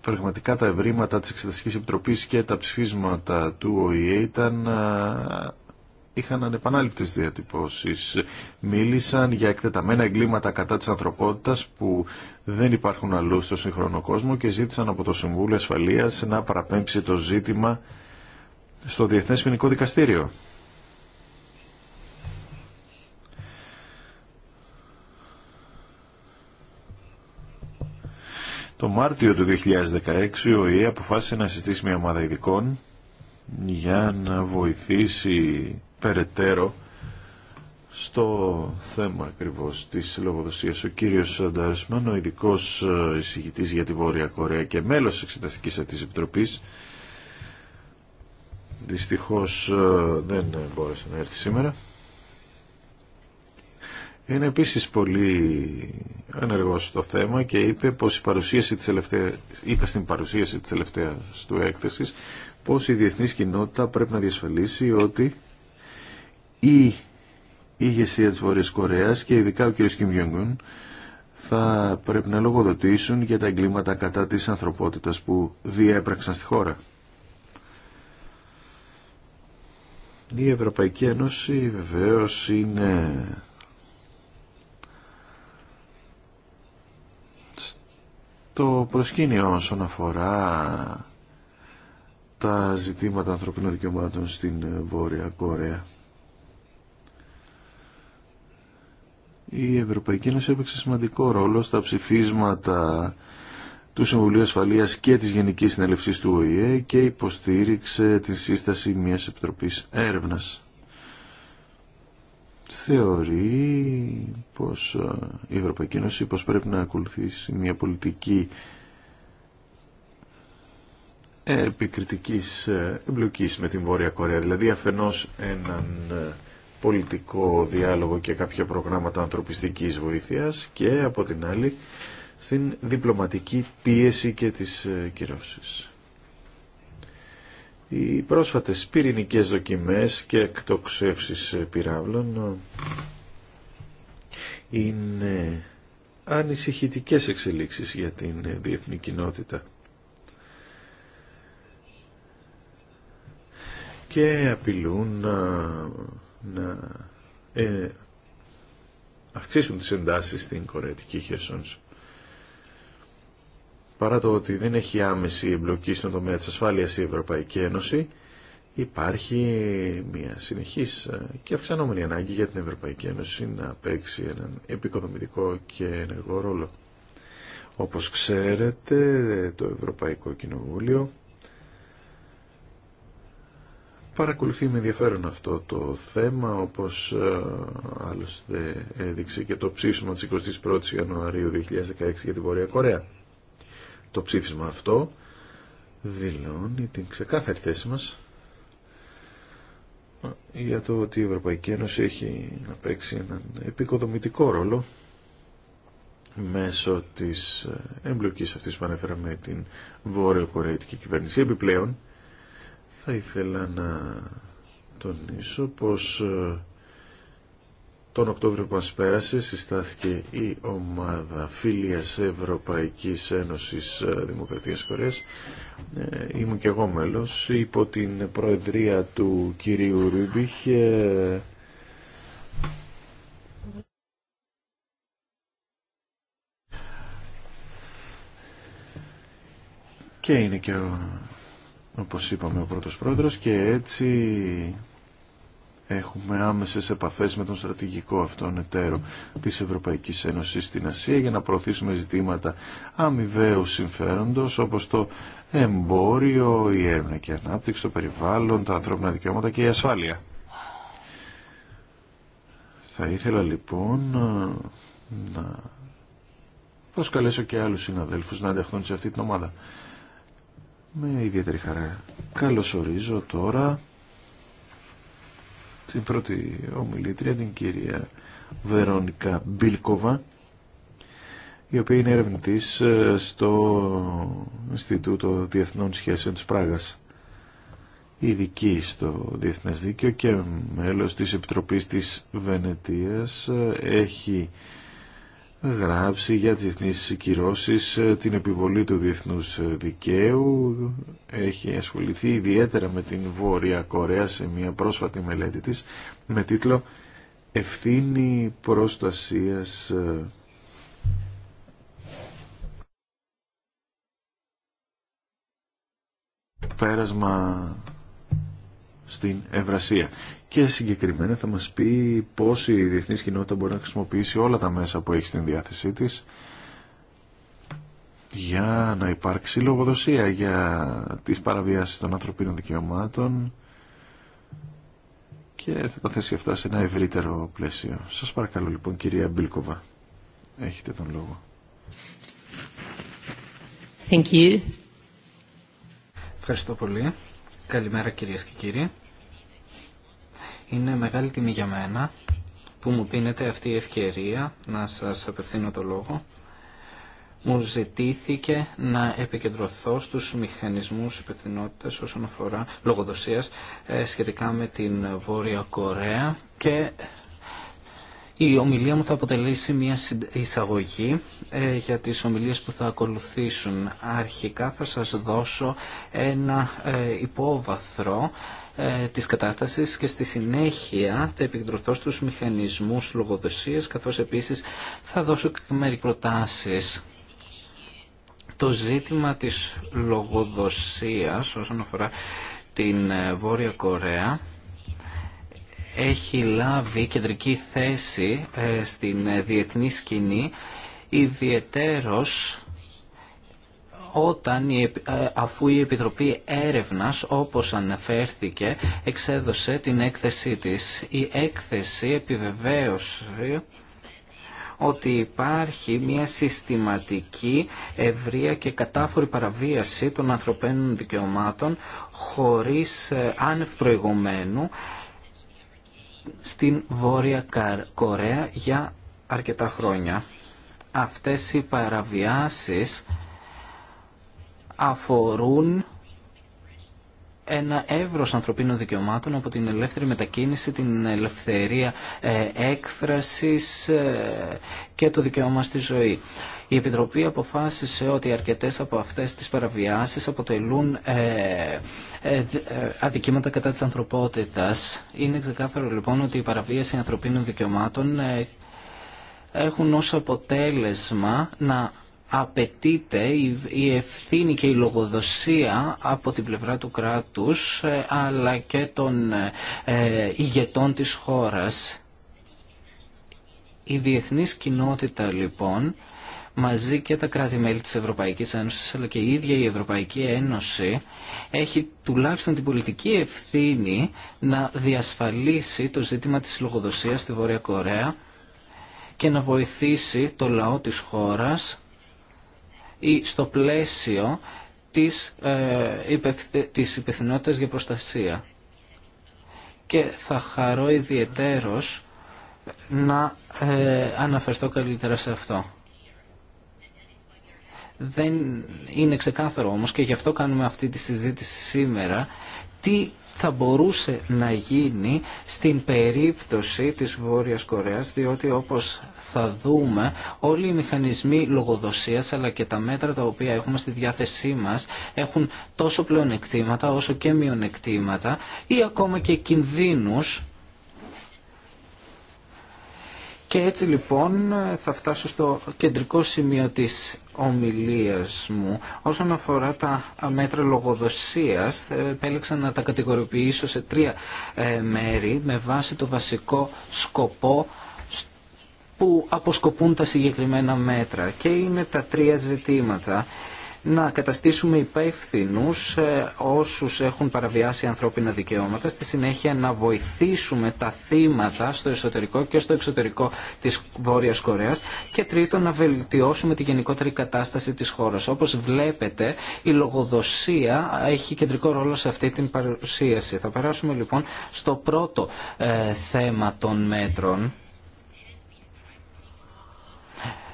πραγματικά τα ευρήματα της Εξεταστικής Επιτροπής και τα ψηφίσματα του ΟΗΕ ήταν, ε, είχαν ανεπανάληπτες διατυπώσεις. Μίλησαν για εκτεταμένα εγκλήματα κατά της ανθρωπότητας που δεν υπάρχουν αλλού στο σύγχρονο κόσμο και ζήτησαν από το Συμβούλιο Ασφαλείας να παραπέμψει το ζήτημα στο Διεθνές Ποινικό Δικαστήριο. Το Μάρτιο του 2016 ο ΙΕ αποφάσισε να συστήσει μια ομάδα ειδικών για να βοηθήσει περαιτέρω στο θέμα ακριβώ της λογοδοσίας. Ο κύριος Σαντάρσμαν, ο ειδικό ε, εισηγητής για τη Βόρεια Κορέα και μέλος της Εξεταστικής Αυτής Επιτροπής, δυστυχώς ε, δεν μπόρεσε να έρθει σήμερα είναι επίση πολύ ενεργό στο θέμα και είπε, πως η παρουσίαση της τελευταίας, είπε στην παρουσίαση της τελευταία του έκθεση πως η διεθνή κοινότητα πρέπει να διασφαλίσει ότι η ηγεσία της Βορειας Κορέας και ειδικά ο κ. Κιμ θα πρέπει να λογοδοτήσουν για τα εγκλήματα κατά της ανθρωπότητα που διέπραξαν στη χώρα. Η Ευρωπαϊκή Ένωση βεβαίως είναι το προσκήνιο όσον αφορά τα ζητήματα ανθρωπίνων δικαιωμάτων στην Βόρεια Κορέα. Η Ευρωπαϊκή Ένωση έπαιξε σημαντικό ρόλο στα ψηφίσματα του Συμβουλίου Ασφαλείας και της Γενικής Συνέλευσης του ΟΗΕ και υποστήριξε τη σύσταση μιας Επιτροπής Έρευνας θεωρεί πως ε, η Ευρωπαϊκή Ένωση πως πρέπει να ακολουθήσει μια πολιτική επικριτικής ε, εμπλοκής με την Βόρεια Κορέα. Δηλαδή αφενός έναν ε, πολιτικό διάλογο και κάποια προγράμματα ανθρωπιστικής βοήθειας και από την άλλη στην διπλωματική πίεση και τις κυρώσεις. Οι πρόσφατες πυρηνικές δοκιμές και εκτοξεύσεις πυράβλων ε, είναι ανησυχητικές εξελίξεις για την ε, διεθνή κοινότητα. Και απειλούν να, να ε, αυξήσουν τις εντάσεις στην κορεατική χερσόνησο παρά το ότι δεν έχει άμεση εμπλοκή στον τομέα της ασφάλειας η Ευρωπαϊκή Ένωση, υπάρχει μια συνεχής ε, και αυξανόμενη ανάγκη για την Ευρωπαϊκή Ένωση να παίξει έναν επικοδομητικό και ενεργό ρόλο. Όπως ξέρετε, το Ευρωπαϊκό Κοινοβούλιο παρακολουθεί με ενδιαφέρον αυτό το θέμα, όπως ε, άλλωστε έδειξε και το ψήφισμα της 21ης Ιανουαρίου 2016 για την Βορεια Κορέα. Το ψήφισμα αυτό δηλώνει την ξεκάθαρη θέση μας για το ότι η Ευρωπαϊκή Ένωση έχει να παίξει έναν επικοδομητικό ρόλο μέσω της ε, εμπλοκής αυτής που ανέφερα με την Βόρειο Κορεϊτική Κυβέρνηση. Επιπλέον, θα ήθελα να τονίσω πως ε, τον Οκτώβριο που μας πέρασε συστάθηκε η ομάδα Φίλιας Ευρωπαϊκής Ένωσης ε, Δημοκρατίας Κορέας. Ε, ήμουν και εγώ μέλος υπό την προεδρία του κυρίου Ρούμπιχ. Ε, και είναι και ο, όπως είπαμε ο πρώτος πρόεδρος και έτσι έχουμε άμεσες επαφές με τον στρατηγικό αυτόν εταίρο της Ευρωπαϊκής Ένωσης στην Ασία για να προωθήσουμε ζητήματα αμοιβαίου συμφέροντος όπως το εμπόριο, η έρευνα και η ανάπτυξη, το περιβάλλον, τα ανθρώπινα δικαιώματα και η ασφάλεια. Θα ήθελα λοιπόν να προσκαλέσω και άλλους συναδέλφους να ενταχθούν σε αυτή την ομάδα. Με ιδιαίτερη χαρά. Καλωσορίζω τώρα την πρώτη ομιλήτρια, την κυρία Βερόνικα Μπίλκοβα, η οποία είναι ερευνητής ε, στο Ινστιτούτο Διεθνών Σχέσεων της Πράγας, ειδική στο Διεθνές Δίκαιο και μέλος της Επιτροπής της Βενετίας, έχει γράψει για τις διεθνείς κυρώσεις ε, την επιβολή του διεθνούς ε, δικαίου. Έχει ασχοληθεί ιδιαίτερα με την Βόρεια Κορέα σε μια πρόσφατη μελέτη της με τίτλο «Ευθύνη προστασίας ε, πέρασμα στην Ευρασία και συγκεκριμένα θα μας πει πώς η διεθνή κοινότητα μπορεί να χρησιμοποιήσει όλα τα μέσα που έχει στην διάθεσή της για να υπάρξει λογοδοσία για τις παραβιάσεις των ανθρωπίνων δικαιωμάτων και θα τα θέσει αυτά σε ένα ευρύτερο πλαίσιο. Σας παρακαλώ λοιπόν κυρία Μπίλκοβα. Έχετε τον λόγο. Thank you. Ευχαριστώ πολύ. Καλημέρα κυρίες και κύριοι. Είναι μεγάλη τιμή για μένα που μου δίνεται αυτή η ευκαιρία να σας απευθύνω το λόγο. Μου ζητήθηκε να επικεντρωθώ στους μηχανισμούς υπευθυνότητας όσον αφορά λογοδοσίας ε, σχετικά με την Βόρεια Κορέα και η ομιλία μου θα αποτελήσει μια εισαγωγή ε, για τις ομιλίες που θα ακολουθήσουν. Αρχικά θα σας δώσω ένα ε, υπόβαθρο ε, της κατάστασης και στη συνέχεια θα επικεντρωθώ στους μηχανισμούς λογοδοσίας καθώς επίσης θα δώσω και μερικές προτάσεις. Το ζήτημα της λογοδοσίας όσον αφορά την ε, Βόρεια Κορέα έχει λάβει κεντρική θέση ε, στην διεθνή σκηνή ιδιαιτέρως όταν ε, αφού η Επιτροπή Έρευνας, όπως αναφέρθηκε, εξέδωσε την έκθεσή της. Η έκθεση επιβεβαίωσε ότι υπάρχει μια συστηματική, ευρεία και κατάφορη παραβίαση των ανθρωπίνων δικαιωμάτων χωρίς ε, άνευ προηγουμένου στην Βόρεια Κορέα για αρκετά χρόνια. Αυτές οι παραβιάσεις αφορούν ένα εύρος ανθρωπίνων δικαιωμάτων από την ελεύθερη μετακίνηση, την ελευθερία ε, έκφρασης ε, και το δικαίωμα στη ζωή. Η Επιτροπή αποφάσισε ότι αρκετές από αυτές τις παραβιάσεις αποτελούν ε, αδικήματα κατά της ανθρωπότητας. Είναι ξεκάθαρο λοιπόν ότι η παραβίαση ανθρωπίνων δικαιωμάτων έχουν ως αποτέλεσμα να απαιτείται η ευθύνη και η λογοδοσία από την πλευρά του κράτους ε, αλλά και των ε, ηγετών της χώρας. Η διεθνής κοινότητα λοιπόν μαζί και τα κράτη-μέλη της Ευρωπαϊκής Ένωσης αλλά και η ίδια η Ευρωπαϊκή Ένωση έχει τουλάχιστον την πολιτική ευθύνη να διασφαλίσει το ζήτημα της λογοδοσίας στη Βόρεια Κορέα και να βοηθήσει το λαό της χώρας ή στο πλαίσιο της, ε, της υπευθυνότητας για προστασία. Και θα χαρώ ιδιαιτέρως να ε, αναφερθώ καλύτερα σε αυτό. Δεν είναι ξεκάθαρο όμως και γι' αυτό κάνουμε αυτή τη συζήτηση σήμερα τι θα μπορούσε να γίνει στην περίπτωση της Βόρειας Κορέας διότι όπως θα δούμε όλοι οι μηχανισμοί λογοδοσίας αλλά και τα μέτρα τα οποία έχουμε στη διάθεσή μας έχουν τόσο πλεονεκτήματα όσο και μειονεκτήματα ή ακόμα και κινδύνους και έτσι λοιπόν θα φτάσω στο κεντρικό σημείο της ομιλίας μου. Όσον αφορά τα μέτρα λογοδοσίας, επέλεξα να τα κατηγοριοποιήσω σε τρία ε, μέρη με βάση το βασικό σκοπό που αποσκοπούν τα συγκεκριμένα μέτρα. Και είναι τα τρία ζητήματα να καταστήσουμε υπεύθυνου ε, όσους έχουν παραβιάσει ανθρώπινα δικαιώματα, στη συνέχεια να βοηθήσουμε τα θύματα στο εσωτερικό και στο εξωτερικό της Βόρειας Κορέας και τρίτον να βελτιώσουμε τη γενικότερη κατάσταση της χώρας. Όπως βλέπετε η λογοδοσία έχει κεντρικό ρόλο σε αυτή την παρουσίαση. Θα περάσουμε λοιπόν στο πρώτο ε, θέμα των μέτρων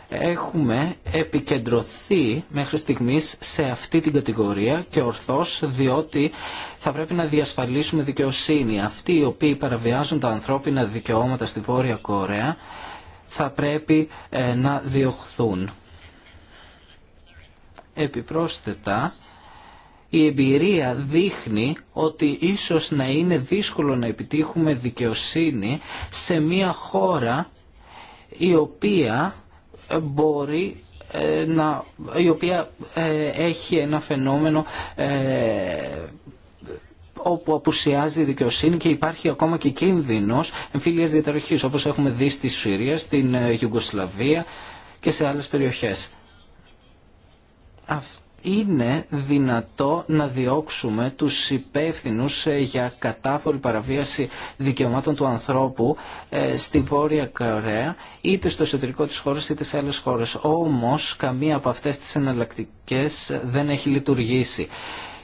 έχουμε επικεντρωθεί μέχρι στιγμής σε αυτή την κατηγορία και ορθώς διότι θα πρέπει να διασφαλίσουμε δικαιοσύνη. Αυτοί οι οποίοι παραβιάζουν τα ανθρώπινα δικαιώματα στη Βόρεια Κορέα θα πρέπει ε, να διωχθούν. Επιπρόσθετα, η εμπειρία δείχνει ότι ίσως να είναι δύσκολο να επιτύχουμε δικαιοσύνη σε μια χώρα η οποία μπορεί ε, να, η οποία ε, έχει ένα φαινόμενο ε, όπου απουσιάζει η δικαιοσύνη και υπάρχει ακόμα και κίνδυνος εμφύλιας διαταροχής όπως έχουμε δει στη Συρία, στην Ιουγκοσλαβία και σε άλλες περιοχές. Αυτό είναι δυνατό να διώξουμε τους υπεύθυνους ε, για κατάφορη παραβίαση δικαιωμάτων του ανθρώπου ε, στη Βόρεια Κορέα είτε στο εσωτερικό της χώρας είτε σε άλλες χώρες. Όμως καμία από αυτές τις εναλλακτικέ δεν έχει λειτουργήσει.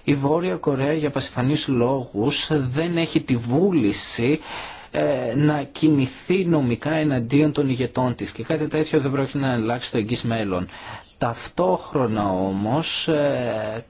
Η Βόρεια Κορέα για πασιφανείς λόγους δεν έχει τη βούληση ε, να κινηθεί νομικά εναντίον των ηγετών της και κάτι τέτοιο δεν πρόκειται να αλλάξει το εγγύς μέλλον. Ταυτόχρονα όμως ε,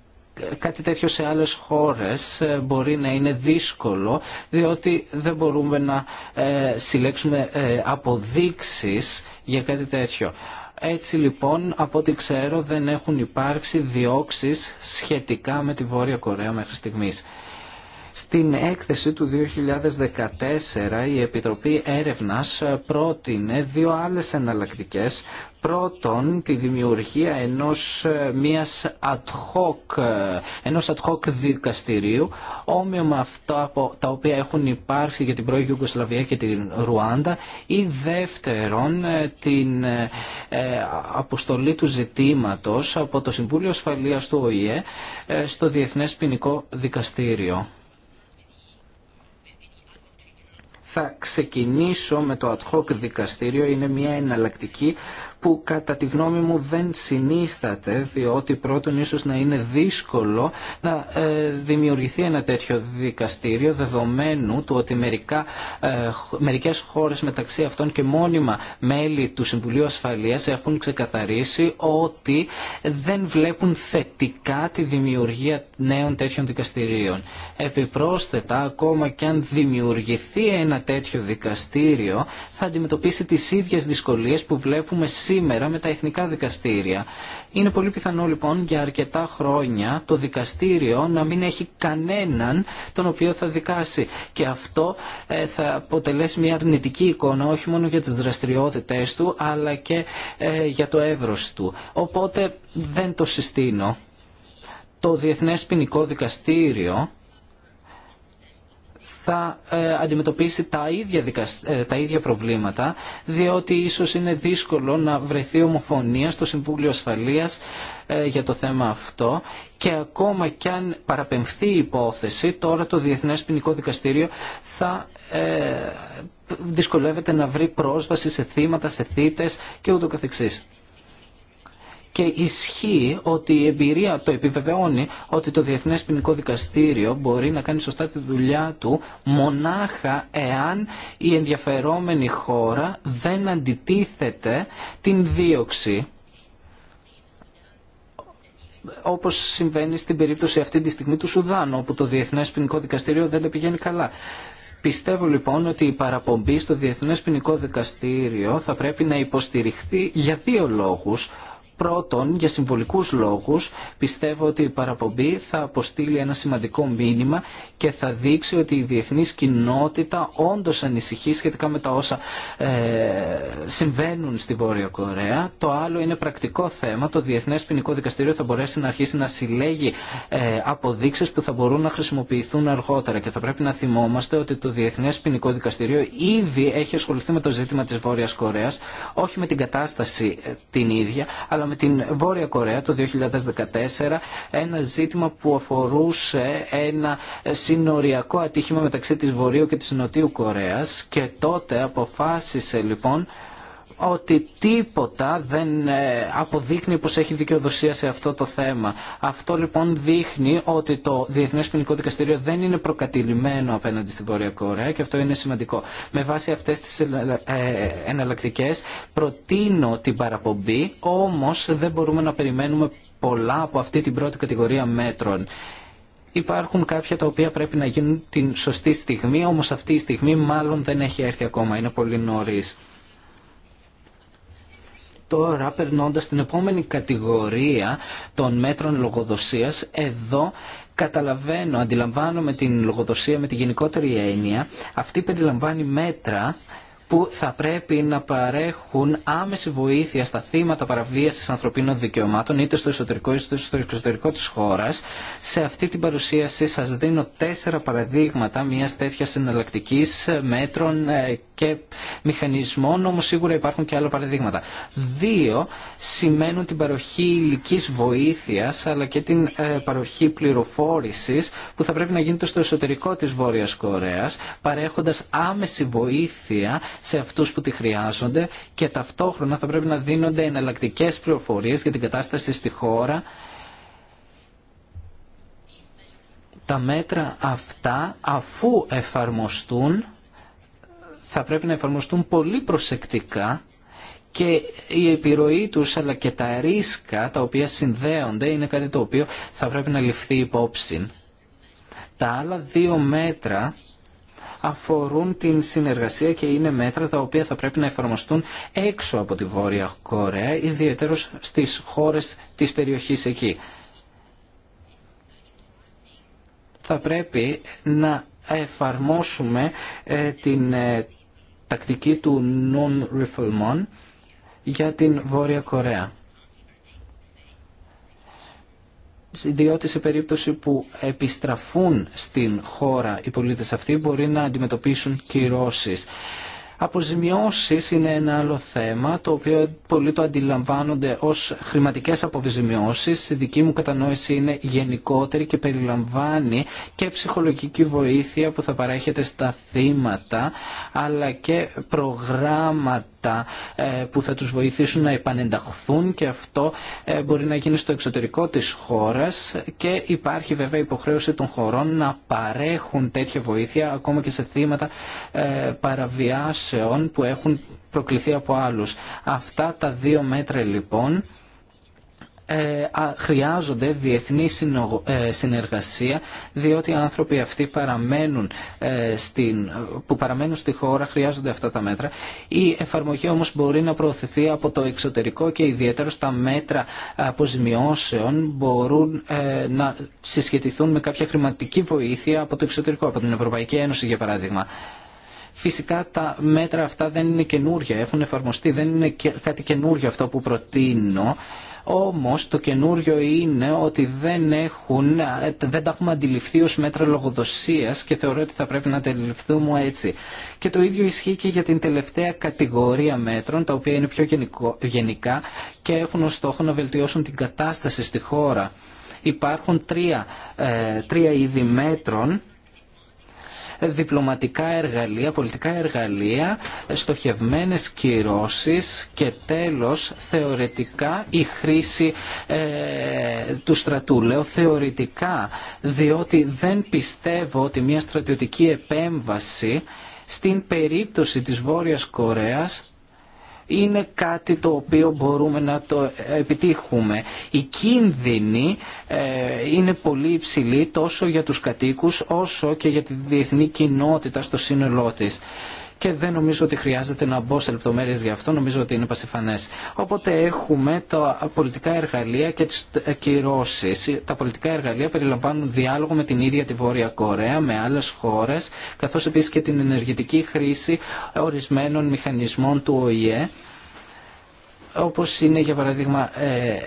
κάτι τέτοιο σε άλλες χώρες ε, μπορεί να είναι δύσκολο διότι δεν μπορούμε να ε, συλλέξουμε αποδείξεις για κάτι τέτοιο. Έτσι λοιπόν, από ό,τι ξέρω, δεν έχουν υπάρξει διώξεις σχετικά με τη Βόρεια Κορέα μέχρι στιγμής. Στην έκθεση του 2014 η Επιτροπή Έρευνας πρότεινε δύο άλλες εναλλακτικές Πρώτον, τη δημιουργία ενός ε, μιας ad hoc, ε, ενός ad hoc δικαστηρίου, όμοιο με αυτά τα οποία έχουν υπάρξει για την πρώην Ιουγκοσλαβία και την Ρουάντα, ή δεύτερον, ε, την αποστολή του ζητήματος από το Συμβούλιο Ασφαλείας του ΟΗΕ στο Διεθνές Ποινικό Δικαστήριο. Θα ξεκινήσω με το ad hoc δικαστήριο, είναι μια εναλλακτική που κατά τη γνώμη μου δεν συνίσταται διότι πρώτον ίσως να είναι δύσκολο να ε, δημιουργηθεί ένα τέτοιο δικαστήριο δεδομένου του ότι μερικά, ε, μερικές χώρες μεταξύ αυτών και μόνιμα μέλη του Συμβουλίου Ασφαλείας έχουν ξεκαθαρίσει ότι δεν βλέπουν θετικά τη δημιουργία νέων τέτοιων δικαστηρίων. Επιπρόσθετα ακόμα και αν δημιουργηθεί ένα τέτοιο δικαστήριο θα αντιμετωπίσει τις ίδιες δυσκολίες που βλέπουμε σήμερα με τα εθνικά δικαστήρια. Είναι πολύ πιθανό λοιπόν για αρκετά χρόνια το δικαστήριο να μην έχει κανέναν τον οποίο θα δικάσει. Και αυτό ε, θα αποτελέσει μια αρνητική εικόνα όχι μόνο για τις δραστηριότητες του αλλά και ε, για το έβρος του. Οπότε δεν το συστήνω. Το Διεθνές Ποινικό Δικαστήριο θα ε, αντιμετωπίσει τα ίδια, ε, τα ίδια προβλήματα, διότι ίσως είναι δύσκολο να βρεθεί ομοφωνία στο Συμβούλιο Ασφαλείας ε, για το θέμα αυτό και ακόμα κι αν παραπεμφθεί η υπόθεση, τώρα το Διεθνές Ποινικό Δικαστήριο θα δυσκολεύεται να βρει πρόσβαση σε θύματα, σε θύτες και ούτω καθεξής και ισχύει ότι η εμπειρία το επιβεβαιώνει ότι το Διεθνές Ποινικό Δικαστήριο μπορεί να κάνει σωστά τη δουλειά του μονάχα εάν η ενδιαφερόμενη χώρα δεν αντιτίθεται την δίωξη όπως συμβαίνει στην περίπτωση αυτή τη στιγμή του Σουδάνου όπου το Διεθνές Ποινικό Δικαστήριο δεν τα πηγαίνει καλά. Πιστεύω λοιπόν ότι η παραπομπή στο Διεθνές Ποινικό Δικαστήριο θα πρέπει να υποστηριχθεί για δύο λόγους. Πρώτον, για συμβολικούς λόγους, πιστεύω ότι η παραπομπή θα αποστείλει ένα σημαντικό μήνυμα και θα δείξει ότι η διεθνής κοινότητα όντως ανησυχεί σχετικά με τα όσα ε, συμβαίνουν στη Βόρεια Κορέα. Το άλλο είναι πρακτικό θέμα. Το Διεθνές Ποινικό Δικαστήριο θα μπορέσει να αρχίσει να συλλέγει ε, αποδείξεις που θα μπορούν να χρησιμοποιηθούν αργότερα και θα πρέπει να θυμόμαστε ότι το Διεθνές Ποινικό Δικαστήριο ήδη έχει ασχοληθεί με το ζήτημα της Βόρειας Κορέας, όχι με την κατάσταση ε, την ίδια, αλλά με την Βόρεια Κορέα το 2014 ένα ζήτημα που αφορούσε ένα συνοριακό ατύχημα μεταξύ της Βορείου και της Νοτιού Κορέας και τότε αποφάσισε λοιπόν ότι τίποτα δεν ε, αποδείχνει πως έχει δικαιοδοσία σε αυτό το θέμα. Αυτό λοιπόν δείχνει ότι το Διεθνές Ποινικό Δικαστήριο δεν είναι προκατηλημένο απέναντι στη Βόρεια Κορέα και αυτό είναι σημαντικό. Με βάση αυτές τις ε, εναλλακτικέ προτείνω την παραπομπή, όμως δεν μπορούμε να περιμένουμε πολλά από αυτή την πρώτη κατηγορία μέτρων. Υπάρχουν κάποια τα οποία πρέπει να γίνουν την σωστή στιγμή, όμως αυτή η στιγμή μάλλον δεν έχει έρθει ακόμα, είναι πολύ νωρίς. Τώρα περνώντας στην επόμενη κατηγορία των μέτρων λογοδοσίας, εδώ καταλαβαίνω, αντιλαμβάνομαι την λογοδοσία με τη γενικότερη έννοια. Αυτή περιλαμβάνει μέτρα που θα πρέπει να παρέχουν άμεση βοήθεια στα θύματα παραβίασης ανθρωπίνων δικαιωμάτων είτε στο εσωτερικό είτε στο εξωτερικό της χώρας. Σε αυτή την παρουσίαση σας δίνω τέσσερα παραδείγματα μια τέτοιας εναλλακτική μέτρων ε, και μηχανισμών, όμως σίγουρα υπάρχουν και άλλα παραδείγματα. Δύο σημαίνουν την παροχή υλική βοήθειας αλλά και την ε, παροχή πληροφόρησης που θα πρέπει να γίνεται στο εσωτερικό της Βόρειας Κορέας παρέχοντας άμεση βοήθεια σε αυτούς που τη χρειάζονται και ταυτόχρονα θα πρέπει να δίνονται εναλλακτικέ πληροφορίε για την κατάσταση στη χώρα. Τα μέτρα αυτά αφού εφαρμοστούν θα πρέπει να εφαρμοστούν πολύ προσεκτικά και η επιρροή τους αλλά και τα ρίσκα τα οποία συνδέονται είναι κάτι το οποίο θα πρέπει να ληφθεί υπόψη. Τα άλλα δύο μέτρα αφορούν την συνεργασία και είναι μέτρα τα οποία θα πρέπει να εφαρμοστούν έξω από τη Βόρεια Κορέα, ιδιαίτερα στις χώρες της περιοχής εκεί. Θα πρέπει να εφαρμόσουμε ε, την ε, τακτική του non-refoulement για την Βόρεια Κορέα. διότι σε περίπτωση που επιστραφούν στην χώρα οι πολίτες αυτοί μπορεί να αντιμετωπίσουν κυρώσεις. Αποζημιώσεις είναι ένα άλλο θέμα, το οποίο πολλοί το αντιλαμβάνονται ως χρηματικές αποζημιώσεις. Η δική μου κατανόηση είναι γενικότερη και περιλαμβάνει και ψυχολογική βοήθεια που θα παρέχεται στα θύματα, αλλά και προγράμματα ε, που θα τους βοηθήσουν να επανενταχθούν και αυτό ε, μπορεί να γίνει στο εξωτερικό της χώρας και υπάρχει βέβαια υποχρέωση των χωρών να παρέχουν τέτοια βοήθεια ακόμα και σε θύματα ε, παραβιάσεων που έχουν προκληθεί από άλλους. Αυτά τα δύο μέτρα λοιπόν ε, χρειάζονται διεθνή ε, συνεργασία διότι οι άνθρωποι αυτοί παραμένουν ε, στην, που παραμένουν στη χώρα χρειάζονται αυτά τα μέτρα. Η εφαρμογή όμως μπορεί να προωθηθεί από το εξωτερικό και ιδιαίτερα στα μέτρα αποζημιώσεων μπορούν να συσχετηθούν με κάποια χρηματική βοήθεια από το εξωτερικό, από την Ευρωπαϊκή Ένωση για παράδειγμα. Φυσικά τα μέτρα αυτά δεν είναι καινούργια, έχουν εφαρμοστεί, δεν είναι κάτι καινούργιο αυτό που προτείνω. Όμως το καινούριο είναι ότι δεν, έχουν, δεν τα έχουμε αντιληφθεί ως μέτρα λογοδοσίας και θεωρώ ότι θα πρέπει να αντιληφθούμε έτσι. Και το ίδιο ισχύει και για την τελευταία κατηγορία μέτρων, τα οποία είναι πιο γενικά και έχουν ως στόχο να βελτιώσουν την κατάσταση στη χώρα. Υπάρχουν τρία, ε, τρία είδη μέτρων διπλωματικά εργαλεία, πολιτικά εργαλεία, στοχευμένες κυρώσεις και τέλος θεωρητικά η χρήση ε, του στρατού. Λέω θεωρητικά διότι δεν πιστεύω ότι μια στρατιωτική επέμβαση στην περίπτωση της Βόρειας Κορέας είναι κάτι το οποίο μπορούμε να το επιτύχουμε. Η κίνδυνη ε, είναι πολύ υψηλή τόσο για τους κατοίκους όσο και για τη διεθνή κοινότητα στο σύνολό της και δεν νομίζω ότι χρειάζεται να μπω σε λεπτομέρειε για αυτό, νομίζω ότι είναι πασιφανέ. Οπότε έχουμε τα πολιτικά εργαλεία και τι ε, κυρώσει. Τα πολιτικά εργαλεία περιλαμβάνουν διάλογο με την ίδια τη Βόρεια Κορέα, με άλλε χώρε, καθώ επίση και την ενεργητική χρήση ορισμένων μηχανισμών του ΟΗΕ όπως είναι για παράδειγμα ε,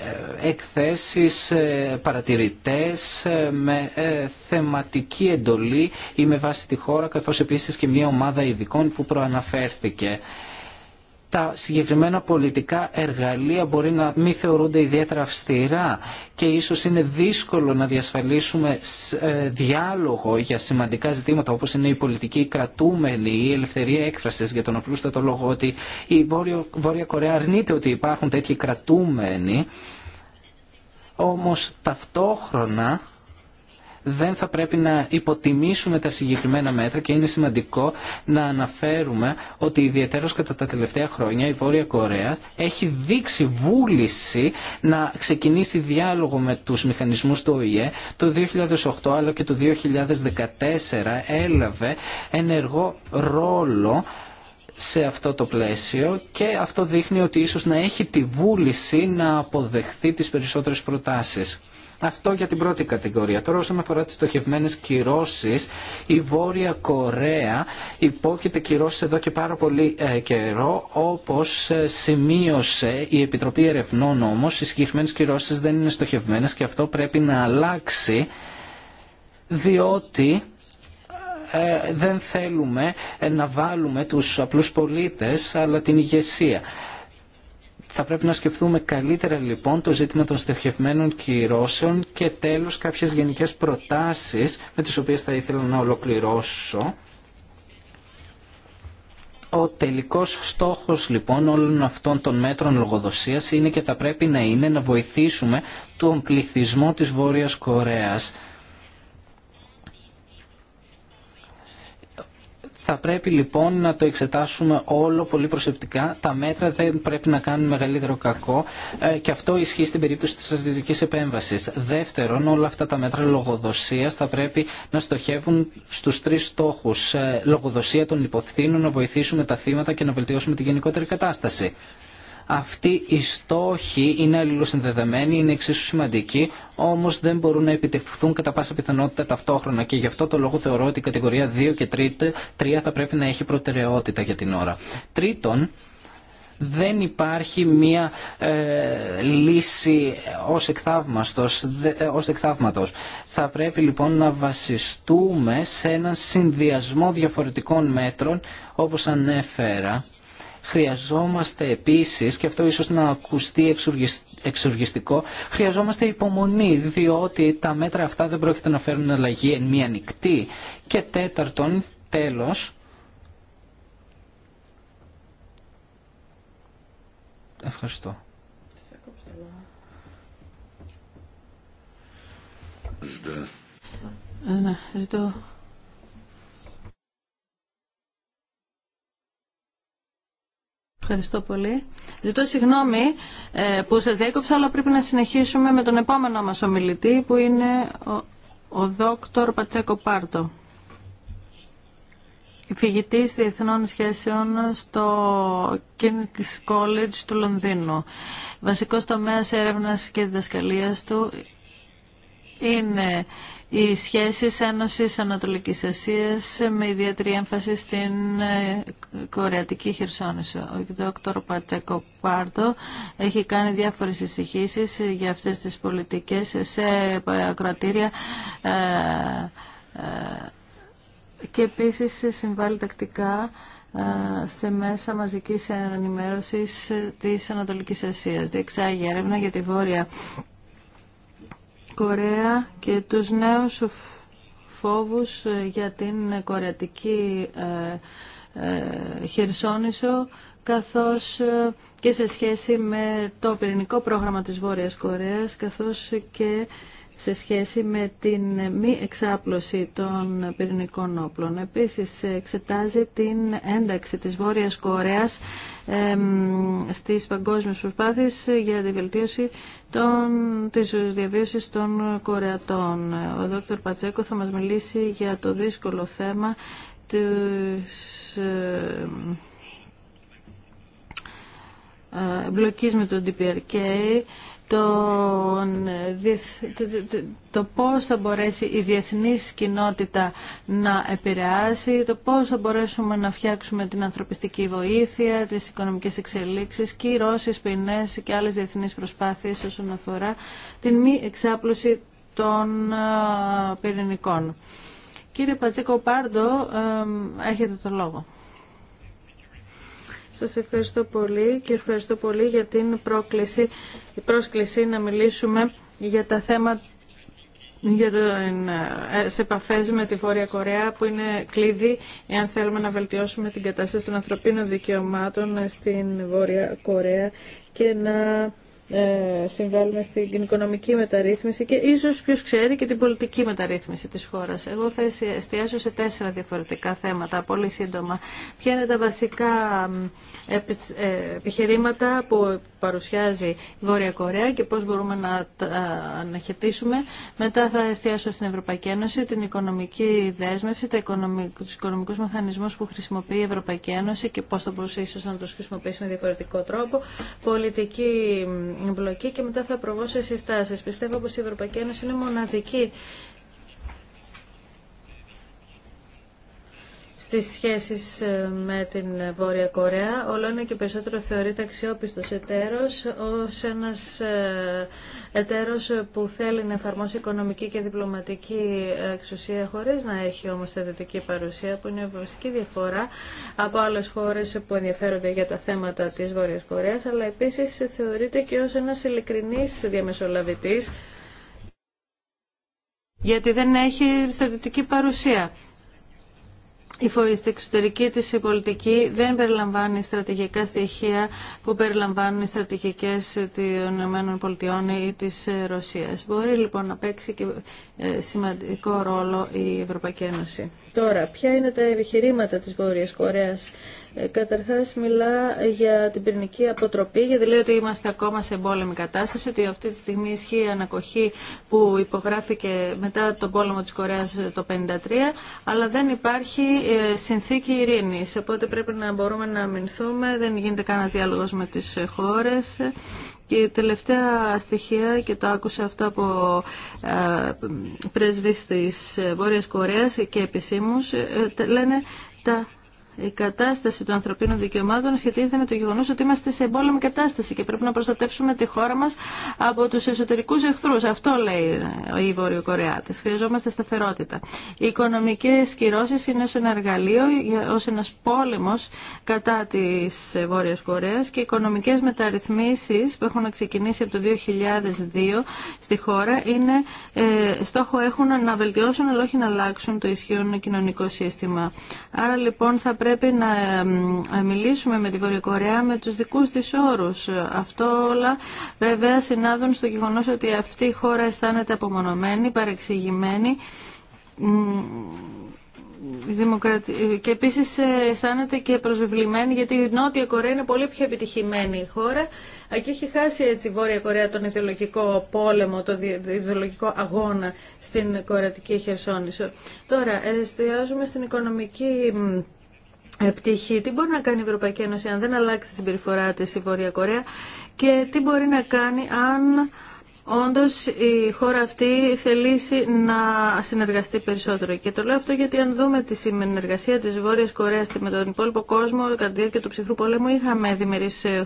εκθέσεις, ε, παρατηρητές ε, με θεματική εντολή ή με βάση τη χώρα καθώς επίσης και μια ομάδα ειδικών που προαναφέρθηκε τα συγκεκριμένα πολιτικά εργαλεία μπορεί να μην θεωρούνται ιδιαίτερα αυστηρά και ίσως είναι δύσκολο να διασφαλίσουμε ε, διάλογο για σημαντικά ζητήματα όπως είναι η πολιτική κρατούμενη ή η ελευθερία έκφρασης για τον απλούστατο λόγο ότι η Βόρεια Κορέα αρνείται ότι υπάρχουν τέτοιοι κρατούμενοι όμως ταυτόχρονα δεν θα πρέπει να υποτιμήσουμε τα συγκεκριμένα μέτρα και είναι σημαντικό να αναφέρουμε ότι ιδιαίτερως κατά τα τελευταία χρόνια η Βόρεια Κορέα έχει δείξει βούληση να ξεκινήσει διάλογο με τους μηχανισμούς του ΟΗΕ το 2008 αλλά και το 2014 έλαβε ενεργό ρόλο σε αυτό το πλαίσιο και αυτό δείχνει ότι ίσως να έχει τη βούληση να αποδεχθεί τις περισσότερες προτάσεις. Αυτό για την πρώτη κατηγορία. Τώρα όσον αφορά τις στοχευμένες κυρώσεις, η Βόρεια Κορέα υπόκειται κυρώσεις εδώ και πάρα πολύ ε, καιρό, όπως ε, σημείωσε η Επιτροπή Ερευνών όμως, οι συγκεκριμένες κυρώσεις δεν είναι στοχευμένες και αυτό πρέπει να αλλάξει, διότι ε, δεν θέλουμε να βάλουμε τους απλούς πολίτες αλλά την ηγεσία. Θα πρέπει να σκεφτούμε καλύτερα λοιπόν το ζήτημα των στοχευμένων κυρώσεων και τέλος κάποιες γενικές προτάσεις με τις οποίες θα ήθελα να ολοκληρώσω. Ο τελικός στόχος λοιπόν όλων αυτών των μέτρων λογοδοσίας είναι και θα πρέπει να είναι να βοηθήσουμε τον πληθυσμό της Βόρειας Κορέας Θα πρέπει λοιπόν να το εξετάσουμε όλο πολύ προσεπτικά. Τα μέτρα δεν πρέπει να κάνουν μεγαλύτερο κακό ε, και αυτό ισχύει στην περίπτωση της στρατιωτικής επέμβασης. Δεύτερον, όλα αυτά τα μέτρα λογοδοσίας θα πρέπει να στοχεύουν στους τρεις στόχους. Ε, λογοδοσία των υποθήνων, να βοηθήσουμε τα θύματα και να βελτιώσουμε τη γενικότερη κατάσταση. Αυτή οι στόχοι είναι αλληλοσυνδεδεμένοι, είναι εξίσου σημαντικοί, όμω δεν μπορούν να επιτευχθούν κατά πάσα πιθανότητα ταυτόχρονα και γι' αυτό το λόγο θεωρώ ότι η κατηγορία 2 και 3 θα πρέπει να έχει προτεραιότητα για την ώρα. Τρίτον, δεν υπάρχει μία ε, λύση ως εκθαύματος, ε, ως εκθαύματος. Θα πρέπει λοιπόν να βασιστούμε σε έναν συνδυασμό διαφορετικών μέτρων όπως ανέφερα Χρειαζόμαστε επίσης, και αυτό ίσως να ακουστεί εξοργιστικό, χρειαζόμαστε υπομονή, διότι τα μέτρα αυτά δεν πρόκειται να φέρουν αλλαγή εν μία νυχτή. Και τέταρτον, τέλος, Ευχαριστώ. Ναι, ζητώ Ευχαριστώ πολύ. Ζητώ συγγνώμη ε, που σας διέκοψα, αλλά πρέπει να συνεχίσουμε με τον επόμενό μας ομιλητή, που είναι ο, ο δόκτωρ Πατσέκο Πάρτο. φυγητής Διεθνών Σχέσεων στο King's College του Λονδίνου. Βασικός τομέας έρευνας και διδασκαλίας του είναι οι σχέσεις Ένωσης Ανατολικής Ασίας με ιδιαίτερη έμφαση στην ε, Κορεατική Χερσόνησο. Ο Δ. Πατσέκο Πάρτο έχει κάνει διάφορες εισηχήσεις για αυτές τις πολιτικές σε ακροατήρια ε, ε, και επίσης συμβάλλει τακτικά σε μέσα μαζικής ενημέρωσης της Ανατολικής Ασίας. Διεξάγει έρευνα για τη Βόρεια Κορέα και τους νέους φόβους ε, για την κορεατική ε, ε, Χερσόνησο καθώς και σε σχέση με το πυρηνικό πρόγραμμα της Βόρειας Κορέας καθώς και σε σχέση με την μη εξάπλωση των πυρηνικών όπλων. Επίσης, εξετάζει την ένταξη της Βόρειας Κορέας στις παγκόσμιες προσπάθειες για τη βελτίωση των, της διαβίωσης των Κορεατών. Ο Δ. Πατσέκο θα μας μιλήσει για το δύσκολο θέμα της ε, ε, εμπλοκής με τον DPRK το, το, το πώς θα μπορέσει η διεθνής κοινότητα να επηρεάσει, το πώς θα μπορέσουμε να φτιάξουμε την ανθρωπιστική βοήθεια, τις οικονομικές εξελίξεις, κυρώσεις, ποινές και άλλες διεθνείς προσπάθειες όσον αφορά την μη εξάπλωση των πυρηνικών. Κύριε Πατσίκο Πάρντο, έχετε το λόγο. Σας ευχαριστώ πολύ και ευχαριστώ πολύ για την πρόκληση, η πρόσκληση να μιλήσουμε για τα θέματα για το, ε, σε επαφέ με τη Βόρεια Κορέα που είναι κλειδί εάν θέλουμε να βελτιώσουμε την κατάσταση των ανθρωπίνων δικαιωμάτων στην Βόρεια Κορέα και να ε, συμβάλλουμε στην οικονομική μεταρρύθμιση και ίσως ποιος ξέρει και την πολιτική μεταρρύθμιση της χώρας. Εγώ θα εστιάσω σε τέσσερα διαφορετικά θέματα, πολύ σύντομα. Ποια είναι τα βασικά ε, επιχειρήματα που παρουσιάζει η Βόρεια Κορέα και πώς μπορούμε να αναχαιτήσουμε. Μετά θα εστιάσω στην Ευρωπαϊκή Ένωση, την οικονομική δέσμευση, τα οικονομικ... τους οικονομικούς μηχανισμούς που χρησιμοποιεί η Ευρωπαϊκή Ένωση και πώς θα μπορούσε ίσως να τους χρησιμοποιήσει με διαφορετικό τρόπο, πολιτική εμπλοκή και μετά θα προβώ σε συστάσεις. Πιστεύω πως η Ευρωπαϊκή Ένωση είναι μοναδική στις σχέσεις ε, με την Βόρεια Κορέα. Όλο είναι και περισσότερο θεωρείται αξιόπιστος εταίρος ως ένας ε, εταίρος που θέλει να εφαρμόσει οικονομική και διπλωματική εξουσία χωρίς να έχει όμως δυτική παρουσία που είναι βασική διαφορά από άλλες χώρες που ενδιαφέρονται για τα θέματα της Βόρειας Κορέας αλλά επίσης θεωρείται και ως ένας ειλικρινής διαμεσολαβητής γιατί δεν έχει στρατιωτική παρουσία η εξωτερική της πολιτική δεν περιλαμβάνει στρατηγικά στοιχεία που περιλαμβάνουν οι στρατηγικές των ΗΠΑ ή της ε, Ρωσίας. Μπορεί λοιπόν να παίξει και ε, σημαντικό ρόλο η Ευρωπαϊκή Ένωση. Τώρα, ποια είναι τα επιχειρήματα της Βόρειας Κορέας ε, Καταρχά μιλά για την πυρηνική αποτροπή, γιατί λέει ότι είμαστε ακόμα σε εμπόλεμη κατάσταση, ότι αυτή τη στιγμή ισχύει η ανακοχή που υπογράφηκε μετά τον πόλεμο τη Κορέα ε, το 1953, αλλά δεν υπάρχει ε, συνθήκη ειρήνη. οπότε πρέπει να μπορούμε να αμυνθούμε, δεν γίνεται κανένα διάλογο με τι χώρε Και τελευταία στοιχεία, και το άκουσα αυτό από πρέσβεις της Βόρειας Κορέας και επισήμους, λένε τα η κατάσταση των ανθρωπίνων δικαιωμάτων σχετίζεται με το γεγονό ότι είμαστε σε εμπόλεμη κατάσταση και πρέπει να προστατεύσουμε τη χώρα μα από του εσωτερικού εχθρού. Αυτό λέει η Βορειοκορεάτε. Χρειαζόμαστε σταθερότητα. Οι οικονομικέ κυρώσει είναι ω ένα εργαλείο, ω ένα πόλεμο κατά τη Βόρεια Κορέα και οι οικονομικέ μεταρρυθμίσει που έχουν ξεκινήσει από το 2002 στη χώρα είναι, ε, στόχο έχουν να βελτιώσουν αλλά όχι να αλλάξουν το ισχύον κοινωνικό σύστημα. Άρα λοιπόν θα πρέπει να μιλήσουμε με τη Βόρεια Κορέα με τους δικούς της όρους. Αυτό όλα βέβαια συνάδουν στο γεγονός ότι αυτή η χώρα αισθάνεται απομονωμένη, παρεξηγημένη και επίσης ε, αισθάνεται και προσβεβλημένη γιατί η Νότια Κορέα είναι πολύ πιο επιτυχημένη η χώρα ε, και έχει χάσει έτσι η Βόρεια Κορέα τον ιδεολογικό πόλεμο, τον ιδεολογικό αγώνα στην κορετική Χερσόνησο. Τώρα εστιάζουμε στην οικονομική τι μπορεί να κάνει η Ευρωπαϊκή Ένωση αν δεν αλλάξει τη συμπεριφορά της η Βόρεια Κορέα και τι μπορεί να κάνει αν Όντω η χώρα αυτή θελήσει να συνεργαστεί περισσότερο. Και το λέω αυτό γιατί αν δούμε τη συνεργασία τη βόρεια κορέα με τον υπόλοιπο κόσμο, κατά τη διάρκεια του ψυχρού πολέμου είχαμε διμερεί ε,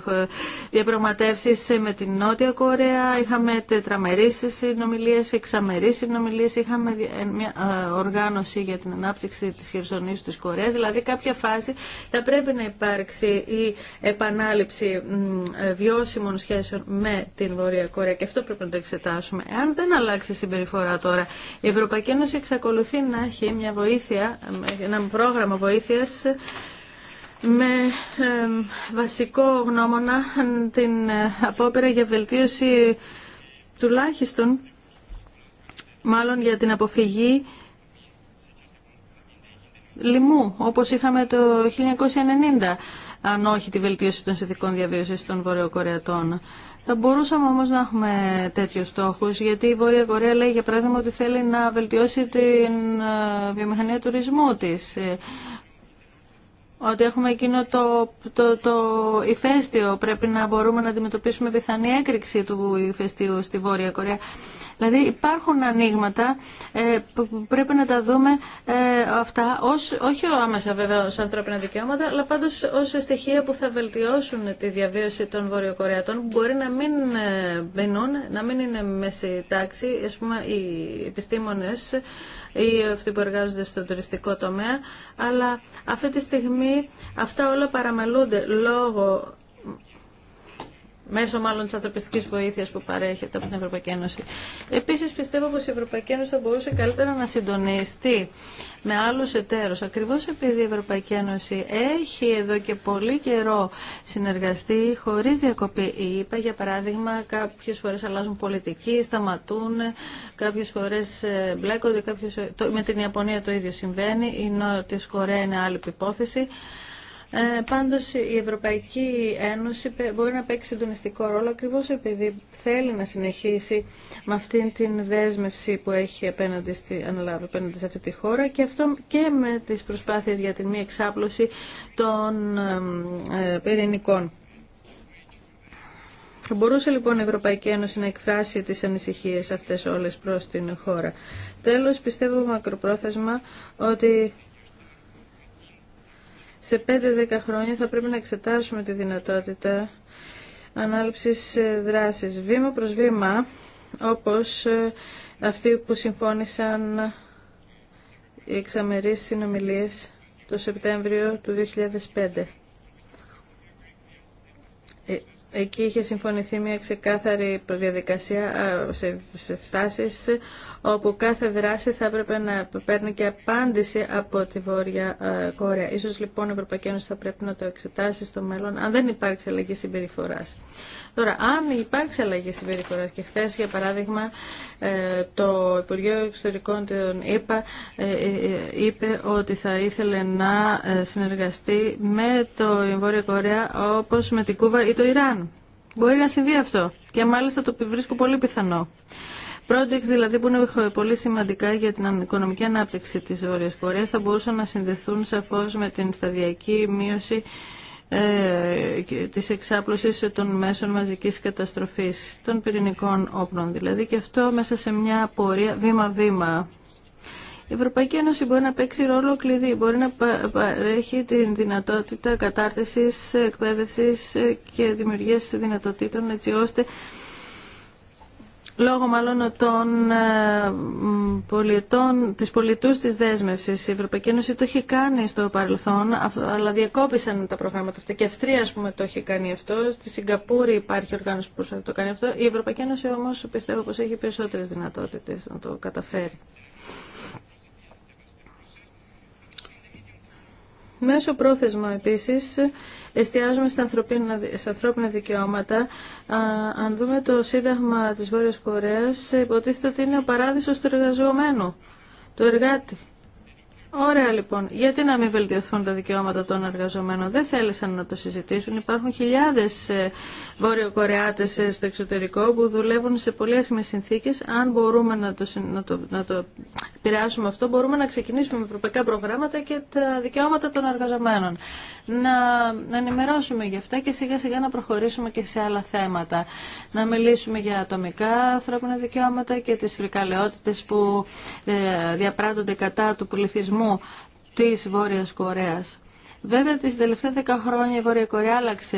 διαπραγματεύσει με την Νότια Κορέα, είχαμε τετραμερείς συνομιλίε, εξαμερείς συνομιλίε, είχαμε ε, μια ε, οργάνωση για την ανάπτυξη τη χερσονήσου τη Κορέα, δηλαδή κάποια φάση θα πρέπει να υπάρξει η επανάληψη βιώσιμων σχέσεων με την Βόρεια Κορέα και αυτό πρέπει να το Εάν δεν αλλάξει η συμπεριφορά τώρα, η Ευρωπαϊκή Ένωση εξακολουθεί να έχει μια βοήθεια, ένα πρόγραμμα βοήθειας με βασικό γνώμονα την ε, απόπειρα για βελτίωση τουλάχιστον μάλλον για την αποφυγή λοιμού, όπως είχαμε το 1990, αν όχι τη βελτίωση των συνθηκών διαβίωσης των Βορειοκορεατών. Θα μπορούσαμε όμως να έχουμε τέτοιου στόχου γιατί η Βόρεια Κορέα λέει για παράδειγμα ότι θέλει να βελτιώσει την ε, βιομηχανία τουρισμού της. Ε, ότι έχουμε εκείνο το, το, το ηφαίστειο, πρέπει να μπορούμε να αντιμετωπίσουμε πιθανή έκρηξη του ηφαιστείου στη Βόρεια Κορέα. Δηλαδή υπάρχουν ανοίγματα ε, που πρέπει να τα δούμε ε, αυτά, ως, όχι άμεσα βέβαια ως ανθρώπινα δικαιώματα, αλλά πάντως ως στοιχεία που θα βελτιώσουν τη διαβίωση των Βορειοκορεατών που μπορεί να μην ε, μπαινούν, να μην είναι μέση τάξη. Ας πούμε οι επιστήμονες ή αυτοί που εργάζονται στο τουριστικό τομέα, αλλά αυτή τη στιγμή αυτά όλα παραμελούνται λόγω μέσω μάλλον τη ανθρωπιστική βοήθεια που παρέχεται από την Ευρωπαϊκή Ένωση. Επίση, πιστεύω πως η Ευρωπαϊκή Ένωση θα μπορούσε καλύτερα να συντονιστεί με άλλου εταίρους. Ακριβώ επειδή η Ευρωπαϊκή Ένωση έχει εδώ και πολύ καιρό συνεργαστεί χωρί διακοπή. Η για παράδειγμα κάποιε φορέ αλλάζουν πολιτική, σταματούν, κάποιε φορέ ε, μπλέκονται, κάποιες... με την Ιαπωνία το ίδιο συμβαίνει, η Νότια Κορέα είναι άλλη υπόθεση. Ε, πάντως η Ευρωπαϊκή Ένωση μπορεί να παίξει συντονιστικό ρόλο ακριβώς επειδή θέλει να συνεχίσει με αυτήν την δέσμευση που έχει απέναντι, στη, αναλάβει, απέναντι σε αυτή τη χώρα και αυτό και με τις προσπάθειες για την μη εξάπλωση των ε, ε πυρηνικών. Θα μπορούσε λοιπόν η Ευρωπαϊκή Ένωση να εκφράσει τις ανησυχίες αυτές όλες προς την χώρα. Τέλος, πιστεύω μακροπρόθεσμα ότι σε 5-10 χρόνια θα πρέπει να εξετάσουμε τη δυνατότητα ανάληψης ε, δράσης βήμα προς βήμα, όπως ε, αυτοί που συμφώνησαν οι εξαμερείς συνομιλίες το Σεπτέμβριο του 2005. Ε, εκεί είχε συμφωνηθεί μια ξεκάθαρη προδιαδικασία σε φάσεις όπου κάθε δράση θα έπρεπε να παίρνει και απάντηση από τη Βόρεια ε, Κορέα. Ίσως λοιπόν η Ευρωπαϊκή Ένωση θα πρέπει να το εξετάσει στο μέλλον, αν δεν υπάρξει αλλαγή συμπεριφορά. Τώρα, αν υπάρξει αλλαγή συμπεριφορά και χθε, για παράδειγμα, ε, το Υπουργείο Εξωτερικών των ΕΠΑ ε, είπε ότι θα ήθελε να συνεργαστεί με το Βόρεια Κορέα όπως με την Κούβα ή το Ιράν. Μπορεί να συμβεί αυτό και μάλιστα το βρίσκω πολύ πιθανό. Projects δηλαδή που είναι πολύ σημαντικά για την οικονομική ανάπτυξη της Βόρειας Κορέας θα μπορούσαν να συνδεθούν σαφώς με την σταδιακή μείωση ε, της εξάπλωσης των μέσων μαζικής καταστροφής, των πυρηνικών όπλων δηλαδή, και αυτό μέσα σε μια πορεία βήμα-βήμα. Η Ευρωπαϊκή Ένωση μπορεί να παίξει ρόλο κλειδί, μπορεί να παρέχει την δυνατότητα κατάρτισης, εκπαίδευσης ε, και δημιουργίας δυνατοτήτων έτσι ώστε λόγω μάλλον των ε, πολιτών, της πολιτούς της δέσμευσης. Η Ευρωπαϊκή Ένωση το έχει κάνει στο παρελθόν, αλλά διακόπησαν τα προγράμματα αυτά. Και η Αυστρία, ας πούμε, το έχει κάνει αυτό. Στη Σιγκαπούρη υπάρχει οργάνωση που προσπαθεί να το κάνει αυτό. Η Ευρωπαϊκή Ένωση όμως πιστεύω πως έχει περισσότερες δυνατότητες να το καταφέρει. Μέσω πρόθεσμα επίσης εστιάζουμε στα ανθρώπινα, ανθρώπινα δικαιώματα. Α, αν δούμε το Σύνταγμα της Βόρειας Κορέας, υποτίθεται ότι είναι ο παράδεισος του εργαζομένου, του εργάτη. Ωραία λοιπόν. Γιατί να μην βελτιωθούν τα δικαιώματα των εργαζομένων. Δεν θέλησαν να το συζητήσουν. Υπάρχουν χιλιάδες ε, Βόρειο ε, στο εξωτερικό που δουλεύουν σε πολύ άσχημες συνθήκες. Αν μπορούμε να το, να το επηρεάσουμε αυτό, μπορούμε να ξεκινήσουμε με ευρωπαϊκά προγράμματα και τα δικαιώματα των εργαζομένων. Να ενημερώσουμε γι' αυτά και σιγά σιγά να προχωρήσουμε και σε άλλα θέματα. Να μιλήσουμε για ατομικά ανθρώπινα δικαιώματα και τις φρικαλαιότητες που ε, διαπράττονται κατά του πληθυσμού της Βόρειας Κορέας. Βέβαια, τις τελευταία 10 χρόνια η Βόρεια Κορέα άλλαξε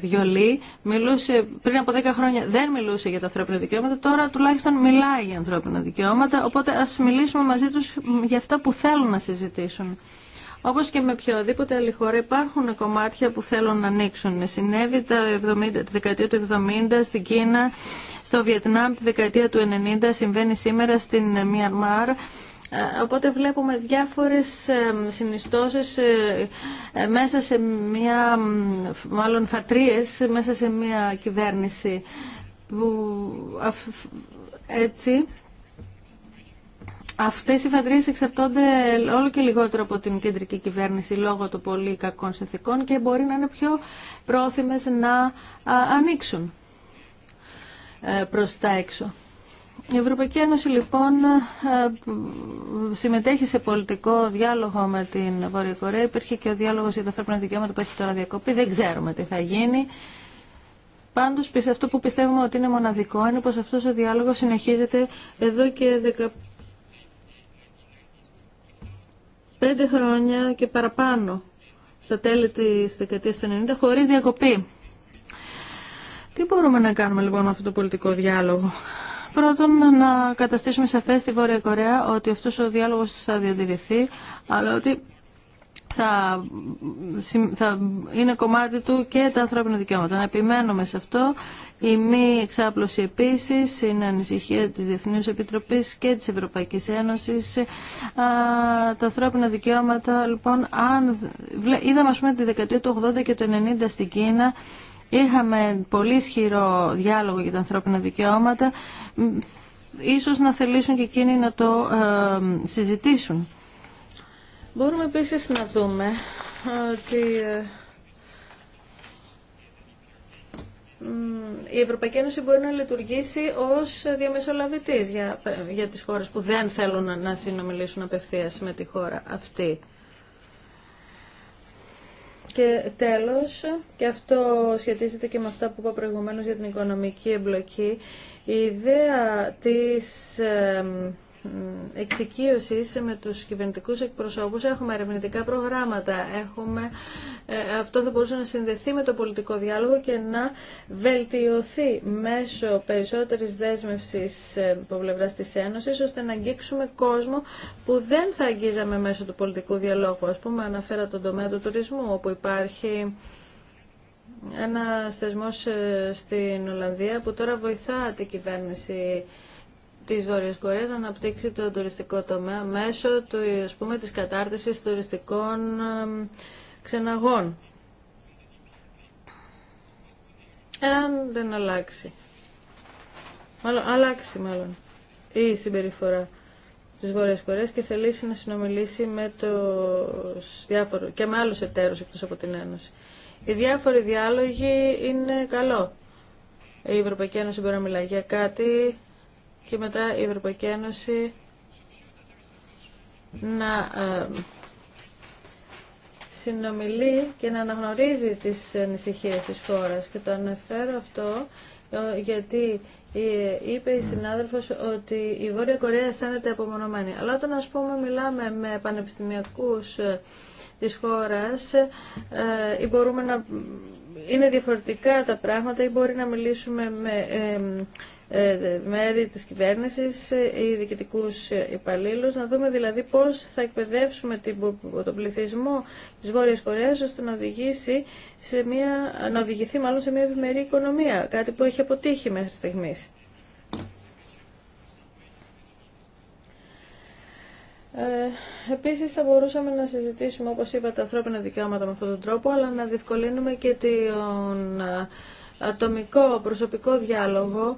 βιολή. Μιλούσε, πριν από 10 χρόνια δεν μιλούσε για τα ανθρώπινα δικαιώματα, τώρα τουλάχιστον μιλάει για ανθρώπινα δικαιώματα, οπότε ας μιλήσουμε μαζί τους για αυτά που θέλουν να συζητήσουν. Όπω και με οποιαδήποτε άλλη χώρα, υπάρχουν κομμάτια που θέλουν να ανοίξουν. Συνέβη τα 70, τη δεκαετία του 70 στην Κίνα, στο Βιετνάμ τη δεκαετία του 90, συμβαίνει σήμερα στην Μιανμάρ. Ε, οπότε βλέπουμε διάφορες συνιστώσεις ε, ε, μέσα σε μια, μάλλον φατρίες, μέσα σε μια κυβέρνηση που έτσι Αυτές οι φατρίες εξαρτώνται όλο και λιγότερο από την κεντρική κυβέρνηση λόγω των πολύ κακών συνθήκων και μπορεί να είναι πιο πρόθυμες να ανοίξουν προς τα έξω. Η Ευρωπαϊκή Ένωση λοιπόν ε, συμμετέχει σε πολιτικό διάλογο με την Βόρεια Κορέα. Υπήρχε και ο διάλογος για τα ανθρώπινα δικαιώματα που έχει τώρα διακόπη. Δεν ξέρουμε τι θα γίνει. Πάντως αυτό που πιστεύουμε ότι είναι μοναδικό είναι πως αυτός ο διάλογος συνεχίζεται εδώ και 15 χρόνια και παραπάνω στα τέλη της δεκαετίας του 90 χωρίς διακοπή. Τι μπορούμε να κάνουμε λοιπόν με αυτό το πολιτικό διάλογο. Πρώτον, να καταστήσουμε σαφέ στη Βόρεια Κορέα ότι αυτό ο διάλογος θα διατηρηθεί, αλλά ότι θα, θα είναι κομμάτι του και τα ανθρώπινα δικαιώματα. Να επιμένουμε σε αυτό. Η μη εξάπλωση επίση είναι ανησυχία τη Διεθνή Επιτροπή και τη Ευρωπαϊκή Ένωση. τα ανθρώπινα δικαιώματα, λοιπόν, αν, είδαμε α πούμε τη δεκαετία του 80 και του 90 στην Κίνα Είχαμε πολύ ισχυρό διάλογο για τα ανθρώπινα δικαιώματα. Ίσως να θελήσουν και εκείνοι να το ε, συζητήσουν. Μπορούμε επίσης να δούμε ε, ότι ε, η Ευρωπαϊκή Ένωση μπορεί να λειτουργήσει ως διαμεσολαβητής για, για τις χώρες που δεν θέλουν να συνομιλήσουν απευθείας με τη χώρα αυτή. Και τέλος, και αυτό σχετίζεται και με αυτά που είπα προηγουμένως για την οικονομική εμπλοκή, η ιδέα της εξοικείωση με τους κυβερνητικού εκπροσώπους. Έχουμε ερευνητικά προγράμματα, έχουμε, ε, αυτό θα μπορούσε να συνδεθεί με το πολιτικό διάλογο και να βελτιωθεί μέσω περισσότερης δέσμευσης ε, από πλευρά τη Ένωση, ώστε να αγγίξουμε κόσμο που δεν θα αγγίζαμε μέσω του πολιτικού διαλόγου. α πούμε, αναφέρα τον τομέα του τουρισμού, όπου υπάρχει ένα θεσμό ε, στην Ολλανδία που τώρα βοηθά την κυβέρνηση της Βόρειας Κορέας να αναπτύξει το τουριστικό τομέα μέσω του, ας πούμε, της κατάρτισης τουριστικών ξεναγών. Εάν δεν αλλάξει. Μάλλον, αλλάξει μάλλον η συμπεριφορά της Βόρειας Κορέας και θελήσει να συνομιλήσει με το διάφορο, και με άλλους εταίρους εκτός από την Ένωση. Οι διάφοροι διάλογοι είναι καλό. Η Ευρωπαϊκή Ένωση μπορεί να μιλάει για κάτι και μετά η Ευρωπαϊκή Ένωση να ε, συνομιλεί και να αναγνωρίζει τις ανησυχίες της χώρας. Και το αναφέρω αυτό ε, γιατί ε, είπε η συνάδελφος ότι η Βόρεια Κορέα αισθάνεται απομονωμένη. Αλλά όταν ας πούμε μιλάμε με πανεπιστημιακούς της χώρας ή μπορούμε να είναι διαφορετικά τα πράγματα ή μπορεί να μιλήσουμε με ε, μέρη της κυβέρνησης ε, ή διοικητικούς υπαλλήλους, να δούμε δηλαδή πώς θα εκπαιδεύσουμε τον πληθυσμό της Βόρειας Κορέας ώστε να, οδηγήσει σε μια, να οδηγηθεί μάλλον σε μια ευημερή οικονομία, κάτι που έχει αποτύχει μέχρι στιγμής. Ε, επίσης θα μπορούσαμε να συζητήσουμε, όπως είπα, τα ανθρώπινα δικαιώματα με αυτόν τον τρόπο, αλλά να διευκολύνουμε και τον ε, ατομικό προσωπικό διάλογο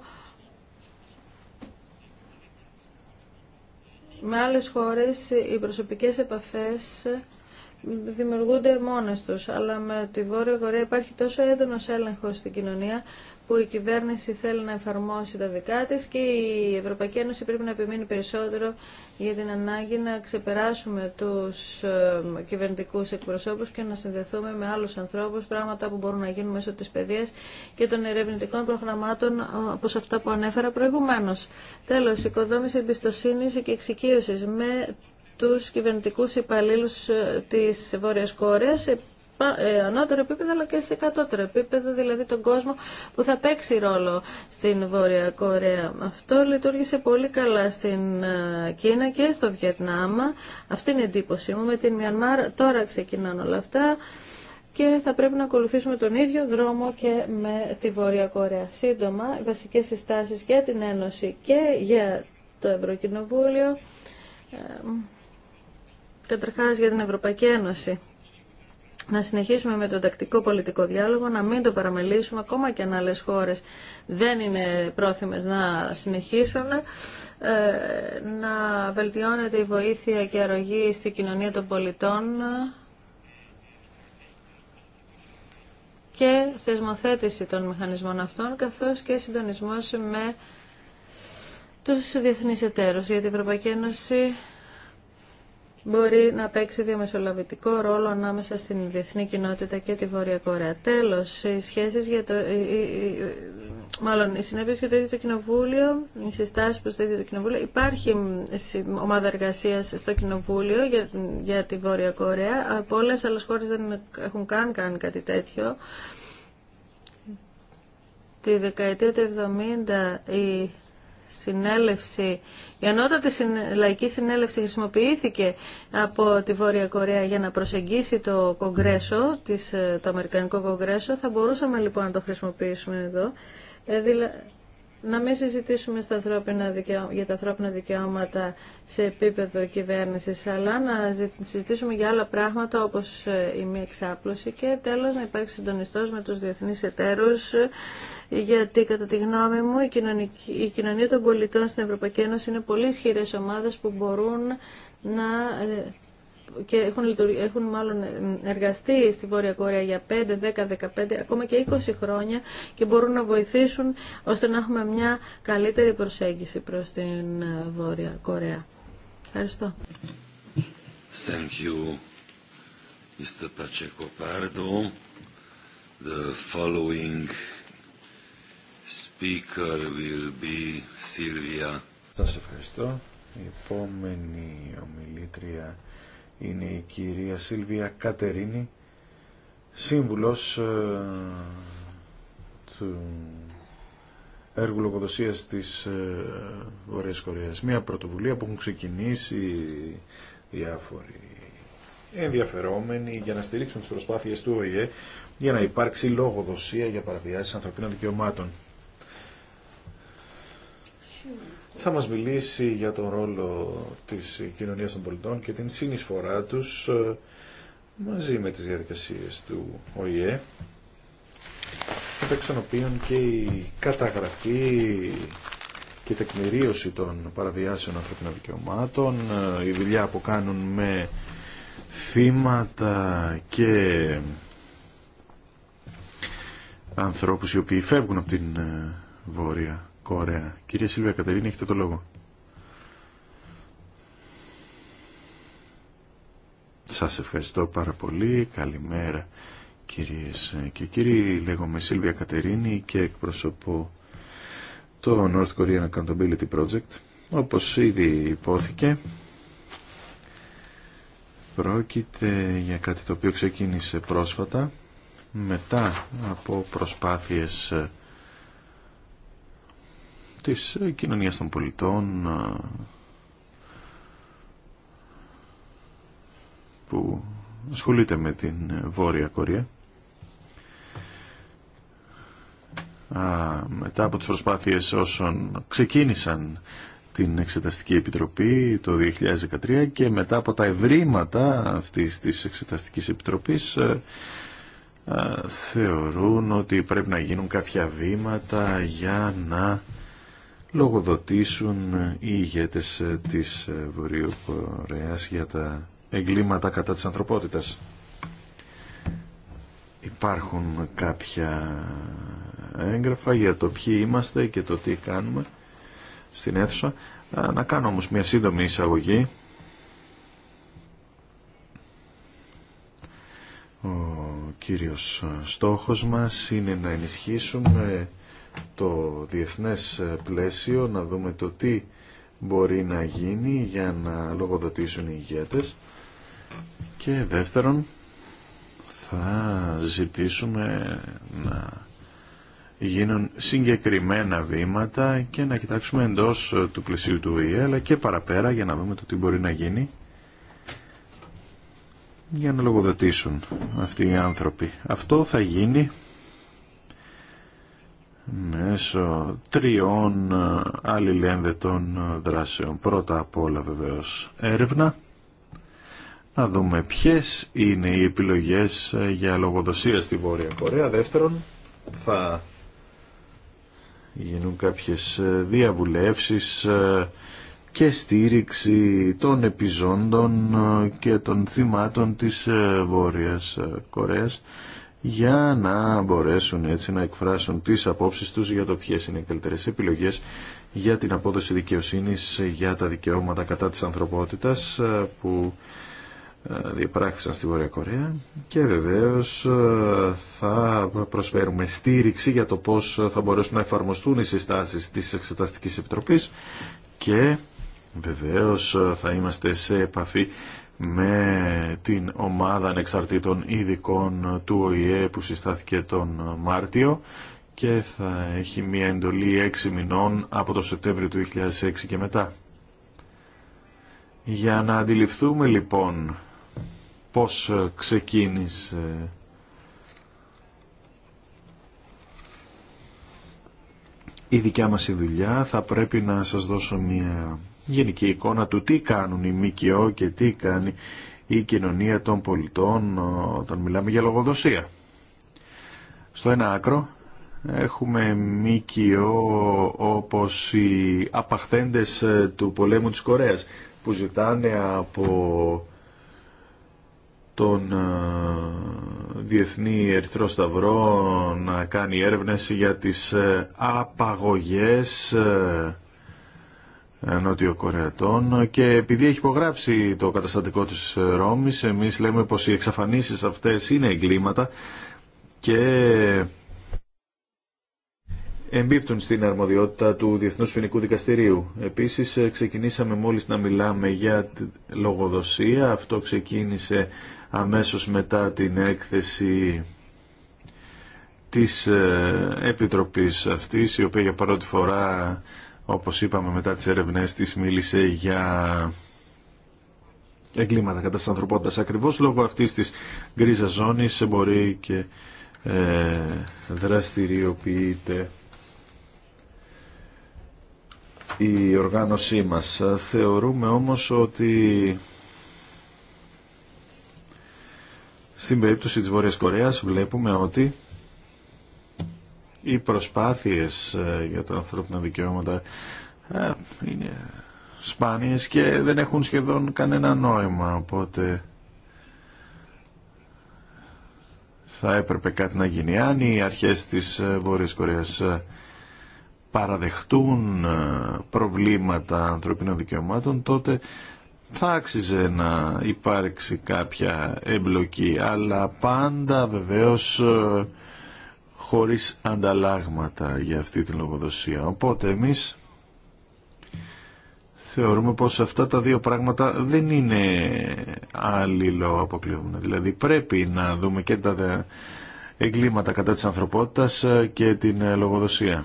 με άλλες χώρες οι προσωπικές επαφές δημιουργούνται μόνες τους, αλλά με τη Βόρεια Κορέα υπάρχει τόσο έντονος έλεγχος στην κοινωνία που η κυβέρνηση θέλει να εφαρμόσει τα δικά της και η Ευρωπαϊκή Ένωση πρέπει να επιμείνει περισσότερο για την ανάγκη να ξεπεράσουμε τους ε, κυβερνητικούς εκπροσώπους και να συνδεθούμε με άλλους ανθρώπους, πράγματα που μπορούν να γίνουν μέσω της παιδείας και των ερευνητικών προγραμμάτων ε, όπως αυτά που ανέφερα προηγουμένως. Τέλος, οικοδόμηση εμπιστοσύνη και εξοικείωση με τους κυβερνητικούς υπαλλήλους ε, της Βόρειας Κόρεας, ε, ανώτερο επίπεδο αλλά και σε κατώτερο επίπεδο, δηλαδή τον κόσμο που θα παίξει ρόλο στην Βόρεια Κορέα. Αυτό λειτουργήσε πολύ καλά στην ε, Κίνα και στο Βιετνάμ. Αυτή είναι η εντύπωσή μου. Με την Μιανμάρ τώρα ξεκινάνε όλα αυτά και θα πρέπει να ακολουθήσουμε τον ίδιο δρόμο και με τη Βόρεια Κορέα. Σύντομα, οι βασικές συστάσεις για την Ένωση και για το Ευρωκοινοβούλιο, ε, καταρχάς για την Ευρωπαϊκή Ένωση να συνεχίσουμε με τον τακτικό πολιτικό διάλογο, να μην το παραμελήσουμε, ακόμα και αν άλλε χώρες δεν είναι πρόθυμες να συνεχίσουν, ε, να βελτιώνεται η βοήθεια και η αρρωγή στη κοινωνία των πολιτών και θεσμοθέτηση των μηχανισμών αυτών, καθώς και συντονισμός με τους διεθνείς εταίρους, γιατί η Ευρωπαϊκή Ένωση μπορεί να παίξει διαμεσολαβητικό ρόλο ανάμεσα στην διεθνή κοινότητα και τη Βόρεια Κορέα. Τέλος, οι σχέσεις για το... Μάλλον, οι το ίδιο το Κοινοβούλιο, οι συστάσει προς το ίδιο το Κοινοβούλιο. Υπάρχει ομάδα εργασία στο Κοινοβούλιο για, για τη Βόρεια Κορέα. Από άλλε δεν έχουν καν κάνει κάτι τέτοιο. Τη δεκαετία του 70 η συνέλευση, η ανώτατη λαϊκή συνέλευση χρησιμοποιήθηκε από τη Βόρεια Κορέα για να προσεγγίσει το κογκρέσο, ε, το Αμερικανικό κογκρέσο. Θα μπορούσαμε λοιπόν να το χρησιμοποιήσουμε εδώ. Ε, να μην συζητήσουμε στα δικαιω... για τα ανθρώπινα δικαιώματα σε επίπεδο κυβέρνηση. αλλά να συζητήσουμε για άλλα πράγματα όπως ε, η μη εξάπλωση και τέλος να υπάρξει συντονιστό με τους διεθνείς εταίρους, γιατί κατά τη γνώμη μου η, κοινωνία των πολιτών στην Ευρωπαϊκή Ένωση είναι πολύ ισχυρέ ομάδε που μπορούν να ε, και έχουν, έχουν μάλλον εργαστεί στη Βόρεια Κορέα για 5, 10, 15, ακόμα και 20 χρόνια και μπορούν να βοηθήσουν ώστε να έχουμε μια καλύτερη προσέγγιση προς την ε, Βόρεια Κορέα. Ευχαριστώ. Thank you, Mr. Pacheco Pardo. The following speaker will be Σας ευχαριστώ. Η επόμενη ομιλήτρια είναι η κυρία Σίλβια Κατερίνη, σύμβουλος ε, του έργου λογοδοσίας της ε, Βορειάς Κορέας. Μία πρωτοβουλία που έχουν ξεκινήσει διάφοροι ενδιαφερόμενοι για να στηρίξουν τις προσπάθειες του ΟΗΕ για να υπάρξει λογοδοσία για παραβιάσεις ανθρωπίνων δικαιωμάτων θα μας μιλήσει για τον ρόλο της κοινωνίας των πολιτών και την συνεισφορά τους ε, μαζί με τις διαδικασίες του ΟΗΕ μεταξύ των οποίων και η καταγραφή και η τεκμηρίωση των παραβιάσεων ανθρωπινών δικαιωμάτων, ε, η δουλειά που κάνουν με θύματα και ανθρώπους οι οποίοι φεύγουν από την ε, Βόρεια Κυρία Σίλβια Κατερίνη, έχετε το λόγο. Σας ευχαριστώ πάρα πολύ. Καλημέρα κυρίες και κύριοι. Λέγομαι Σίλβια Κατερίνη και εκπροσωπώ το North Korean Accountability Project. Όπως ήδη υπόθηκε, πρόκειται για κάτι το οποίο ξεκίνησε πρόσφατα μετά από προσπάθειες της κοινωνίας των πολιτών που ασχολείται με την Βόρεια Κορία. μετά από τις προσπάθειες όσων ξεκίνησαν την Εξεταστική Επιτροπή το 2013 και μετά από τα ευρήματα αυτής της Εξεταστικής Επιτροπής θεωρούν ότι πρέπει να γίνουν κάποια βήματα για να λογοδοτήσουν οι ηγέτες ε, της ε, Βορείου Κορέας για τα εγκλήματα κατά της ανθρωπότητας. Υπάρχουν κάποια έγγραφα για το ποιοι είμαστε και το τι κάνουμε στην αίθουσα. Να κάνω όμως μια σύντομη εισαγωγή. Ο κύριος στόχος μας είναι να ενισχύσουμε το διεθνές ε, πλαίσιο, να δούμε το τι μπορεί να γίνει για να λογοδοτήσουν οι ηγέτες και δεύτερον θα ζητήσουμε να γίνουν συγκεκριμένα βήματα και να κοιτάξουμε εντός ε, του πλαισίου του ΙΕ αλλά και παραπέρα για να δούμε το τι μπορεί να γίνει για να λογοδοτήσουν αυτοί οι άνθρωποι. Αυτό θα γίνει μέσω τριών ε, αλληλένδετων ε, δράσεων. Πρώτα απ' όλα βεβαίως έρευνα. Να δούμε ποιες είναι οι επιλογές ε, για λογοδοσία στη Βόρεια Κορέα. Δεύτερον, θα γίνουν κάποιες διαβουλεύσεις και στήριξη των επιζώντων και των θυμάτων της Βόρειας Κορέας για να μπορέσουν έτσι να εκφράσουν τις απόψεις τους για το ποιες είναι οι καλύτερες επιλογές για την απόδοση δικαιοσύνης για τα δικαιώματα κατά της ανθρωπότητας ε, που ε, διεπράχθησαν στη Βόρεια Κορέα και βεβαίως ε, θα προσφέρουμε στήριξη για το πώς θα μπορέσουν να εφαρμοστούν οι συστάσεις της Εξεταστικής Επιτροπής και βεβαίως θα είμαστε σε επαφή με την ομάδα ανεξαρτήτων ειδικών του ΟΗΕ που συστάθηκε τον Μάρτιο και θα έχει μια εντολή 6 μηνών από το Σεπτέμβριο του 2006 και μετά. Για να αντιληφθούμε λοιπόν πώς ξεκίνησε η δικιά μας η δουλειά θα πρέπει να σας δώσω μια γενική εικόνα του τι κάνουν οι ΜΚΟ και τι κάνει η κοινωνία των πολιτών ε, όταν μιλάμε για λογοδοσία. Στο ένα άκρο έχουμε ΜΚΟ όπως οι απαχθέντες ε, του πολέμου της Κορέας που ζητάνε από τον ε, Διεθνή Ερυθρό Σταυρό να κάνει έρευνες για τις απαγωγές Νότιο Κορεατών και επειδή έχει υπογράψει το καταστατικό της Ρώμης εμείς λέμε πως οι εξαφανίσεις αυτές είναι εγκλήματα και εμπίπτουν στην αρμοδιότητα του Διεθνούς Ποινικού Δικαστηρίου. Επίσης ξεκινήσαμε μόλις να μιλάμε για λογοδοσία. Αυτό ξεκίνησε αμέσως μετά την έκθεση της ε, Επιτροπής αυτής η οποία για πρώτη φορά όπως είπαμε μετά τις έρευνές της μίλησε για εγκλήματα κατά της ανθρωπότητας. Ακριβώς λόγω αυτής της γκρίζα ζώνης μπορεί και ε, δραστηριοποιείται η οργάνωσή μας. Θεωρούμε όμως ότι στην περίπτωση της Βόρειας Κορέας βλέπουμε ότι οι προσπάθειες ε, για τα ανθρώπινα δικαιώματα ε, είναι σπάνιες και δεν έχουν σχεδόν κανένα νόημα, οπότε θα έπρεπε κάτι να γίνει. Αν οι αρχές της ε, Βόρειας Κορέας παραδεχτούν προβλήματα ανθρωπίνων δικαιωμάτων, τότε θα άξιζε να υπάρξει κάποια εμπλοκή, αλλά πάντα βεβαίως χωρίς ανταλλάγματα για αυτή την λογοδοσία. Οπότε εμείς θεωρούμε πως αυτά τα δύο πράγματα δεν είναι αλληλοαποκλείωμενα. Δηλαδή πρέπει να δούμε και τα εγκλήματα κατά της ανθρωπότητας και την λογοδοσία.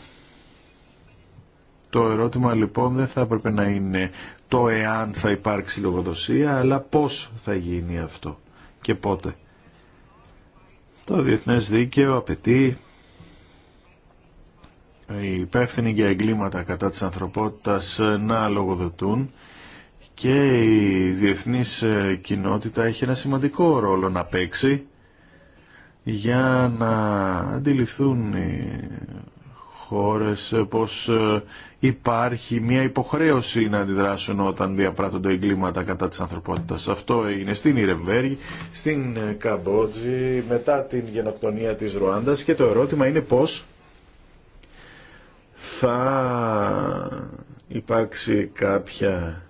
Το ερώτημα λοιπόν δεν θα έπρεπε να είναι το εάν θα υπάρξει λογοδοσία, αλλά πώς θα γίνει αυτό και πότε. Το διεθνές δίκαιο απαιτεί οι υπεύθυνοι για εγκλήματα κατά της ανθρωπότητας ε, να λογοδοτούν και η διεθνής ε, κοινότητα έχει ένα σημαντικό ρόλο να παίξει για να αντιληφθούν οι χώρες ε, πως υπάρχει μια υποχρέωση να αντιδράσουν όταν διαπράττονται εγκλήματα κατά της ανθρωπότητας. Αυτό είναι στην Ιρεμβέργη, στην Καμπότζη, μετά την γενοκτονία της Ρουάντας και το ερώτημα είναι πως θα υπάρξει κάποια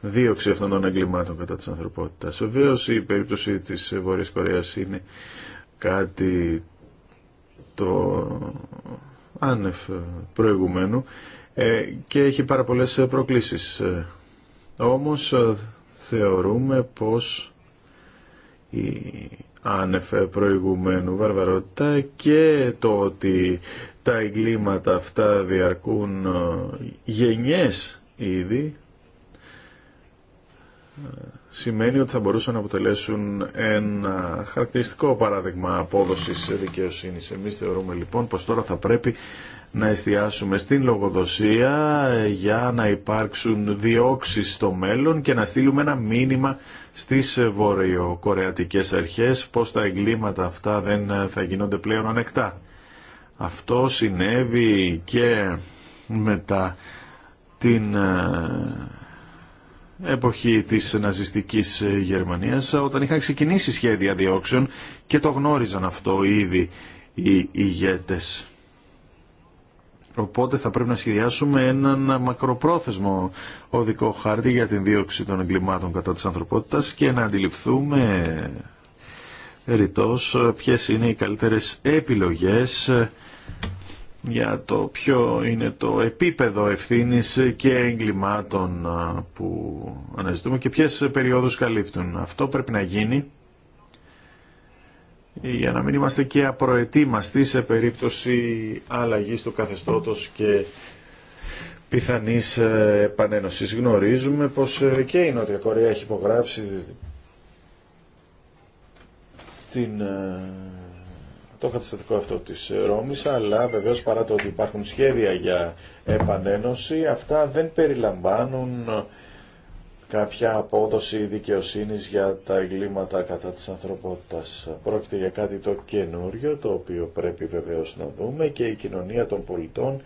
δίωξη αυτών των εγκλημάτων κατά της ανθρωπότητας. Βεβαίω η περίπτωση της Βόρειας Κορέας είναι κάτι το άνευ προηγουμένου ε, και έχει πάρα πολλές προκλήσεις. Ε, όμως ε, θεωρούμε πως η άνευ προηγουμένου βαρβαρότητα και το ότι τα εγκλήματα αυτά διαρκούν ε, γενιές ήδη ε, σημαίνει ότι θα μπορούσαν να αποτελέσουν ένα χαρακτηριστικό παράδειγμα απόδοσης δικαιοσύνης. Εμείς θεωρούμε λοιπόν πως τώρα θα πρέπει να εστιάσουμε στην λογοδοσία για να υπάρξουν διώξεις στο μέλλον και να στείλουμε ένα μήνυμα στις βορειοκορεατικές αρχές πως τα εγκλήματα αυτά δεν θα γίνονται πλέον ανεκτά. Αυτό συνέβη και μετά την ε, εποχή της ναζιστικής Γερμανίας όταν είχαν ξεκινήσει σχέδια διώξεων και το γνώριζαν αυτό ήδη οι ηγέτες. Οπότε θα πρέπει να σχεδιάσουμε έναν μακροπρόθεσμο οδικό χάρτη για την δίωξη των εγκλημάτων κατά της ανθρωπότητας και να αντιληφθούμε ρητός ποιες είναι οι καλύτερες επιλογές για το ποιο είναι το επίπεδο ευθύνης και εγκλημάτων που αναζητούμε και ποιες περιόδους καλύπτουν. Αυτό πρέπει να γίνει ε, για να μην είμαστε και απροετοίμαστοι σε περίπτωση αλλαγής του καθεστώτος και πιθανής ε, επανένωσης. Γνωρίζουμε πως ε, και η Νότια Κορέα έχει υπογράψει την, το καταστατικό αυτό της Ρώμης, αλλά βεβαίως παρά το ότι υπάρχουν σχέδια για επανένωση, αυτά δεν περιλαμβάνουν κάποια απόδοση δικαιοσύνης για τα εγκλήματα κατά της ανθρωπότητας. Πρόκειται για κάτι το καινούριο, το οποίο πρέπει βεβαίως να δούμε και η κοινωνία των πολιτών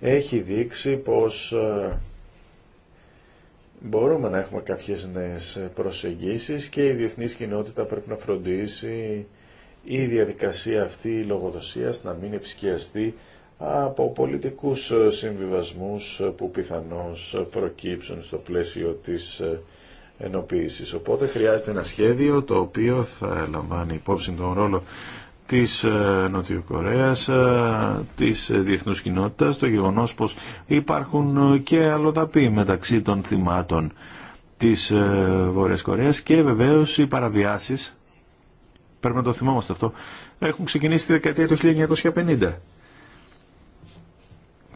έχει δείξει πως ε, μπορούμε να έχουμε κάποιες νέες προσεγγίσεις και η διεθνής κοινότητα πρέπει να φροντίσει η διαδικασία αυτή η λογοδοσίας να μην επισκιαστεί από πολιτικούς συμβιβασμούς που πιθανώς προκύψουν στο πλαίσιο της ε, ενοποίησης. Οπότε χρειάζεται ένα σχέδιο το οποίο θα λαμβάνει υπόψη τον ρόλο της ε, Νοτιοκορέας, ε, της διεθνούς κοινότητας, το γεγονός πως υπάρχουν και αλλοδαποί μεταξύ των θυμάτων της Βόρειας Κορέας και βεβαίως οι παραβιάσεις, πρέπει να το θυμόμαστε αυτό, έχουν ξεκινήσει τη δεκαετία του 1950.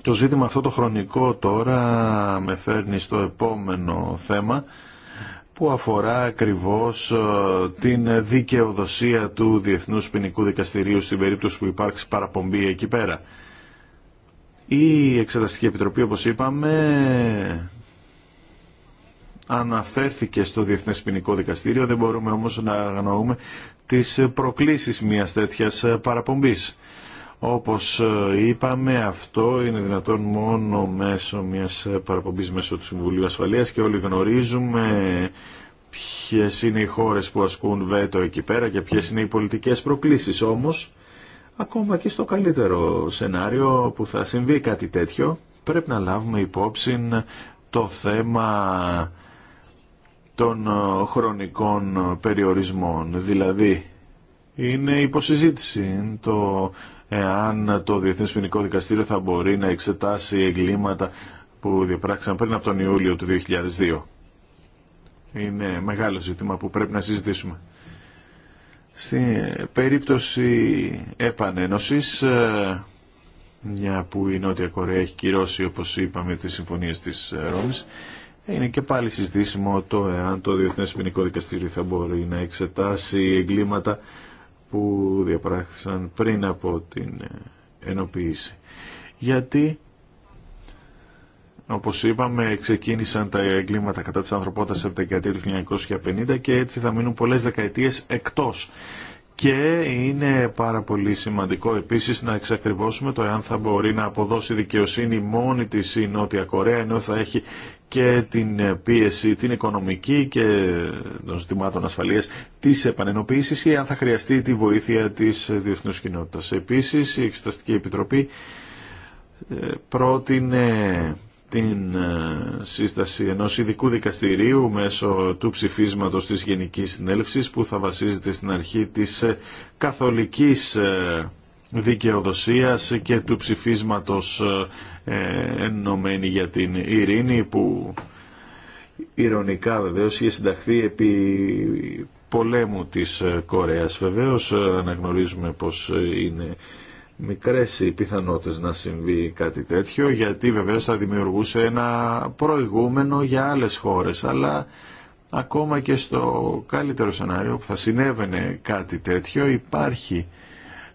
Το ζήτημα αυτό το χρονικό τώρα με φέρνει στο επόμενο θέμα που αφορά ακριβώς ε, την δικαιοδοσία του Διεθνούς Ποινικού Δικαστηρίου στην περίπτωση που υπάρξει παραπομπή εκεί πέρα. Η Εξεταστική Επιτροπή, όπως είπαμε, αναφέρθηκε στο Διεθνές Ποινικό Δικαστήριο, δεν μπορούμε όμως να αγνοούμε τις προκλήσεις μιας τέτοιας παραπομπής. Όπως ε, είπαμε, αυτό είναι δυνατόν μόνο μέσω μιας παραπομπής μέσω του Συμβουλίου Ασφαλείας και όλοι γνωρίζουμε ποιες είναι οι χώρες που ασκούν βέτο εκεί πέρα και ποιες είναι οι πολιτικές προκλήσεις. Όμως, ακόμα και στο καλύτερο σενάριο που θα συμβεί κάτι τέτοιο, πρέπει να λάβουμε υπόψη το θέμα των ε, χρονικών περιορισμών. Δηλαδή, είναι υποσυζήτηση το εάν το Διεθνές Ποινικό Δικαστήριο θα μπορεί να εξετάσει εγκλήματα που διαπράξαν πριν από τον Ιούλιο του 2002. Είναι μεγάλο ζήτημα που πρέπει να συζητήσουμε. Στην περίπτωση επανένωσης, ε, μια που η Νότια Κορέα έχει κυρώσει, όπως είπαμε, τις συμφωνίες της ε, Ρώμης, είναι και πάλι συζητήσιμο το εάν το Διεθνές Ποινικό Δικαστήριο θα μπορεί να εξετάσει εγκλήματα που διαπράχθησαν πριν από την ε, ενοποίηση. Γιατί, όπως είπαμε, ξεκίνησαν τα εγκλήματα κατά της ανθρωπότητας από δεκαετία του 1950 και έτσι θα μείνουν πολλές δεκαετίες εκτός. Και είναι πάρα πολύ σημαντικό επίσης να εξακριβώσουμε το εάν θα μπορεί να αποδώσει δικαιοσύνη μόνη της η Νότια Κορέα ενώ θα έχει και την ε, πίεση την οικονομική και των ζητημάτων ασφαλείας της επανενοποίησης ή αν θα χρειαστεί τη βοήθεια της διεθνούς κοινότητας. Επίσης, η Εξεταστική Επιτροπή ε, πρότεινε την ε, σύσταση ενός ειδικού δικαστηρίου μέσω του ψηφίσματος της Γενικής Συνέλευσης που θα βασίζεται στην αρχή της καθολικής δικαιοδοσίας και του ψηφίσματος ε, ενωμένη για την ειρήνη που ηρωνικά βεβαίως είχε συνταχθεί επί πολέμου της ε, Κορέας. Βεβαίως ε, αναγνωρίζουμε πως είναι μικρές οι πιθανότητες να συμβεί κάτι τέτοιο γιατί βεβαίως θα δημιουργούσε ένα προηγούμενο για άλλες χώρες αλλά ακόμα και στο καλύτερο σενάριο που θα συνέβαινε κάτι τέτοιο υπάρχει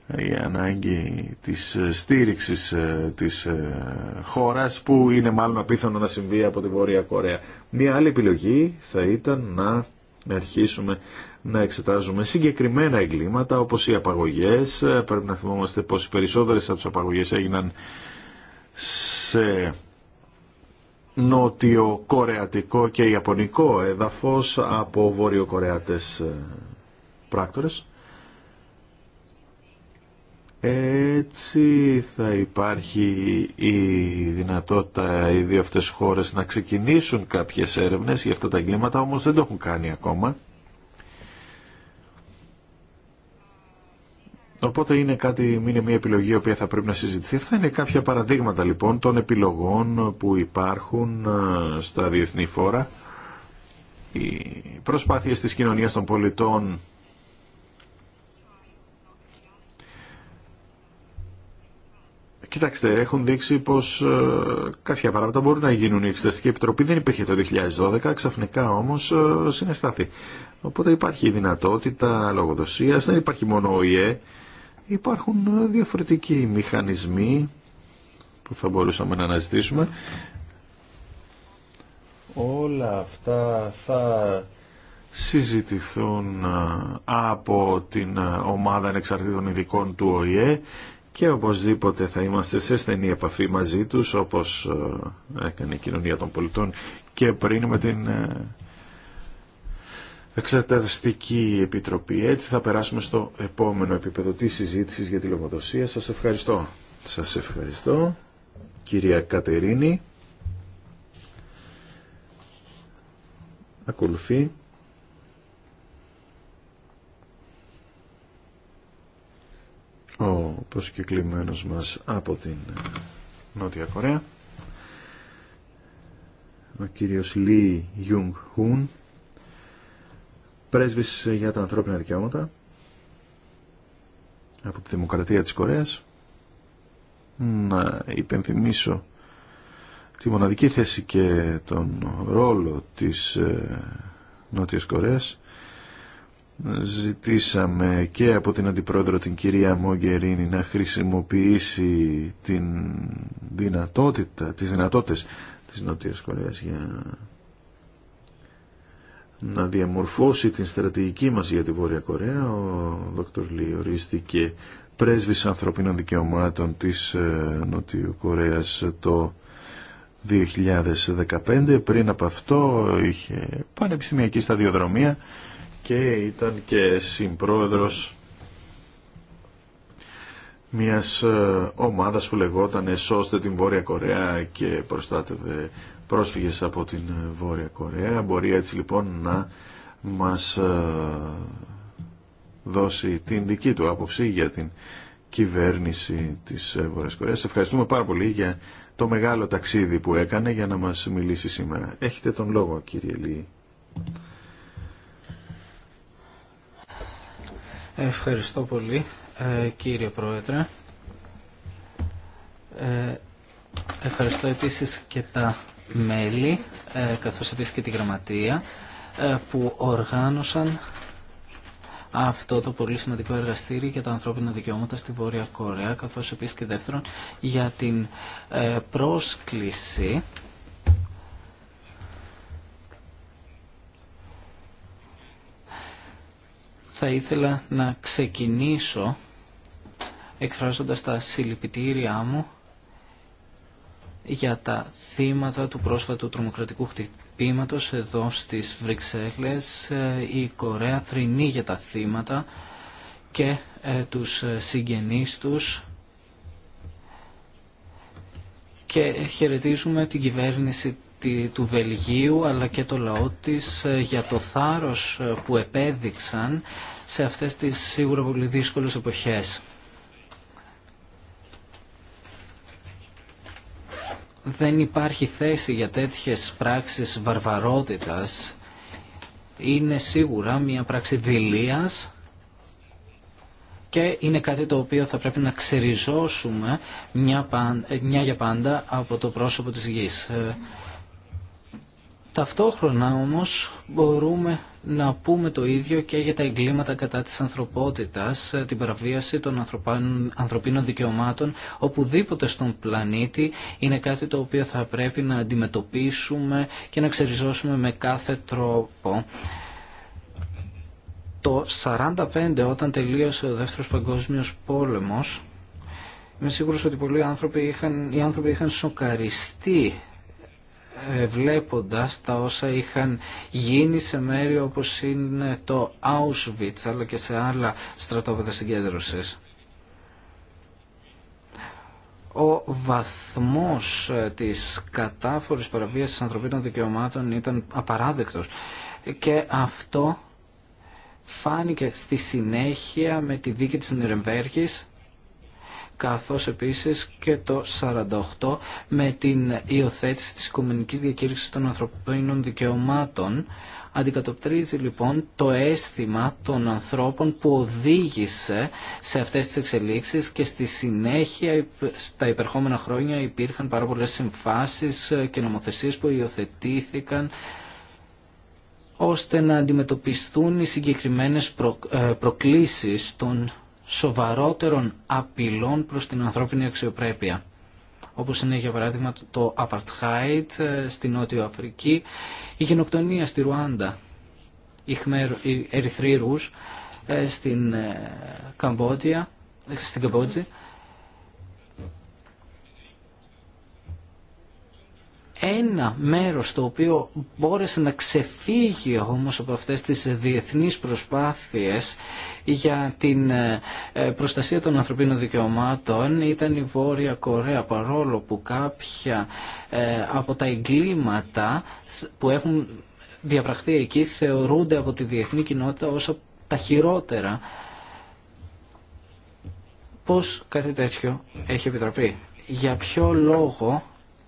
η ανάγκη της ε, στήριξης ε, της ε, χώρας που είναι μάλλον απίθανο να συμβεί από τη Βόρεια Κορέα. Μία άλλη επιλογή θα ήταν να αρχίσουμε να εξετάζουμε συγκεκριμένα εγκλήματα όπως οι απαγωγές. Πρέπει να θυμόμαστε πως οι περισσότερες από τις απαγωγές έγιναν σε νότιο-κορεατικό και ιαπωνικό έδαφος από βορειοκορεάτες πράκτορες. Έτσι θα υπάρχει η δυνατότητα οι δύο αυτές χώρες να ξεκινήσουν κάποιες έρευνες για αυτά τα εγκλήματα, όμως δεν το έχουν κάνει ακόμα. Οπότε είναι κάτι, είναι μια επιλογή η οποία θα πρέπει να συζητηθεί. Θα είναι κάποια παραδείγματα λοιπόν των επιλογών που υπάρχουν στα διεθνή φόρα. Οι προσπάθειες της κοινωνίας των πολιτών Κοιτάξτε, έχουν δείξει πως ε, κάποια πράγματα μπορούν να γίνουν. Η Εξεταστική Επιτροπή δεν υπήρχε το 2012, ξαφνικά όμως ε, συναισθάθη. Οπότε υπάρχει η δυνατότητα λογοδοσίας, δεν υπάρχει μόνο ο ΙΕ, υπάρχουν ε, διαφορετικοί μηχανισμοί που θα μπορούσαμε να αναζητήσουμε. Όλα αυτά θα συζητηθούν ε, από την ε, ομάδα ανεξαρτήτων ειδικών του ΟΗΕ και οπωσδήποτε θα είμαστε σε στενή επαφή μαζί τους όπως ε, έκανε η κοινωνία των πολιτών και πριν με την ε, Εξεταστική Επιτροπή. Έτσι θα περάσουμε στο επόμενο επίπεδο της συζήτησης για τη λογοδοσία. Σας ευχαριστώ. Σας ευχαριστώ. Κυρία Κατερίνη. Ακολουθεί ο προσκεκλημένος μας από την Νότια Κορέα ο κύριος Λί Ιούγκ Χουν πρέσβης για τα ανθρώπινα δικαιώματα από τη Δημοκρατία της Κορέας να υπενθυμίσω τη μοναδική θέση και τον ρόλο της ε, Νότιας Κορέας Ζητήσαμε και από την Αντιπρόεδρο την κυρία Μόγκερίνη να χρησιμοποιήσει την δυνατότητα, τις δυνατότητες της Νότιας Κορέας για να διαμορφώσει την στρατηγική μας για τη Βόρεια Κορέα. Ο Δ. Λί ορίστηκε πρέσβης ανθρωπίνων δικαιωμάτων της ε, Νότιου Κορέας το 2015. Πριν από αυτό είχε πανεπιστημιακή σταδιοδρομία και ήταν και συμπρόεδρος μιας ε, ομάδας που λεγόταν «Σώστε την Βόρεια Κορέα» και προστάτευε πρόσφυγες από την Βόρεια Κορέα. Μπορεί έτσι λοιπόν να μας ε, δώσει την δική του άποψη για την κυβέρνηση της ε, Βόρειας Κορέας. Ευχαριστούμε πάρα πολύ για το μεγάλο ταξίδι που έκανε για να μας μιλήσει σήμερα. Έχετε τον λόγο κύριε Λύη. Ευχαριστώ πολύ ε, κύριε Πρόεδρε. Ε, ευχαριστώ επίσης και τα μέλη ε, καθώς επίσης και τη Γραμματεία που οργάνωσαν αυτό το πολύ σημαντικό εργαστήριο για τα ανθρώπινα δικαιώματα στη Βόρεια Κορέα καθώς επίσης και δεύτερον για την πρόσκληση Θα ήθελα να ξεκινήσω εκφράζοντας τα συλληπιτήριά μου για τα θύματα του πρόσφατου τρομοκρατικού χτυπήματος εδώ στις Βρυξέλλες. Ε, η Κορέα θρυνεί για τα θύματα και ε, τους ε, συγγενείς τους και χαιρετίζουμε την κυβέρνηση του Βελγίου αλλά και το λαό της ε, για το θάρρος ε, που επέδειξαν σε αυτές τις σίγουρα πολύ δύσκολες εποχές. Δεν υπάρχει θέση για τέτοιες πράξεις βαρβαρότητας. Είναι σίγουρα μια πράξη δηλίας και είναι κάτι το οποίο θα πρέπει να ξεριζώσουμε μια, ε, μια για πάντα από το πρόσωπο της γης. Ταυτόχρονα όμως μπορούμε να πούμε το ίδιο και για τα εγκλήματα κατά της ανθρωπότητας, ε, την παραβίαση των ανθρωπίνων δικαιωμάτων οπουδήποτε στον πλανήτη είναι κάτι το οποίο θα πρέπει να αντιμετωπίσουμε και να ξεριζώσουμε με κάθε τρόπο. Το 1945 όταν τελείωσε ο Δεύτερος Παγκόσμιος Πόλεμος είμαι σίγουρος ότι πολλοί άνθρωποι είχαν, οι άνθρωποι είχαν σοκαριστεί ε, βλέποντας τα όσα είχαν γίνει σε μέρη όπως είναι το Auschwitz αλλά και σε άλλα στρατόπεδα συγκέντρωσης. Ο βαθμός ε, της κατάφορης παραβίασης ανθρωπίνων δικαιωμάτων ήταν απαράδεκτος και αυτό φάνηκε στη συνέχεια με τη δίκη της Νιρεμβέργης καθώς επίσης και το 48 με την υιοθέτηση της Οικουμενικής Διακήρυξης των Ανθρωπίνων Δικαιωμάτων Αντικατοπτρίζει λοιπόν το αίσθημα των ανθρώπων που οδήγησε σε αυτές τις εξελίξεις και στη συνέχεια στα υπερχόμενα χρόνια υπήρχαν πάρα πολλές συμφάσεις και νομοθεσίες που υιοθετήθηκαν ώστε να αντιμετωπιστούν οι συγκεκριμένες ε, προκλήσεις των σοβαρότερων απειλών προς την ανθρώπινη αξιοπρέπεια όπως είναι για παράδειγμα το Apartheid ε, στην Νότιο Αφρική, η γενοκτονία στη Ρουάντα, οι, Χμερ, οι Ρούς ε, ε, στην Καμπότζη, Ένα μέρος το οποίο μπόρεσε να ξεφύγει όμως από αυτές τις διεθνείς προσπάθειες για την ε, προστασία των ανθρωπίνων δικαιωμάτων ήταν η Βόρεια Κορέα παρόλο που κάποια ε, από τα εγκλήματα που έχουν διαπραχθεί εκεί θεωρούνται από τη διεθνή κοινότητα όσο τα χειρότερα. Πώς κάτι τέτοιο έχει επιτραπεί. Για ποιο λόγο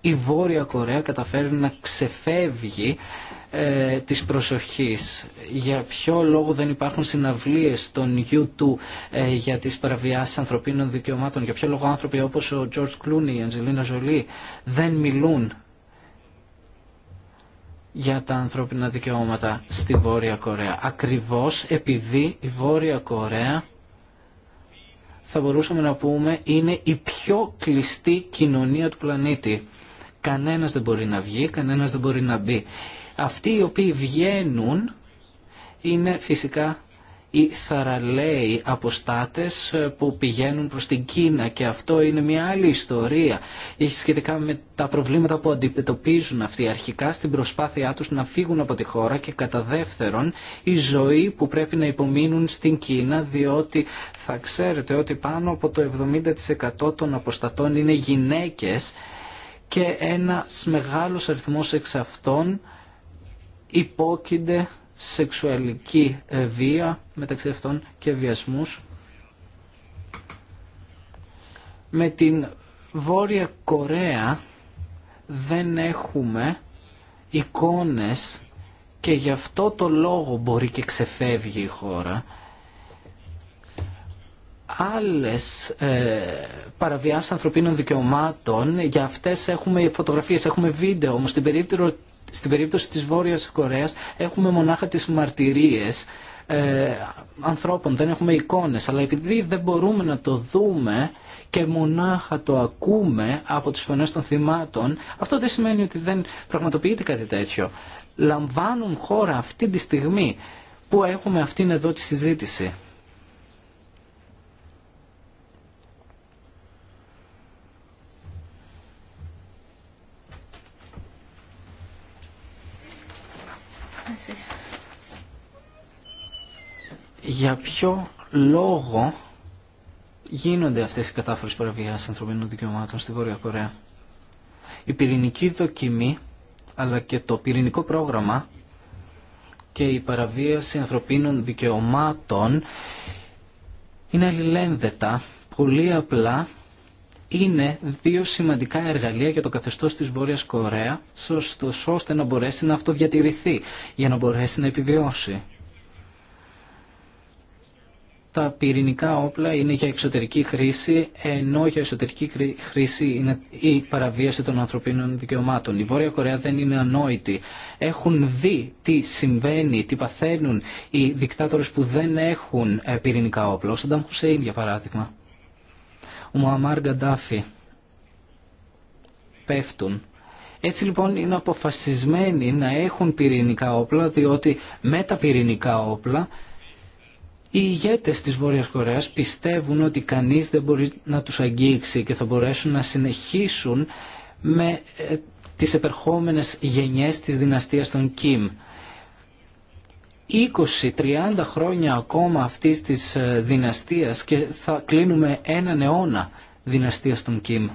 η Βόρεια Κορέα καταφέρει να ξεφεύγει ε, της προσοχής. Για ποιο λόγο δεν υπάρχουν συναυλίες των YouTube ε, για τις παραβιάσεις ανθρωπίνων δικαιωμάτων. Για ποιο λόγο άνθρωποι όπως ο George Clooney, η Αντζελίνα Ζολή δεν μιλούν για τα ανθρώπινα δικαιώματα στη Βόρεια Κορέα. Ακριβώς επειδή η Βόρεια Κορέα θα μπορούσαμε να πούμε είναι η πιο κλειστή κοινωνία του πλανήτη. Κανένας δεν μπορεί να βγει, κανένας δεν μπορεί να μπει. Αυτοί οι οποίοι βγαίνουν είναι φυσικά οι θαραλέοι αποστάτες που πηγαίνουν προς την Κίνα και αυτό είναι μια άλλη ιστορία σχετικά με τα προβλήματα που αντιμετωπίζουν αυτοί αρχικά στην προσπάθειά τους να φύγουν από τη χώρα και κατά δεύτερον η ζωή που πρέπει να υπομείνουν στην Κίνα διότι θα ξέρετε ότι πάνω από το 70% των αποστατών είναι γυναίκες και ένα μεγάλος αριθμός εξ αυτών υπόκεινται σεξουαλική βία μεταξύ αυτών και βιασμούς. Με την Βόρεια Κορέα δεν έχουμε εικόνες και γι' αυτό το λόγο μπορεί και ξεφεύγει η χώρα άλλες ε, παραβιάσεις ανθρωπίνων δικαιωμάτων. Για αυτές έχουμε φωτογραφίες, έχουμε βίντεο, όμως στην περίπτωση, στην περίπτωση της Βόρειας Κορέας έχουμε μονάχα τις μαρτυρίες ε, ανθρώπων, δεν έχουμε εικόνες, αλλά επειδή δεν μπορούμε να το δούμε και μονάχα το ακούμε από τις φωνές των θυμάτων, αυτό δεν σημαίνει ότι δεν πραγματοποιείται κάτι τέτοιο. Λαμβάνουν χώρα αυτή τη στιγμή που έχουμε αυτήν εδώ τη συζήτηση. για ποιο λόγο γίνονται αυτές οι κατάφορες παραβιάσεις ανθρωπίνων δικαιωμάτων στη Βόρεια Κορέα. Η πυρηνική δοκιμή αλλά και το πυρηνικό πρόγραμμα και η παραβίαση ανθρωπίνων δικαιωμάτων είναι αλληλένδετα. Πολύ απλά είναι δύο σημαντικά εργαλεία για το καθεστώς της Βόρειας Κορέα ώστε να μπορέσει να αυτοδιατηρηθεί, για να μπορέσει να επιβιώσει τα πυρηνικά όπλα είναι για εξωτερική χρήση, ενώ για εσωτερική χρήση είναι η παραβίαση των ανθρωπίνων δικαιωμάτων. Η Βόρεια Κορέα δεν είναι ανόητη. Έχουν δει τι συμβαίνει, τι παθαίνουν οι δικτάτορες που δεν έχουν ε, πυρηνικά όπλα. Ο Σαντάμ Χουσέιν, για παράδειγμα. Ο Μωαμάρ Γκαντάφη. Πέφτουν. Έτσι λοιπόν είναι αποφασισμένοι να έχουν πυρηνικά όπλα, διότι με τα πυρηνικά όπλα οι ηγέτες της Βόρειας Κορέας πιστεύουν ότι κανείς δεν μπορεί να τους αγγίξει και θα μπορέσουν να συνεχίσουν με ε, τις επερχόμενες γενιές της δυναστείας των Κιμ. 20-30 χρόνια ακόμα αυτής της ε, δυναστείας και θα κλείνουμε έναν αιώνα δυναστείας των Κιμ.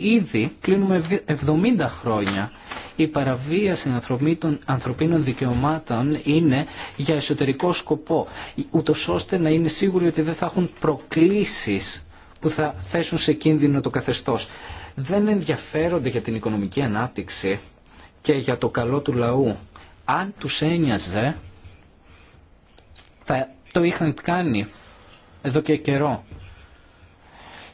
Ήδη κλείνουμε 70 χρόνια. Η παραβίαση των ανθρωπίνων δικαιωμάτων είναι για εσωτερικό σκοπό, ούτω ώστε να είναι σίγουροι ότι δεν θα έχουν προκλήσεις που θα θέσουν σε κίνδυνο το καθεστώς. Δεν ενδιαφέρονται για την οικονομική ανάπτυξη και για το καλό του λαού. Αν τους ένοιαζε, θα το είχαν κάνει εδώ και καιρό.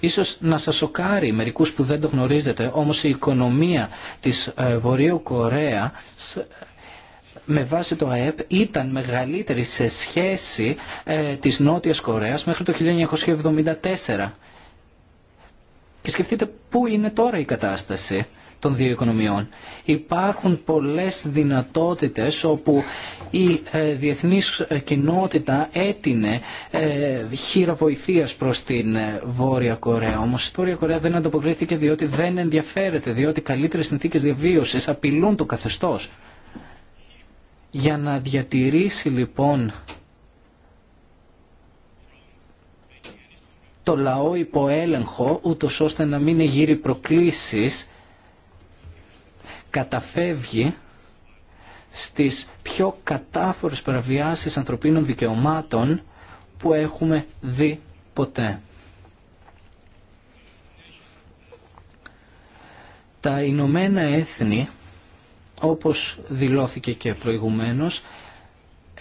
Ίσως να σας σοκάρει μερικούς που δεν το γνωρίζετε, όμως η οικονομία της ε, Βορείου Κορέα ε, με βάση το ΑΕΠ ήταν μεγαλύτερη σε σχέση ε, της Νότιας Κορέας μέχρι το 1974. Και σκεφτείτε πού είναι τώρα η κατάσταση των δύο οικονομιών. Υπάρχουν πολλές δυνατότητες όπου η ε, διεθνής ε, κοινότητα έτεινε ε, χείρα βοηθείας προς την Βόρεια Κορέα. Όμως η Βόρεια Κορέα δεν ανταποκρίθηκε διότι δεν ενδιαφέρεται, διότι καλύτερες συνθήκες διαβίωσης απειλούν το καθεστώς. Για να διατηρήσει λοιπόν το λαό υπό έλεγχο, ούτως ώστε να μην γύρει προκλήσεις, καταφεύγει στις πιο κατάφορες παραβιάσεις ανθρωπίνων δικαιωμάτων που έχουμε δει ποτέ. Τα Ηνωμένα Έθνη, όπως δηλώθηκε και προηγουμένως,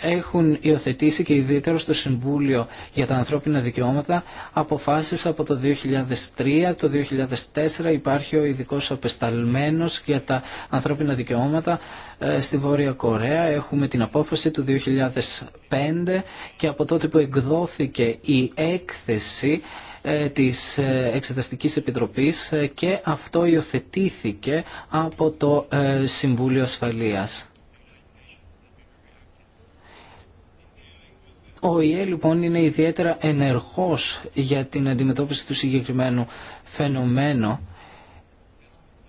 έχουν υιοθετήσει και ιδιαίτερο στο Συμβούλιο για τα Ανθρώπινα Δικαιώματα αποφάσεις από το 2003, το 2004 υπάρχει ο ειδικό απεσταλμένος για τα ανθρώπινα δικαιώματα ε, στη Βόρεια Κορέα. Έχουμε την απόφαση του 2005 και από τότε που εκδόθηκε η έκθεση ε, της ε, Εξεταστικής Επιτροπής και αυτό υιοθετήθηκε από το Συμβούλιο Ασφαλείας. Ο ΙΕ λοιπόν είναι ιδιαίτερα ενεργός για την αντιμετώπιση του συγκεκριμένου φαινομένου.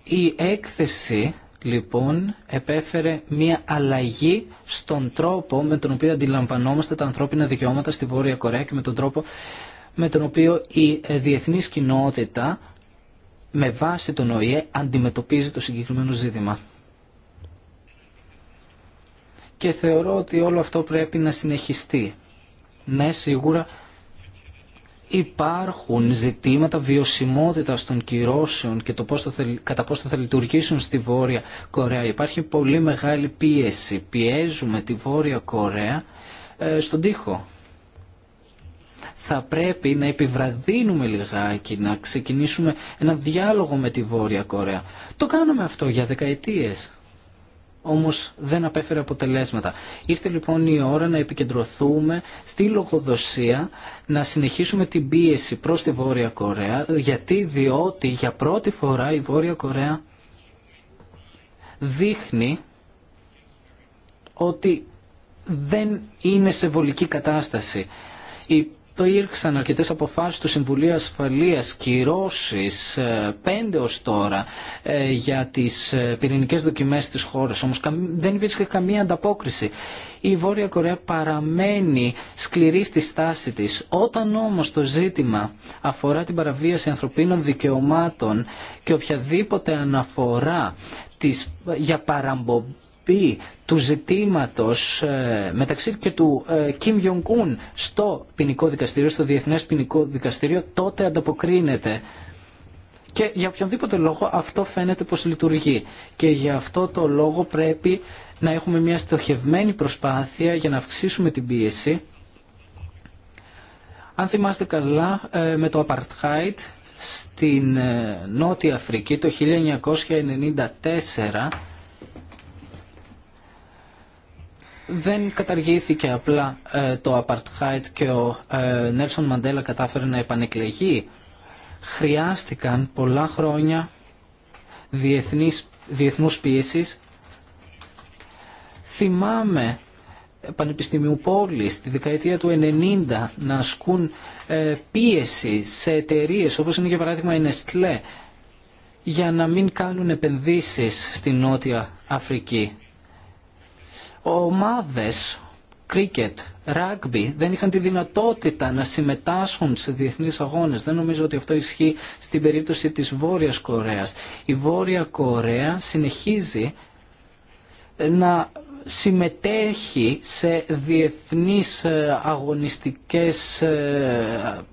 Η έκθεση λοιπόν επέφερε μια αλλαγή στον τρόπο με τον οποίο αντιλαμβανόμαστε τα ανθρώπινα δικαιώματα στη Βόρεια Κορέα και με τον τρόπο με τον οποίο η διεθνής κοινότητα με βάση τον ΟΗΕ αντιμετωπίζει το συγκεκριμένο ζήτημα. Και θεωρώ ότι όλο αυτό πρέπει να συνεχιστεί. Ναι, σίγουρα υπάρχουν ζητήματα βιωσιμότητας των κυρώσεων και το πώς θα, κατά πώς θα, λειτουργήσουν στη Βόρεια Κορέα. Υπάρχει πολύ μεγάλη πίεση. Πιέζουμε τη Βόρεια Κορέα ε, στον τοίχο. Θα πρέπει να επιβραδύνουμε λιγάκι, να ξεκινήσουμε ένα διάλογο με τη Βόρεια Κορέα. Το κάνουμε αυτό για δεκαετίες όμως δεν απέφερε αποτελέσματα. Ήρθε λοιπόν η ώρα να επικεντρωθούμε στη λογοδοσία, να συνεχίσουμε την πίεση προς τη Βόρεια Κορέα, γιατί διότι για πρώτη φορά η Βόρεια Κορέα δείχνει ότι δεν είναι σε βολική κατάσταση. Η το ήρξαν αρκετές του Συμβουλίου ασφαλεία κυρώσει ε, πέντε ω τώρα ε, για τι ε, πυρηνικέ δοκιμές τη χώρας, όμω, δεν υπήρχε καμία ανταπόκριση. Η Βόρεια Κορέα παραμένει σκληρή στη στάση τη Όταν όμως το ζήτημα αφορά την παραβίαση ανθρωπίνων δικαιωμάτων και οποιαδήποτε αναφορά για παραμπο, του ζητήματος ε, μεταξύ και του Κιμ ε, Un στο ποινικό δικαστήριο, στο Διεθνές Ποινικό Δικαστήριο, τότε ανταποκρίνεται. Και για οποιονδήποτε λόγο αυτό φαίνεται πως λειτουργεί. Και για αυτό το λόγο πρέπει να έχουμε μια στοχευμένη προσπάθεια για να αυξήσουμε την πίεση. Αν θυμάστε καλά, ε, με το Apartheid στην Νότια Αφρική το 1994 δεν καταργήθηκε απλά ε, το Απαρτχάιτ και ο ε, Νέρσον Μαντέλα κατάφερε να επανεκλεγεί. Χρειάστηκαν πολλά χρόνια διεθνής, διεθνούς πίεσης. Θυμάμαι πανεπιστημίου πόλη στη δεκαετία του 90 να ασκούν ε, πίεση σε εταιρείε όπως είναι για παράδειγμα η Νεστλέ για να μην κάνουν επενδύσεις στη Νότια Αφρική ομάδες κρίκετ, ράγμπι δεν είχαν τη δυνατότητα να συμμετάσχουν σε διεθνείς αγώνες. Δεν νομίζω ότι αυτό ισχύει στην περίπτωση της Βόρειας Κορέας. Η Βόρεια Κορέα συνεχίζει ε, να συμμετέχει σε διεθνείς ε, αγωνιστικές ε,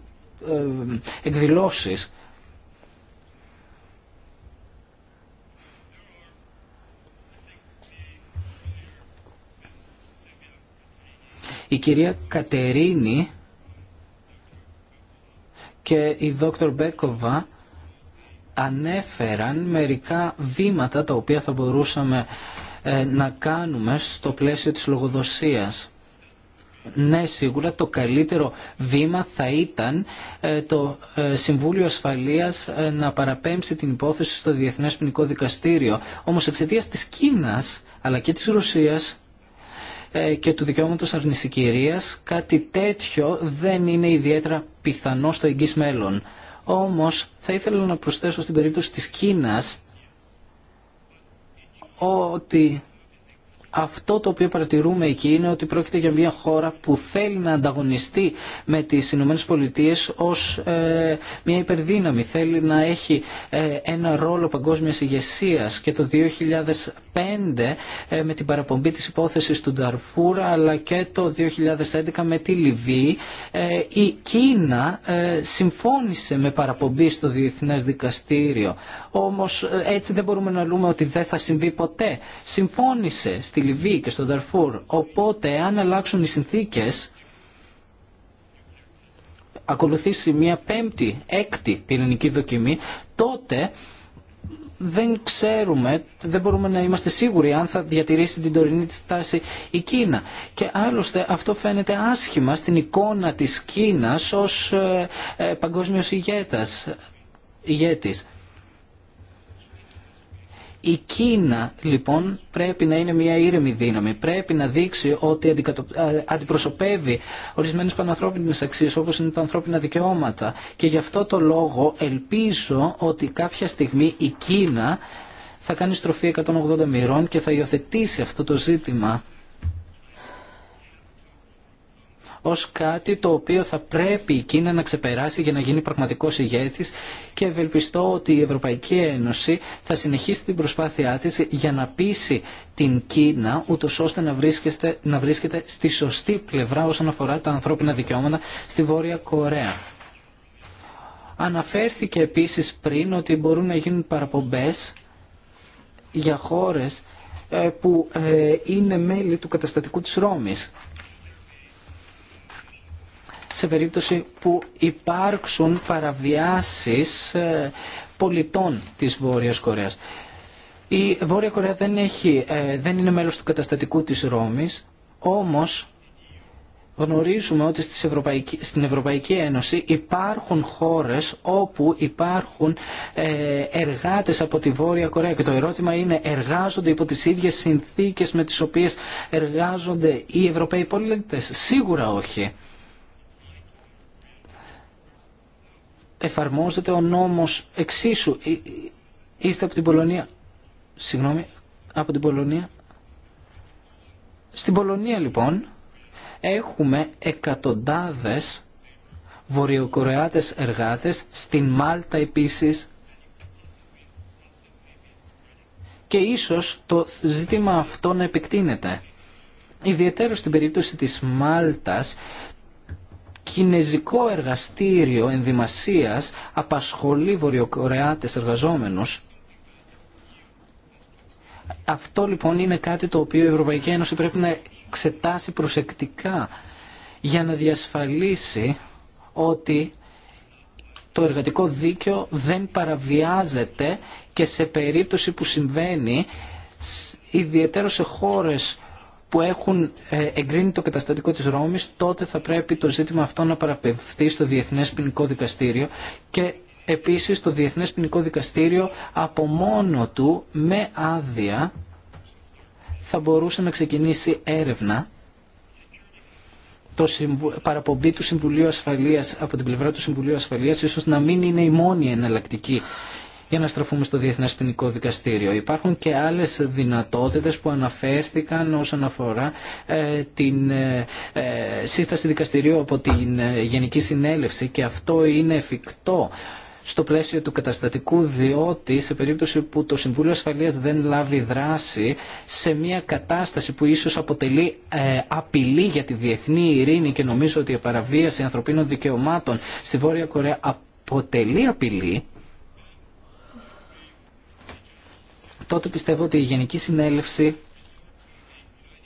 εκδηλώσεις η κυρία Κατερίνη και η δόκτωρ Μπέκοβα ανέφεραν μερικά βήματα τα οποία θα μπορούσαμε ε, να κάνουμε στο πλαίσιο της λογοδοσίας. Ναι, σίγουρα το καλύτερο βήμα θα ήταν ε, το ε, Συμβούλιο Ασφαλείας να παραπέμψει την υπόθεση στο Διεθνές Ποινικό Δικαστήριο. Όμως εξαιτίας της Κίνας αλλά και της Ρωσίας ε, και του δικαιώματος αρνησικηρίας, κάτι τέτοιο δεν είναι ιδιαίτερα πιθανό στο εγγύς μέλλον. Όμως θα ήθελα να προσθέσω στην περίπτωση της Κίνας ότι αυτό το οποίο παρατηρούμε εκεί είναι ότι πρόκειται για μια χώρα που θέλει να ανταγωνιστεί με τις Ηνωμένες Πολιτείες ως ε, μια υπερδύναμη. Θέλει να έχει ε, ένα ρόλο παγκόσμιας ηγεσία και το ε, με την παραπομπή της υπόθεσης του Νταρφούρ αλλά και το 2011 με τη Λιβύη ε, η Κίνα ε, συμφώνησε με παραπομπή στο Διεθνές Δικαστήριο όμως έτσι δεν μπορούμε να λούμε ότι δεν θα συμβεί ποτέ συμφώνησε στη Λιβύη και στο Νταρφούρ οπότε αν αλλάξουν οι συνθήκες ακολουθήσει μια πέμπτη, έκτη πυρηνική δοκιμή τότε δεν ξέρουμε, δεν μπορούμε να είμαστε σίγουροι αν θα διατηρήσει την τωρινή της τάση η Κίνα. Και άλλωστε αυτό φαίνεται άσχημα στην εικόνα της Κίνας ως ε, ε, παγκόσμιος ηγέτας, ηγέτης. Η Κίνα λοιπόν πρέπει να είναι μια ήρεμη δύναμη. Πρέπει να δείξει ότι αντιπροσωπεύει ορισμένε πανανθρώπινες αξίες όπως είναι τα ανθρώπινα δικαιώματα. Και γι' αυτό το λόγο ελπίζω ότι κάποια στιγμή η Κίνα θα κάνει στροφή 180 μοιρών και θα υιοθετήσει αυτό το ζήτημα ως κάτι το οποίο θα πρέπει η Κίνα να ξεπεράσει για να γίνει πραγματικός ηγέτης και ευελπιστώ ότι η Ευρωπαϊκή Ένωση θα συνεχίσει την προσπάθειά της για να πείσει την Κίνα ούτω ώστε να βρίσκεται, να βρίσκεται στη σωστή πλευρά όσον αφορά τα ανθρώπινα δικαιώματα στη Βόρεια Κορέα. Αναφέρθηκε επίσης πριν ότι μπορούν να γίνουν παραπομπές για χώρες ε, που ε, είναι μέλη του καταστατικού της Ρώμης σε περίπτωση που υπάρξουν παραβιάσεις ε, πολιτών της Βόρειας Κορέας. Η Βόρεια Κορέα δεν, έχει, ε, δεν είναι μέλος του καταστατικού της Ρώμης, όμως γνωρίζουμε ότι στην Ευρωπαϊκή Ένωση υπάρχουν χώρες όπου υπάρχουν ε, εργάτες από τη Βόρεια Κορέα και το ερώτημα είναι εργάζονται υπό τις ίδιες συνθήκες με τις οποίες εργάζονται οι Ευρωπαίοι πολίτες. Σίγουρα όχι. εφαρμόζεται ο νόμος εξίσου. Ε, ε, είστε από την Πολωνία. Συγγνώμη, από την Πολωνία. Στην Πολωνία λοιπόν έχουμε εκατοντάδες βορειοκορεάτες εργάτες, στην Μάλτα επίσης. Και ίσως το ζήτημα αυτό να επεκτείνεται. Ιδιαίτερα στην περίπτωση της Μάλτας κινέζικο εργαστήριο ενδυμασίας απασχολεί βορειοκορεάτες εργαζόμενους. Αυτό λοιπόν είναι κάτι το οποίο η Ευρωπαϊκή Ένωση πρέπει να εξετάσει προσεκτικά για να διασφαλίσει ότι το εργατικό δίκαιο δεν παραβιάζεται και σε περίπτωση που συμβαίνει ιδιαίτερο σε χώρες που έχουν ε, εγκρίνει το καταστατικό της Ρώμης, τότε θα πρέπει το ζήτημα αυτό να παραπευθεί στο Διεθνές Ποινικό Δικαστήριο και επίσης το Διεθνές Ποινικό Δικαστήριο από μόνο του με άδεια θα μπορούσε να ξεκινήσει έρευνα το παραπομπή του Συμβουλίου Ασφαλείας από την πλευρά του Συμβουλίου Ασφαλείας ίσως να μην είναι η μόνη εναλλακτική για να στραφούμε στο Διεθνές Ποινικό Δικαστήριο. Υπάρχουν και άλλες δυνατότητες που αναφέρθηκαν όσον αφορά ε, την ε, ε, σύσταση δικαστηρίου από την Γενική Συνέλευση και αυτό είναι εφικτό στο πλαίσιο του καταστατικού διότι σε περίπτωση που το Συμβούλιο Ασφαλείας δεν λάβει δράση σε μια κατάσταση που ίσως αποτελεί απειλή για τη διεθνή ειρήνη και νομίζω ότι η παραβίαση ανθρωπίνων δικαιωμάτων στη Βόρεια Κορέα αποτελεί απειλή τότε πιστεύω ότι η Γενική Συνέλευση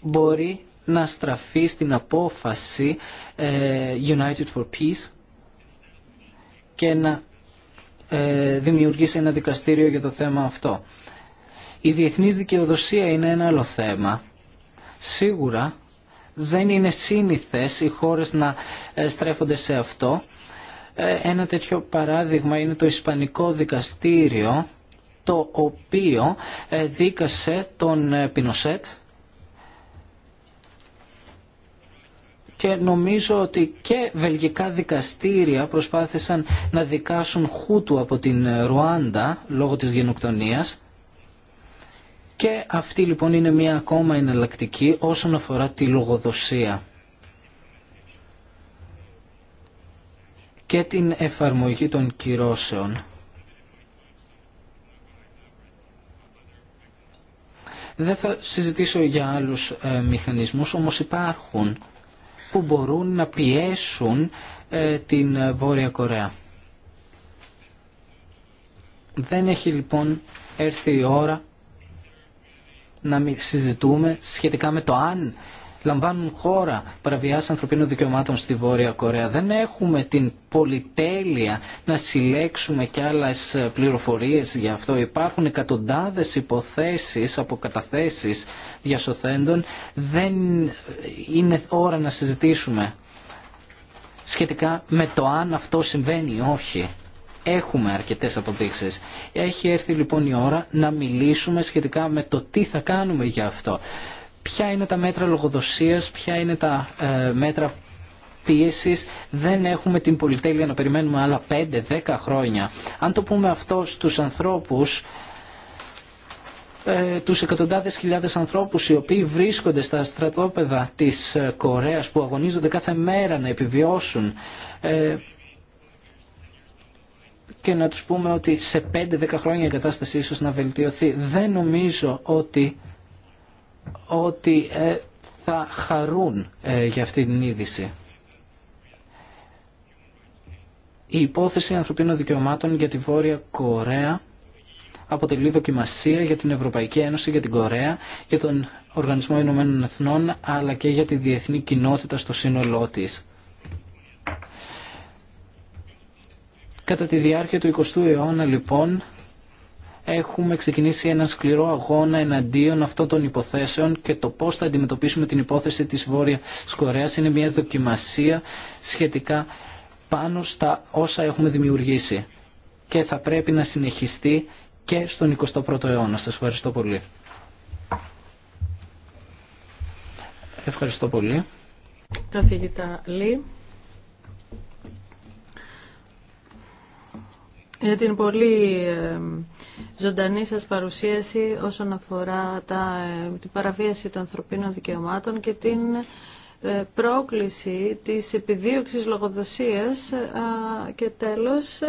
μπορεί να στραφεί στην απόφαση ε, United for Peace και να ε, δημιουργήσει ένα δικαστήριο για το θέμα αυτό. Η διεθνής δικαιοδοσία είναι ένα άλλο θέμα. Σίγουρα δεν είναι σύνηθες οι χώρες να ε, στρέφονται σε αυτό. Ένα τέτοιο παράδειγμα είναι το Ισπανικό Δικαστήριο το οποίο ε, δίκασε τον ε, Πινοσέτ και νομίζω ότι και βελγικά δικαστήρια προσπάθησαν να δικάσουν Χούτου από την ε, Ρουάντα λόγω της γενοκτονίας και αυτή λοιπόν είναι μια ακόμα εναλλακτική όσον αφορά τη λογοδοσία και την εφαρμογή των κυρώσεων. Δεν θα συζητήσω για άλλους ε, μηχανισμούς, όμως υπάρχουν που μπορούν να πιέσουν ε, την ε, Βόρεια Κορέα. Δεν έχει λοιπόν έρθει η ώρα να μην συζητούμε σχετικά με το αν λαμβάνουν χώρα παραβιάσει ανθρωπίνων δικαιωμάτων στη Βόρεια Κορέα. Δεν έχουμε την πολυτέλεια να συλλέξουμε κι άλλες πληροφορίες γι' αυτό. Υπάρχουν εκατοντάδε υποθέσεις από καταθέσεις διασωθέντων. Δεν είναι ώρα να συζητήσουμε σχετικά με το αν αυτό συμβαίνει ή όχι. Έχουμε αρκετές αποδείξεις. Έχει έρθει λοιπόν η ώρα να μιλήσουμε σχετικά με το τι θα κάνουμε για αυτό ποια είναι τα μέτρα λογοδοσίας, ποια είναι τα ε, μέτρα πίεσης. Δεν έχουμε την πολυτέλεια να περιμένουμε άλλα 5-10 χρόνια. Αν το πούμε αυτό στους ανθρώπους, ε, τους εκατοντάδες χιλιάδες ανθρώπους οι οποίοι βρίσκονται στα στρατόπεδα της ε, Κορέας που αγωνίζονται κάθε μέρα να επιβιώσουν ε, και να τους πούμε ότι σε 5-10 χρόνια η κατάσταση ίσως να βελτιωθεί. Δεν νομίζω ότι ότι ε, θα χαρούν ε, για αυτή την είδηση. Η υπόθεση ανθρωπίνων δικαιωμάτων για τη Βόρεια Κορέα αποτελεί δοκιμασία για την Ευρωπαϊκή Ένωση, για την Κορέα, για τον Οργανισμό Ηνωμένων Εθνών, αλλά και για τη διεθνή κοινότητα στο σύνολό της. Κατά τη διάρκεια του 20ου αιώνα, λοιπόν, έχουμε ξεκινήσει ένα σκληρό αγώνα εναντίον αυτών των υποθέσεων και το πώς θα αντιμετωπίσουμε την υπόθεση της Βόρειας Κορέας είναι μια δοκιμασία σχετικά πάνω στα όσα έχουμε δημιουργήσει και θα πρέπει να συνεχιστεί και στον 21ο αιώνα. Σας ευχαριστώ πολύ. Ευχαριστώ πολύ. Καθηγητά Λί. για την πολύ ζωντανή σας παρουσίαση όσον αφορά τα, ε, την παραβίαση των ανθρωπίνων δικαιωμάτων και την ε, πρόκληση της επιδίωξης λογοδοσίας ε, και τέλος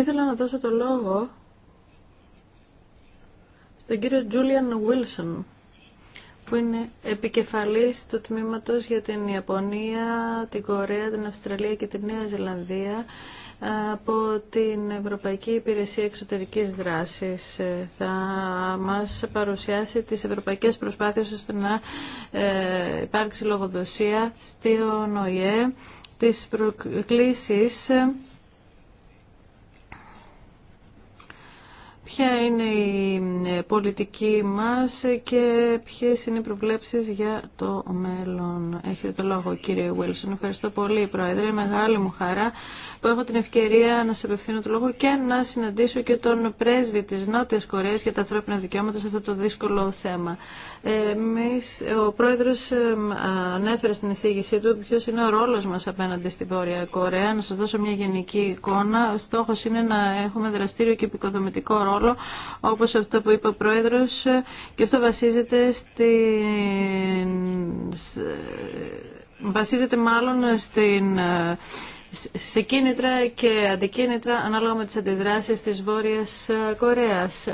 ήθελα να δώσω το λόγο στον κύριο Τζούλιαν Βίλσον που είναι επικεφαλής του τμήματος για την Ιαπωνία, την Κορέα, την Αυστραλία και την Νέα Ζηλανδία ε, από την Ευρωπαϊκή Υπηρεσία Εξωτερικής Δράσης. Ε, θα μας παρουσιάσει τις ευρωπαϊκές προσπάθειες ώστε να ε, υπάρξει λογοδοσία στη ΟΝΟΙΕ, τις προκλήσεις ποια είναι η ε, πολιτική μας και ποιες είναι οι προβλέψεις για το μέλλον. Έχετε το λόγο κύριε Βίλσον. Ευχαριστώ πολύ Πρόεδρε. Μεγάλη μου χαρά που έχω την ευκαιρία να σε απευθύνω το λόγο και να συναντήσω και τον πρέσβη της Νότιας Κορέας για τα ανθρώπινα δικαιώματα σε αυτό το δύσκολο θέμα. Εμείς, ο Πρόεδρος ε, ανέφερε στην εισήγησή του ποιος είναι ο ρόλος μας απέναντι στη Βόρεια Κορέα. Να σας δώσω μια γενική εικόνα. Ο στόχος είναι να έχουμε δραστήριο και επικοδομητικό ρόλο όπως αυτό που είπε ο Πρόεδρος, και αυτό βασίζεται στην... βασίζεται μάλλον στην σε κίνητρα και αντικίνητρα ανάλογα με τις αντιδράσεις της Βόρειας Κορέας.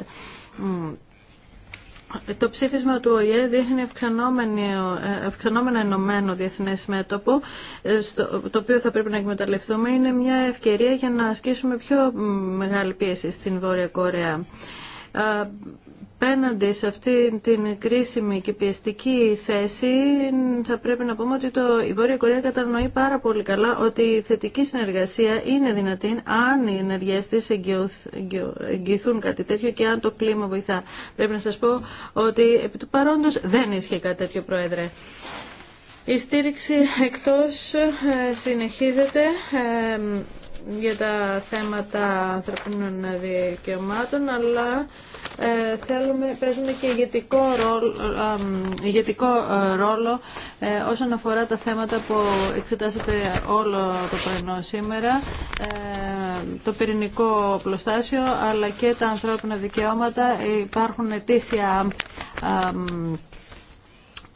Το ψήφισμα του ΟΗΕ δείχνει αυξανόμενο ενωμένο διεθνέ μέτωπο, ε, το οποίο θα πρέπει να εκμεταλλευτούμε. Είναι μια ευκαιρία για να ασκήσουμε πιο μεγάλη πίεση στην Βόρεια Κορέα απέναντι σε αυτή την κρίσιμη και πιεστική θέση θα πρέπει να πούμε ότι το, η Βόρεια Κορέα κατανοεί πάρα πολύ καλά ότι η θετική συνεργασία είναι δυνατή αν οι ενεργές της εγγυηθούν κάτι τέτοιο και αν το κλίμα βοηθά. Πρέπει να σας πω ότι επί του παρόντος δεν ίσχυε κάτι τέτοιο Πρόεδρε. Η στήριξη εκτός ε, συνεχίζεται ε, για τα θέματα ανθρωπίνων δικαιωμάτων, αλλά ε, θέλουμε, παίζουμε και ηγετικό ρόλο, ε, ρόλο ε, όσον αφορά τα θέματα που εξετάσατε όλο το πρωινό σήμερα, ε, το πυρηνικό πλωστάσιο, αλλά και τα ανθρώπινα δικαιώματα. Υπάρχουν ε,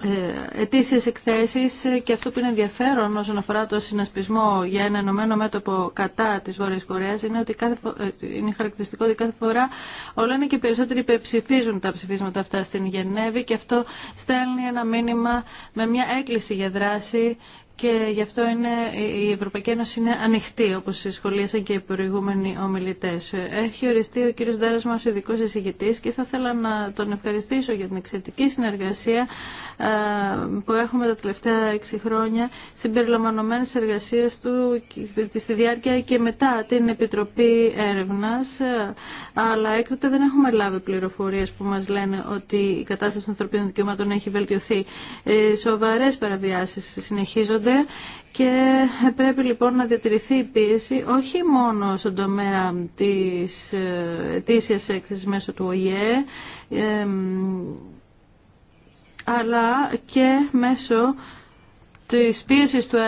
ε, ετήσιες εκθέσεις ε, και αυτό που είναι ενδιαφέρον όσον αφορά το συνασπισμό για ένα ενωμένο μέτωπο κατά της Βόρειας Κορέας είναι ότι κάθε ε, είναι χαρακτηριστικό ότι κάθε φορά όλο είναι και περισσότεροι υπεψηφίζουν τα ψηφίσματα αυτά στην Γενέβη και αυτό στέλνει ένα μήνυμα με μια έκκληση για δράση και γι' αυτό είναι, η Ευρωπαϊκή Ένωση είναι ανοιχτή, όπω σχολίασαν και οι προηγούμενοι ομιλητέ. Έχει οριστεί ο κύριο Δέρα μα ο ειδικός εισηγητής και θα ήθελα να τον ευχαριστήσω για την εξαιρετική συνεργασία ε, που έχουμε τα τελευταία έξι χρόνια συμπεριλαμβανομένη εργασία του στη διάρκεια και μετά την Επιτροπή έρευνα, Αλλά έκτοτε δεν έχουμε λάβει πληροφορίε που μα λένε ότι η κατάσταση των ανθρωπίνων δικαιωμάτων έχει βελτιωθεί. Ε, Σοβαρέ παραβιάσει συνεχίζονται και πρέπει λοιπόν να διατηρηθεί η πίεση όχι μόνο στον τομέα της ε, ετήσιας έκθεσης μέσω του ΟΙΕ αλλά και μέσω της πίεσης του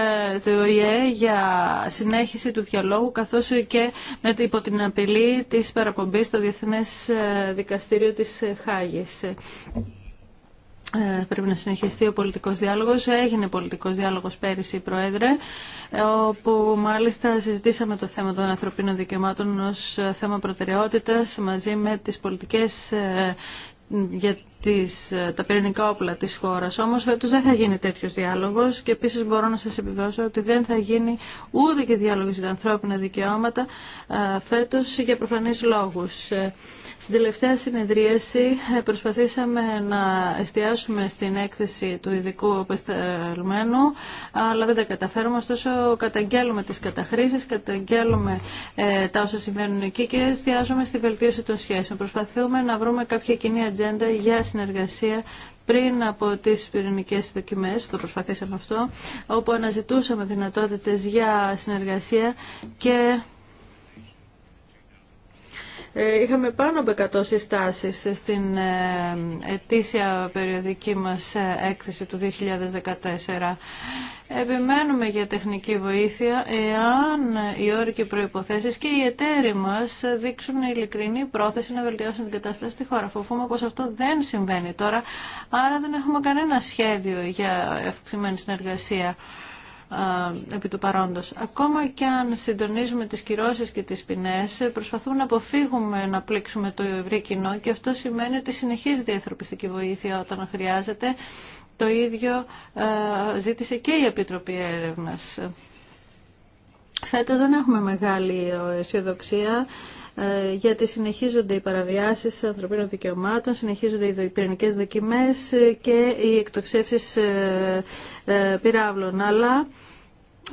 ΟΙΕ για συνέχιση του διαλόγου καθώς και με, υπό την απειλή της παραπομπής στο Διεθνές ε, Δικαστήριο της Χάγης. Ε, πρέπει να συνεχιστεί ο πολιτικός διάλογος. Έγινε πολιτικός διάλογος πέρυσι, Πρόεδρε, όπου μάλιστα συζητήσαμε το θέμα των ανθρωπίνων δικαιωμάτων ως θέμα προτεραιότητας μαζί με τις πολιτικές ε, για τις, ε, τα πυρηνικά όπλα της χώρας. Όμως φέτος δεν θα γίνει τέτοιος διάλογος και επίσης μπορώ να σας επιβεβαιώσω ότι δεν θα γίνει ούτε και διάλογος για τα ανθρώπινα δικαιώματα ε, φέτος για προφανείς λόγους. Ε, στην τελευταία συνεδρίαση προσπαθήσαμε να εστιάσουμε στην έκθεση του ειδικού απεσταλμένου, αλλά δεν τα καταφέρουμε. Ωστόσο, καταγγέλουμε τις καταχρήσεις, καταγγέλουμε τα όσα συμβαίνουν εκεί και εστιάζουμε στη βελτίωση των σχέσεων. Προσπαθούμε να βρούμε κάποια κοινή ατζέντα για συνεργασία πριν από τις πυρηνικές δοκιμές, το προσπαθήσαμε αυτό, όπου αναζητούσαμε δυνατότητες για συνεργασία και ε, είχαμε πάνω από 100 συστάσεις στην ε, ετήσια περιοδική μας ε, έκθεση του 2014. Επιμένουμε για τεχνική βοήθεια εάν οι όροι και προϋποθέσεις και οι εταίροι μας δείξουν ειλικρινή πρόθεση να βελτιώσουν την κατάσταση στη χώρα. Φοβούμαι πως αυτό δεν συμβαίνει τώρα, άρα δεν έχουμε κανένα σχέδιο για αυξημένη συνεργασία επί του παρόντος. Ακόμα και αν συντονίζουμε τις κυρώσεις και τις ποινές, προσπαθούμε να αποφύγουμε να πλήξουμε το ευρύ κοινό και αυτό σημαίνει ότι συνεχίζει η ανθρωπιστική βοήθεια όταν χρειάζεται. Το ίδιο ζήτησε και η Επιτροπή Έρευνας. Φέτος δεν έχουμε μεγάλη αισιοδοξία. Ε, γιατί συνεχίζονται οι παραβιάσεις ανθρωπίνων δικαιωμάτων, συνεχίζονται οι πυρηνικές δοκιμές ε, και οι εκτοξεύσεις ε, πυράβλων. Αλλά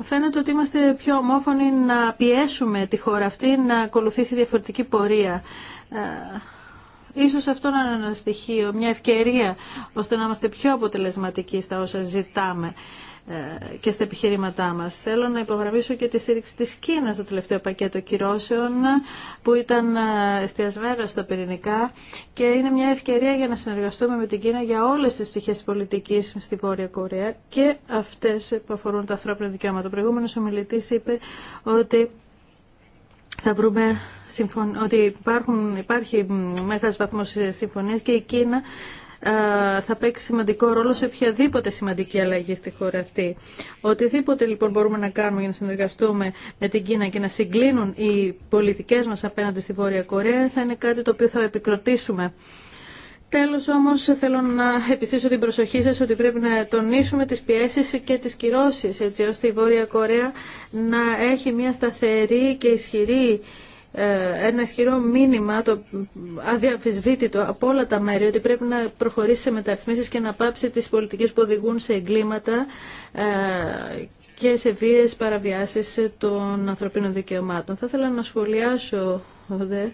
φαίνεται ότι είμαστε πιο ομόφωνοι να πιέσουμε τη χώρα αυτή να ακολουθήσει διαφορετική πορεία. Ίσως αυτό να είναι ένα στοιχείο, μια ευκαιρία, ώστε να είμαστε πιο αποτελεσματικοί στα όσα ζητάμε. Ε, και στα επιχειρήματά μας. Θέλω να υπογραμμίσω και τη στήριξη τη Κίνα στο τελευταίο πακέτο κυρώσεων που ήταν ε, εστιασμένο στα πυρηνικά και είναι μια ευκαιρία για να συνεργαστούμε με την Κίνα για όλες τις πτυχέ πολιτική στη Βόρεια Κορέα και αυτές που αφορούν τα ανθρώπινα δικαιώματα. Ο προηγούμενο ομιλητή είπε ότι θα βρούμε ότι υπάρχουν, υπάρχει μέχρι βαθμό συμφωνίας και η Κίνα θα παίξει σημαντικό ρόλο σε οποιαδήποτε σημαντική αλλαγή στη χώρα αυτή. Οτιδήποτε λοιπόν μπορούμε να κάνουμε για να συνεργαστούμε με την Κίνα και να συγκλίνουν οι πολιτικές μας απέναντι στη Βόρεια Κορέα θα είναι κάτι το οποίο θα επικροτήσουμε. Τέλος όμως θέλω να επιστήσω την προσοχή σας ότι πρέπει να τονίσουμε τις πιέσεις και τις κυρώσεις έτσι ώστε η Βόρεια Κορέα να έχει μια σταθερή και ισχυρή ε, ένα ισχυρό μήνυμα το αδιαφυσβήτητο από όλα τα μέρη ότι πρέπει να προχωρήσει σε μεταρρυθμίσεις και να πάψει τις πολιτικές που οδηγούν σε εγκλήματα ε, και σε βίες παραβιάσεις των ανθρωπίνων δικαιωμάτων. Θα ήθελα να σχολιάσω δε,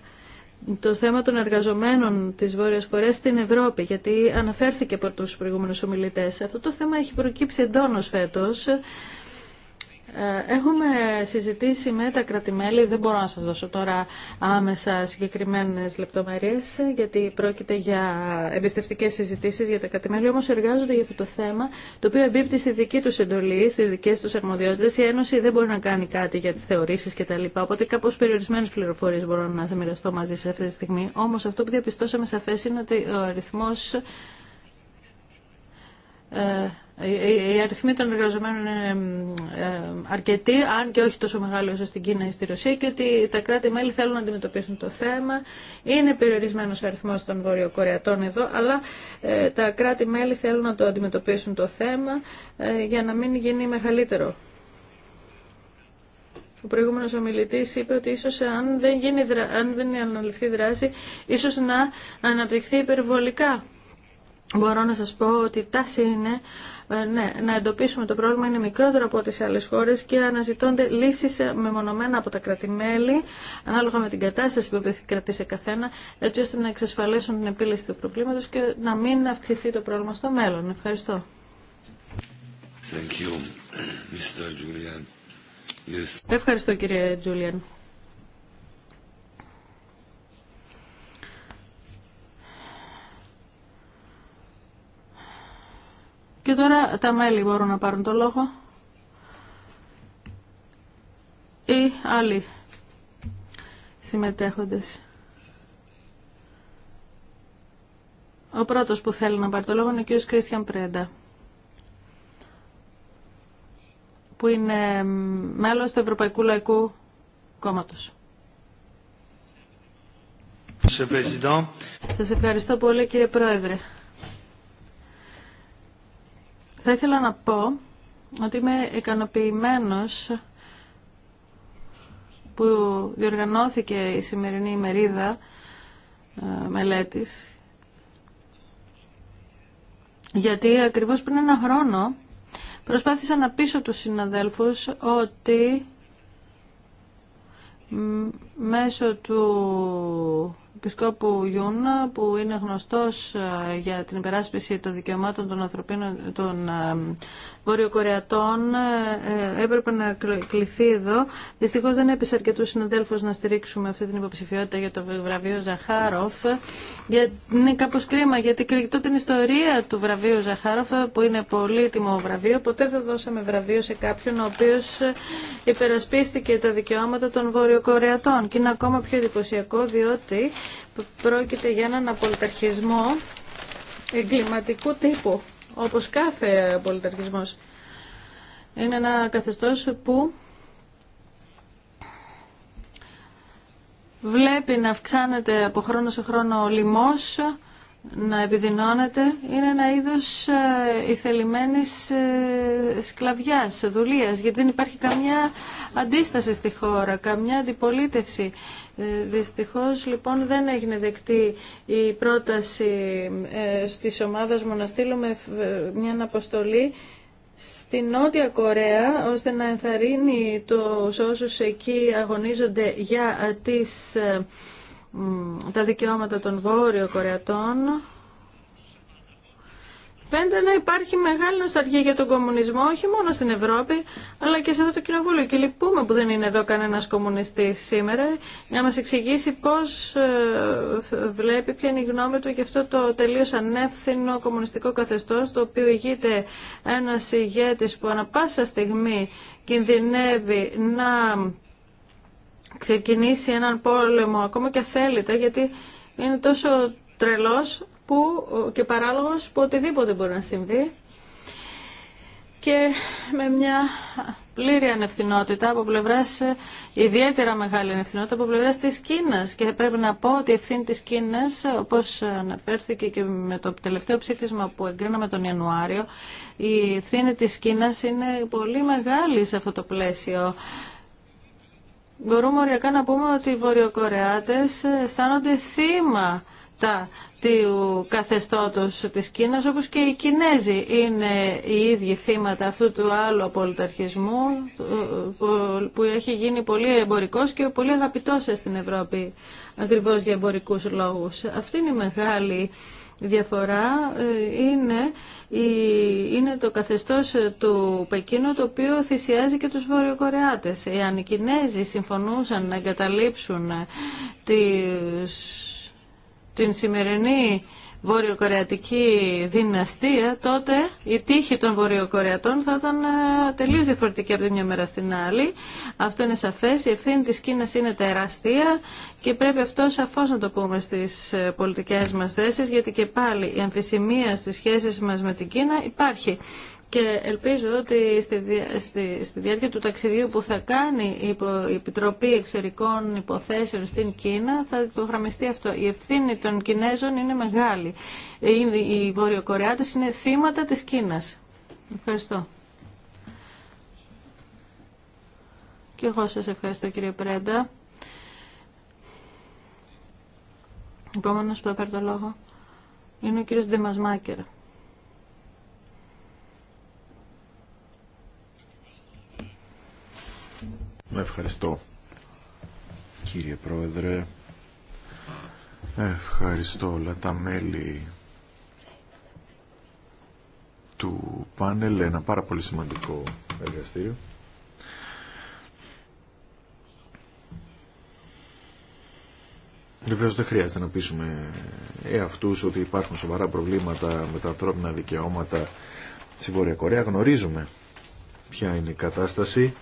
το θέμα των εργαζομένων της Βόρειας Κορέας στην Ευρώπη, γιατί αναφέρθηκε από τους προηγούμενους ομιλητές. Αυτό το θέμα έχει προκύψει εντόνως φέτος ε, έχουμε συζητήσει με τα κρατημέλη, δεν μπορώ να σας δώσω τώρα άμεσα συγκεκριμένες λεπτομέρειες, γιατί πρόκειται για εμπιστευτικές συζητήσεις για τα κρατημέλη, όμως εργάζονται για αυτό το θέμα, το οποίο εμπίπτει στη δική τους εντολή, στις δικές τους αρμοδιότητες. Η Ένωση δεν μπορεί να κάνει κάτι για τις θεωρήσεις κτλ. Οπότε κάπως περιορισμένες πληροφορίες μπορώ να σε μοιραστώ μαζί σε αυτή τη στιγμή. Όμως αυτό που διαπιστώσαμε σαφές είναι ότι ο αριθμός... Ε, οι αριθμοί των εργαζομένων είναι αρκετοί, αν και όχι τόσο μεγάλοι όσο στην Κίνα ή στη Ρωσία, και ότι τα κράτη-μέλη θέλουν να αντιμετωπίσουν το θέμα. Είναι περιορισμένο ο αριθμό των Βορειοκορεατών εδώ, αλλά ε, τα κράτη-μέλη θέλουν να το αντιμετωπίσουν το θέμα ε, για να μην γίνει μεγαλύτερο. Ο προηγούμενο ομιλητή είπε ότι ίσω αν, δεν δράση, ίσω να αναπτυχθεί υπερβολικά Μπορώ να σας πω ότι η τάση είναι ε, ναι, να εντοπίσουμε το πρόβλημα είναι μικρότερο από ό,τι σε άλλες χώρες και αναζητώνται λύσεις ε, μεμονωμένα από τα κρατημέλη, ανάλογα με την κατάσταση που επικρατεί σε καθένα, έτσι ώστε να εξασφαλίσουν την επίλυση του προβλήματος και να μην αυξηθεί το πρόβλημα στο μέλλον. Ευχαριστώ. Ευχαριστώ κύριε Τζούλιαν. Και τώρα τα μέλη μπορούν να πάρουν το λόγο. Ή άλλοι συμμετέχοντες. Ο πρώτος που θέλει να πάρει το λόγο είναι ο κύριος Κρίστιαν Πρέντα που είναι μέλος του Ευρωπαϊκού Λαϊκού Κόμματος. Σας ευχαριστώ πολύ κύριε Πρόεδρε. Θα ήθελα να πω ότι είμαι ικανοποιημένος που διοργανώθηκε η σημερινή ημερίδα ε, μελέτης γιατί ακριβώς πριν ένα χρόνο προσπάθησα να πείσω τους συναδέλφους ότι μέσω του Επισκόπου Γιούνα που είναι γνωστός ε, για την υπεράσπιση των δικαιωμάτων των, ανθρωπίνων, ε, Βορειοκορεατών ε, ε, έπρεπε να κληθεί εδώ. Δυστυχώ δεν έπεισε αρκετού συναδέλφου να στηρίξουμε αυτή την υποψηφιότητα για το βραβείο Ζαχάροφ. Είναι κάπω κρίμα γιατί κριτώ την ιστορία του βραβείου Ζαχάροφ που είναι πολύτιμο βραβείο. Ποτέ δεν δώσαμε βραβείο σε κάποιον ο οποίο υπερασπίστηκε τα δικαιώματα των Βορειοκορεατών. Και είναι ακόμα πιο εντυπωσιακό διότι πρόκειται για έναν απολυταρχισμό εγκληματικού τύπου όπως κάθε πολιταρχισμός. Είναι ένα καθεστώς που βλέπει να αυξάνεται από χρόνο σε χρόνο ο λοιμός, να επιδεινώνεται είναι ένα είδος ε, ηθελημένης ε, σκλαβιάς, δουλείας, γιατί δεν υπάρχει καμιά αντίσταση στη χώρα, καμιά αντιπολίτευση. Ε, δυστυχώς λοιπόν δεν έγινε δεκτή η πρόταση στις ομάδες μου να στείλουμε μια αποστολή στην Νότια Κορέα ώστε να ενθαρρύνει τους όσους εκεί αγωνίζονται για τις τα δικαιώματα των Βόρειο Κορεατών Φαίνεται να υπάρχει μεγάλη νοσταργία για τον κομμουνισμό, όχι μόνο στην Ευρώπη, αλλά και σε αυτό το κοινοβούλιο. Και λυπούμε που δεν είναι εδώ κανένα κομμουνιστή σήμερα για να μα εξηγήσει πώ ε, βλέπει, ποια είναι η γνώμη του για αυτό το τελείω ανεύθυνο κομμουνιστικό καθεστώ, το οποίο ηγείται ένα ηγέτη που ανα πάσα στιγμή κινδυνεύει να ξεκινήσει έναν πόλεμο ακόμα και θέλετε γιατί είναι τόσο τρελός που, και παράλογος που οτιδήποτε μπορεί να συμβεί και με μια πλήρη ανευθυνότητα από πλευράς, ιδιαίτερα μεγάλη ανευθυνότητα από πλευράς της Κίνας. Και πρέπει να πω ότι η ευθύνη της Κίνας, όπως αναφέρθηκε και με το τελευταίο ψήφισμα που εγκρίναμε τον Ιανουάριο, η ευθύνη της Κίνας είναι πολύ μεγάλη σε αυτό το πλαίσιο μπορούμε οριακά να πούμε ότι οι Βορειοκορεάτες αισθάνονται θύμα τα του καθεστώτος της Κίνας, όπως και οι Κινέζοι είναι οι ίδιοι θύματα αυτού του άλλου απολυταρχισμού που έχει γίνει πολύ εμπορικός και πολύ αγαπητός στην Ευρώπη ακριβώς για εμπορικούς λόγους. Αυτή είναι η μεγάλη ε, η διαφορά είναι, είναι το καθεστώς ε, του Πεκίνου το οποίο θυσιάζει και τους Βορειοκορεάτες. Εάν οι Κινέζοι συμφωνούσαν να εγκαταλείψουν ε, την σημερινή βορειοκορεατική δυναστεία, τότε η τύχη των βορειοκορεατών θα ήταν ε, τελείως διαφορετική από τη μια μέρα στην άλλη. Αυτό είναι σαφές. Η ευθύνη της Κίνας είναι τεράστια και πρέπει αυτό σαφώς να το πούμε στις ε, πολιτικές μας θέσεις, γιατί και πάλι η αμφισημία στις σχέσεις μας με την Κίνα υπάρχει και ελπίζω ότι στη, διάρκεια του ταξιδιού που θα κάνει η, Επιτροπή Εξωτερικών Υποθέσεων στην Κίνα θα υπογραμμιστεί αυτό. Η ευθύνη των Κινέζων είναι μεγάλη. Οι, οι Βορειοκορεάτες είναι θύματα της Κίνας. Ευχαριστώ. Και εγώ σας ευχαριστώ κύριε Πρέντα. Επόμενος που θα πάρει το λόγο είναι ο κύριος Ντεμασμάκερ. Ναι, ευχαριστώ κύριε Πρόεδρε. Ευχαριστώ όλα τα μέλη του πάνελ. Ένα πάρα πολύ σημαντικό εργαστήριο. Βεβαίω δεν χρειάζεται να πείσουμε εαυτούς ότι υπάρχουν σοβαρά προβλήματα με τα ανθρώπινα δικαιώματα στη Βόρεια Κορέα. Γνωρίζουμε ποια είναι η κατάσταση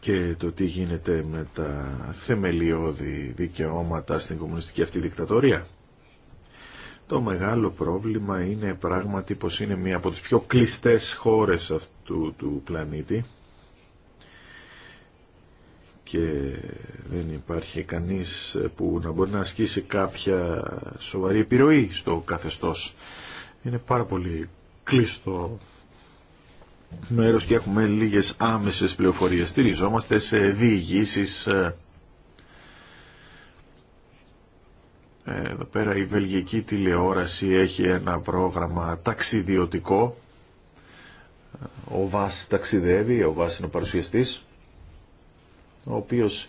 και το τι γίνεται με τα θεμελιώδη δικαιώματα στην κομμουνιστική αυτή δικτατορία. Το μεγάλο πρόβλημα είναι πράγματι πως είναι μία από τις πιο κλειστές χώρες αυτού του πλανήτη και δεν υπάρχει κανείς που να μπορεί να ασκήσει κάποια σοβαρή επιρροή στο καθεστώς. Είναι πάρα πολύ κλειστό μέρος και έχουμε λίγες άμεσες πληροφορίες. Στηριζόμαστε σε διηγήσεις. Ε, ε, εδώ πέρα η βελγική τηλεόραση έχει ένα πρόγραμμα ταξιδιωτικό. Ε, ο Βάς ταξιδεύει, ο Βάς είναι ο παρουσιαστής, ο οποίος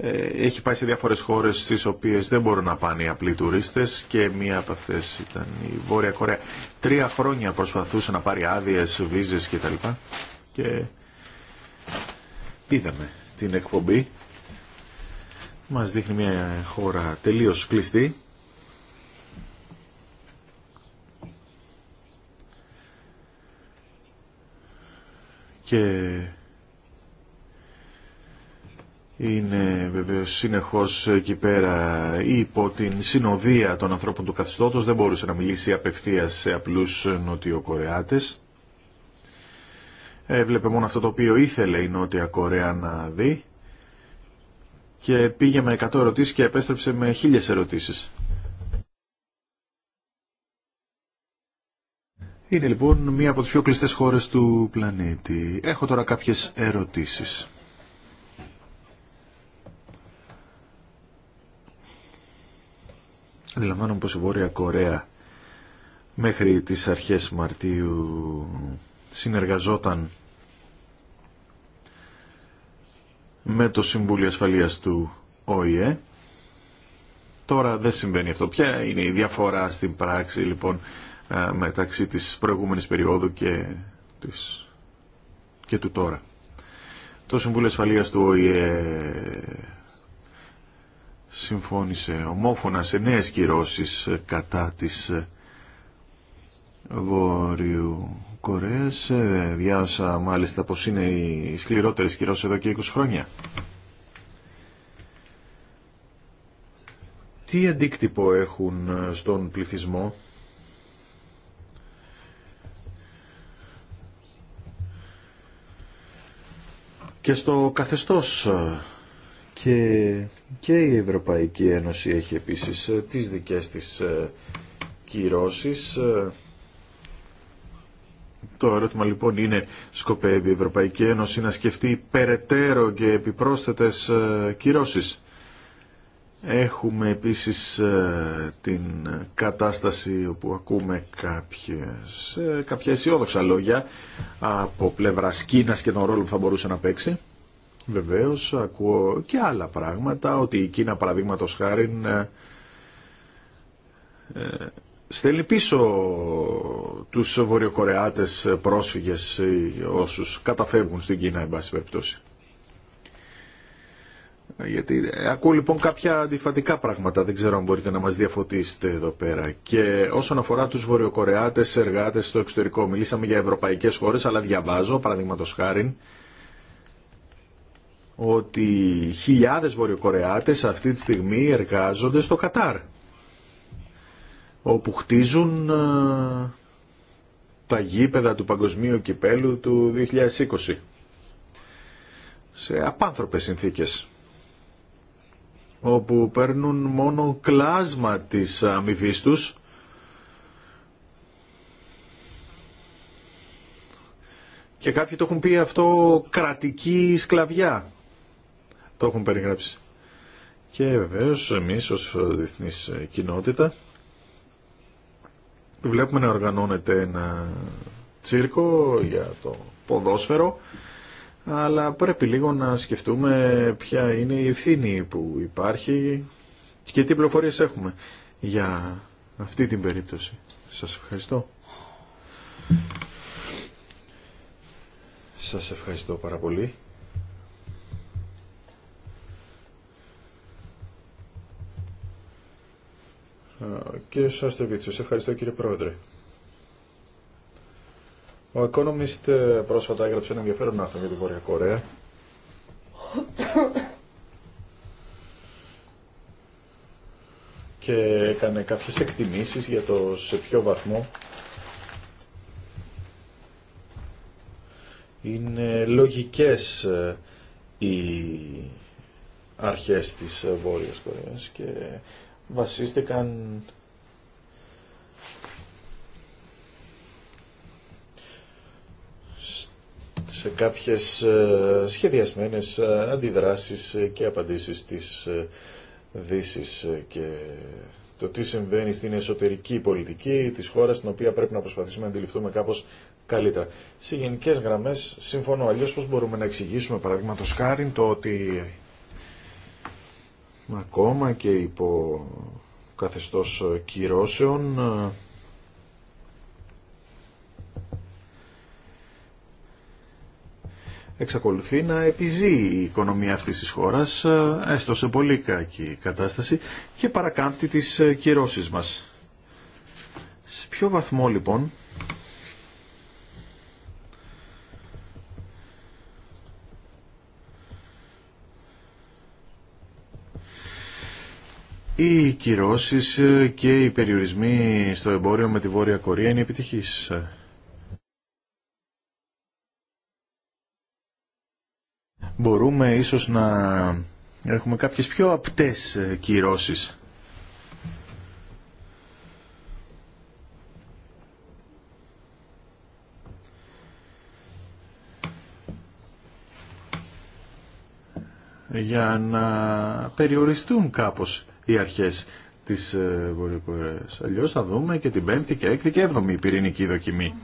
ε, έχει πάει σε διάφορες χώρες στις οποίες δεν μπορούν να πάνε οι απλοί τουρίστες και μία από αυτές ήταν η Βόρεια Κορέα. Τρία χρόνια προσπαθούσε να πάρει άδειε, βίζες κτλ. Και είδαμε την εκπομπή. Μας δείχνει μια χώρα τελείως κλειστή. Και είναι βεβαίω συνεχώ εκεί πέρα υπό την συνοδεία των ανθρώπων του καθιστότος. δεν μπορούσε να μιλήσει απευθεία σε απλούς Νοτιοκορεάτε. Έβλεπε ε, μόνο αυτό το οποίο ήθελε η Νότια Κορέα να δει και πήγε με 100 ερωτήσεις και επέστρεψε με 1000 ερωτήσεις. Είναι λοιπόν μία από τις πιο κλειστές χώρες του πλανήτη. Έχω τώρα κάποιες ερωτήσεις. Αντιλαμβάνομαι πως η Βόρεια Κορέα μέχρι τις αρχές Μαρτίου συνεργαζόταν με το Συμβούλιο Ασφαλείας του ΟΗΕ. Τώρα δεν συμβαίνει αυτό. Ποια είναι η διαφορά στην πράξη λοιπόν μεταξύ της προηγούμενης περίοδου και, και του τώρα. Το Συμβούλιο Ασφαλείας του ΟΗΕ συμφώνησε ομόφωνα σε νέες κυρώσεις κατά της ε, Βόρειου Κορέας. Ε, Διάσα, μάλιστα πως είναι οι σκληρότερες κυρώσεις εδώ και 20 χρόνια. Τι αντίκτυπο έχουν ε, στον πληθυσμό και στο καθεστώς και, και η Ευρωπαϊκή Ένωση έχει επίσης ε, τις δικές της ε, κυρώσεις. Ε, το ερώτημα λοιπόν είναι, σκοπεύει η Ευρωπαϊκή Ένωση να σκεφτεί περαιτέρω και επιπρόσθετες κυρώσεις. Έχουμε επίσης την κατάσταση όπου ακούμε κάποιες, κάποια αισιόδοξα λόγια από πλευρά Κίνας και τον ρόλο που θα μπορούσε να παίξει. Βεβαίω ακούω και άλλα πράγματα, ότι η Κίνα παραδείγματο χάρη ε, ε, στέλνει πίσω τους βορειοκορεάτες πρόσφυγες όσους καταφεύγουν στην Κίνα, εν Γιατί ε, ακούω λοιπόν κάποια αντιφατικά πράγματα, δεν ξέρω αν μπορείτε να μας διαφωτίσετε εδώ πέρα. Και όσον αφορά τους βορειοκορεάτες εργάτες στο εξωτερικό, μιλήσαμε για ευρωπαϊκές χώρες, αλλά διαβάζω, παραδείγματο χάρη, ότι χιλιάδες Βορειοκορεάτες αυτή τη στιγμή εργάζονται στο Κατάρ όπου χτίζουν ε, τα γήπεδα του Παγκοσμίου Κυπέλου του 2020 σε απάνθρωπες συνθήκες όπου παίρνουν μόνο κλάσμα της αμοιβή του. και κάποιοι το έχουν πει αυτό κρατική σκλαβιά το έχουν περιγράψει. Και βεβαίω εμείς ως διεθνής κοινότητα βλέπουμε να οργανώνεται ένα τσίρκο για το ποδόσφαιρο αλλά πρέπει λίγο να σκεφτούμε ποια είναι η ευθύνη που υπάρχει και τι πληροφορίε έχουμε για αυτή την περίπτωση. Σας ευχαριστώ. Σας ευχαριστώ πάρα πολύ. Κύριε Σάστρεβίτσος, ευχαριστώ κύριε Πρόεδρε. Ο Economist ε, πρόσφατα έγραψε ένα ενδιαφέρον άρθρο για την Βόρεια Κορέα. και έκανε κάποιες εκτιμήσεις για το σε ποιο βαθμό είναι λογικές ε, οι αρχές της Βόρειας Κορέας και βασίστηκαν σε κάποιες ε, σχεδιασμένες ε, αντιδράσεις και απαντήσεις της ε, Δύσης και το τι συμβαίνει στην εσωτερική πολιτική της χώρας την οποία πρέπει να προσπαθήσουμε να αντιληφθούμε κάπως καλύτερα. Σε γενικές γραμμές συμφωνώ αλλιώς πώς μπορούμε να εξηγήσουμε παραδείγματος χάρη το ότι ακόμα και υπό καθεστώς κυρώσεων ε, εξακολουθεί να επιζεί η οικονομία αυτής της χώρας, ε, έστω σε πολύ κακή κατάσταση και παρακάμπτει τις κυρώσεις μας. Σε ποιο βαθμό λοιπόν Οι κυρώσεις ε, και οι περιορισμοί στο εμπόριο με τη Βόρεια Κορία είναι επιτυχής. Μπορούμε ίσως να έχουμε κάποιες πιο απτές ε, κυρώσεις. για να περιοριστούν κάπως οι αρχές της ε, Βορειοκορέα. Αλλιώ Αλλιώς θα δούμε και την πέμπτη και έκτη και έβδομη πυρηνική δοκιμή.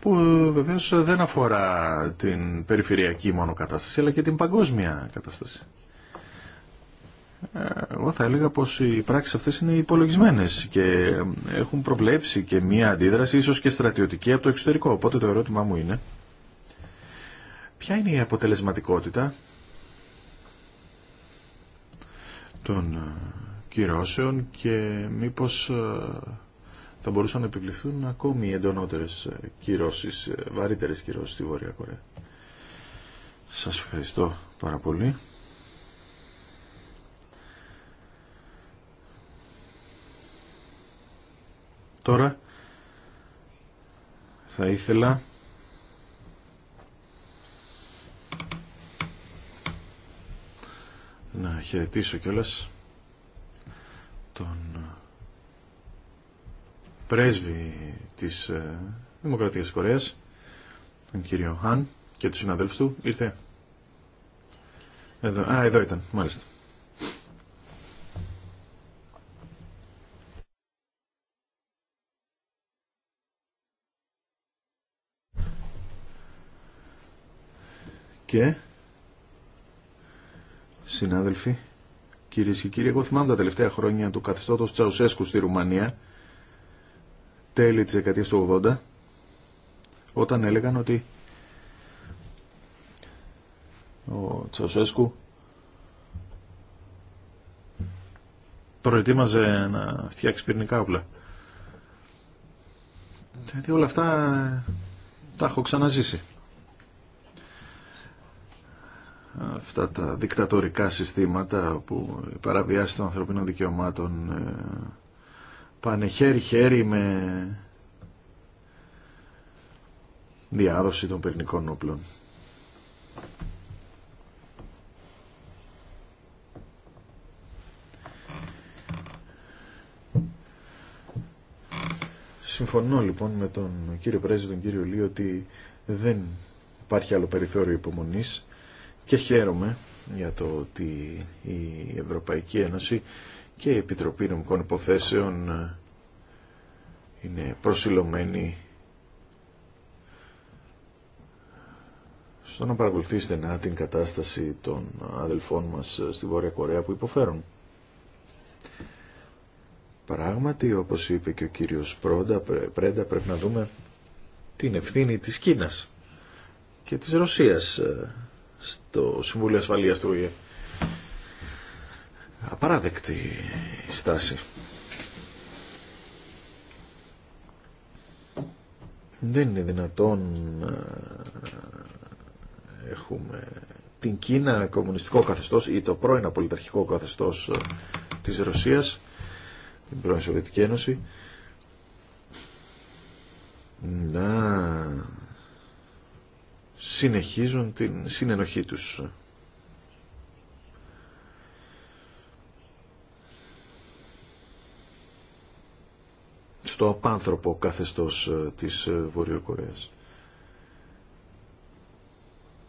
που βεβαίως δεν αφορά την περιφερειακή μόνο κατάσταση, αλλά και την παγκόσμια κατάσταση. Εγώ θα έλεγα πως οι πράξεις αυτές είναι υπολογισμένες και έχουν προβλέψει και μία αντίδραση, ίσως και στρατιωτική από το εξωτερικό. Οπότε το ερώτημά μου είναι, Ποια είναι η αποτελεσματικότητα των ε, κυρώσεων και μήπως ε, θα μπορούσαν να επιβληθούν ακόμη εντονότερες ε, κυρώσεις, βαρύτερες κυρώσεις στη Βόρεια Κορέα. Σας ευχαριστώ πάρα πολύ. Τώρα θα ήθελα να χαιρετήσω κιόλας τον ε, πρέσβη της ε, Δημοκρατίας της Κορέας, τον κύριο Χάν και τους συναδέλφους του. Ήρθε. Εδώ. Α, εδώ ήταν, μάλιστα. Και συνάδελφοι, κυρίε και κύριοι, εγώ θυμάμαι τα τελευταία χρόνια του καθεστώτο Τσαουσέσκου στη Ρουμανία, τέλη τη δεκαετία του 80, όταν έλεγαν ότι ο Τσαουσέσκου προετοίμαζε να φτιάξει πυρηνικά όπλα. Γιατί όλα αυτά τα έχω ξαναζήσει. αυτά τα δικτατορικά συστήματα που οι τα των ανθρωπίνων δικαιωμάτων ε, πάνε χέρι-χέρι με διάδοση των πυρηνικών όπλων. Συμφωνώ λοιπόν με τον κύριο Πρέζη, τον κύριο Λί, ότι δεν υπάρχει άλλο περιθώριο υπομονής και χαίρομαι για το ότι η Ευρωπαϊκή Ένωση και η Επιτροπή Νομικών Υποθέσεων ε, είναι προσιλωμένη στο να παρακολουθεί στενά την κατάσταση των αδελφών μας ε, στη Βόρεια Κορέα που υποφέρουν. Πράγματι, όπως είπε και ο κύριος Πρόντα, Πρέντα, πρέπει να δούμε την ευθύνη της Κίνας και της Ρωσίας ε, στο Συμβούλιο Ασφαλείας του ΟΗΕ. Απαράδεκτη στάση. Δεν είναι δυνατόν να ε, έχουμε την Κίνα κομμουνιστικό καθεστώς ή το πρώην απολυταρχικό καθεστώς ε, της Ρωσίας, την πρώην Σοβιετική Ένωση, να συνεχίζουν την συνενοχή τους. στο απάνθρωπο καθεστώς ε, της ε, Βορειοκορέας.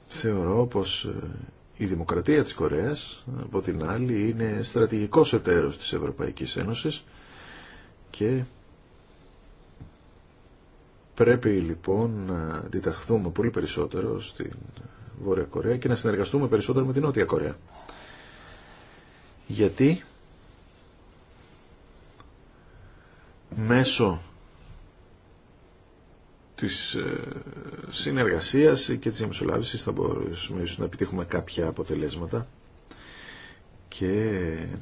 Θεωρώ πως ε, η δημοκρατία της Κορέας, από την άλλη, είναι στρατηγικός εταίρος της Ευρωπαϊκής Ένωσης και Πρέπει λοιπόν να αντιταχθούμε πολύ περισσότερο στην Βόρεια Κορέα και να συνεργαστούμε περισσότερο με την Νότια Κορέα. Γιατί μέσω της ε, συνεργασίας και της εμισολάβησης θα μπορούσαμε να επιτύχουμε κάποια αποτελέσματα και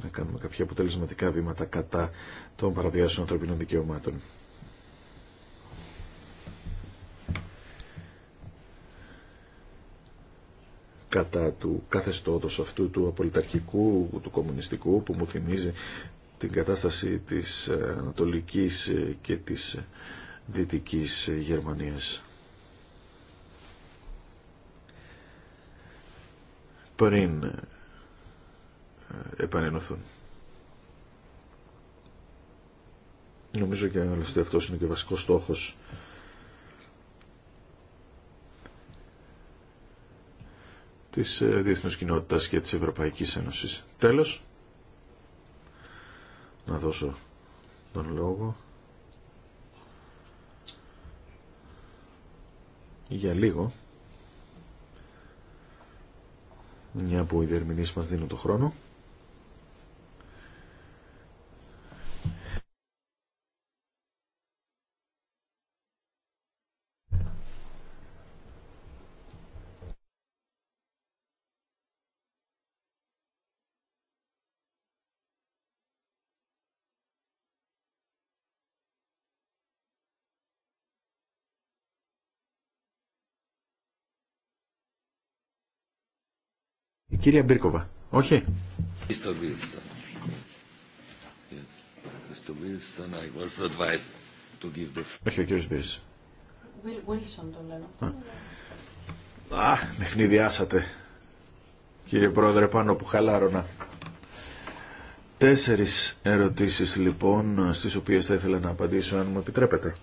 να κάνουμε κάποια αποτελεσματικά βήματα κατά των παραβιάσεων ανθρωπίνων δικαιωμάτων. κατά του καθεστώτος αυτού του απολυταρχικού, του κομμουνιστικού που μου θυμίζει την κατάσταση της ε, Ανατολικής ε, και της ε, Δυτικής Γερμανίας. Πριν επανενωθούν. Νομίζω και άλλωστε αυτός είναι και ο βασικός στόχος της ε, διεθνούς κοινότητας και της Ευρωπαϊκής Ένωσης. Τέλος, να δώσω τον λόγο για λίγο μια που οι διερμηνείς μας δίνουν το χρόνο κυρία Μπίρκοβα. Όχι. Όχι, ο κύριος Μπίρς. Α, με χνιδιάσατε. Κύριε Πρόεδρε, πάνω που χαλάρωνα. Τέσσερις ερωτήσεις λοιπόν, στις οποίες θα ήθελα να απαντήσω, αν μου επιτρέπετε.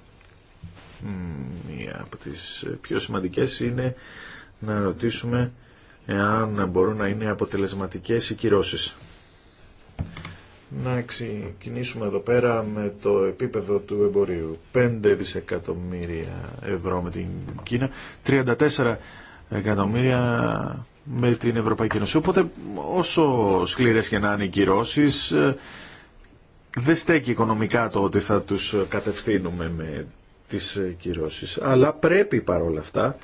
Μία από τις πιο σημαντικές είναι να ρωτήσουμε εάν μπορούν να είναι αποτελεσματικές οι κυρώσεις. Να ξεκινήσουμε εδώ πέρα με το επίπεδο του εμπορίου. 5 δισεκατομμύρια ευρώ με την Κίνα, 34 εκατομμύρια με την Ευρωπαϊκή Ένωση. Οπότε όσο σκληρές και να είναι οι κυρώσεις, δεν στέκει οικονομικά το ότι θα τους κατευθύνουμε με τις κυρώσεις. Αλλά πρέπει παρόλα αυτά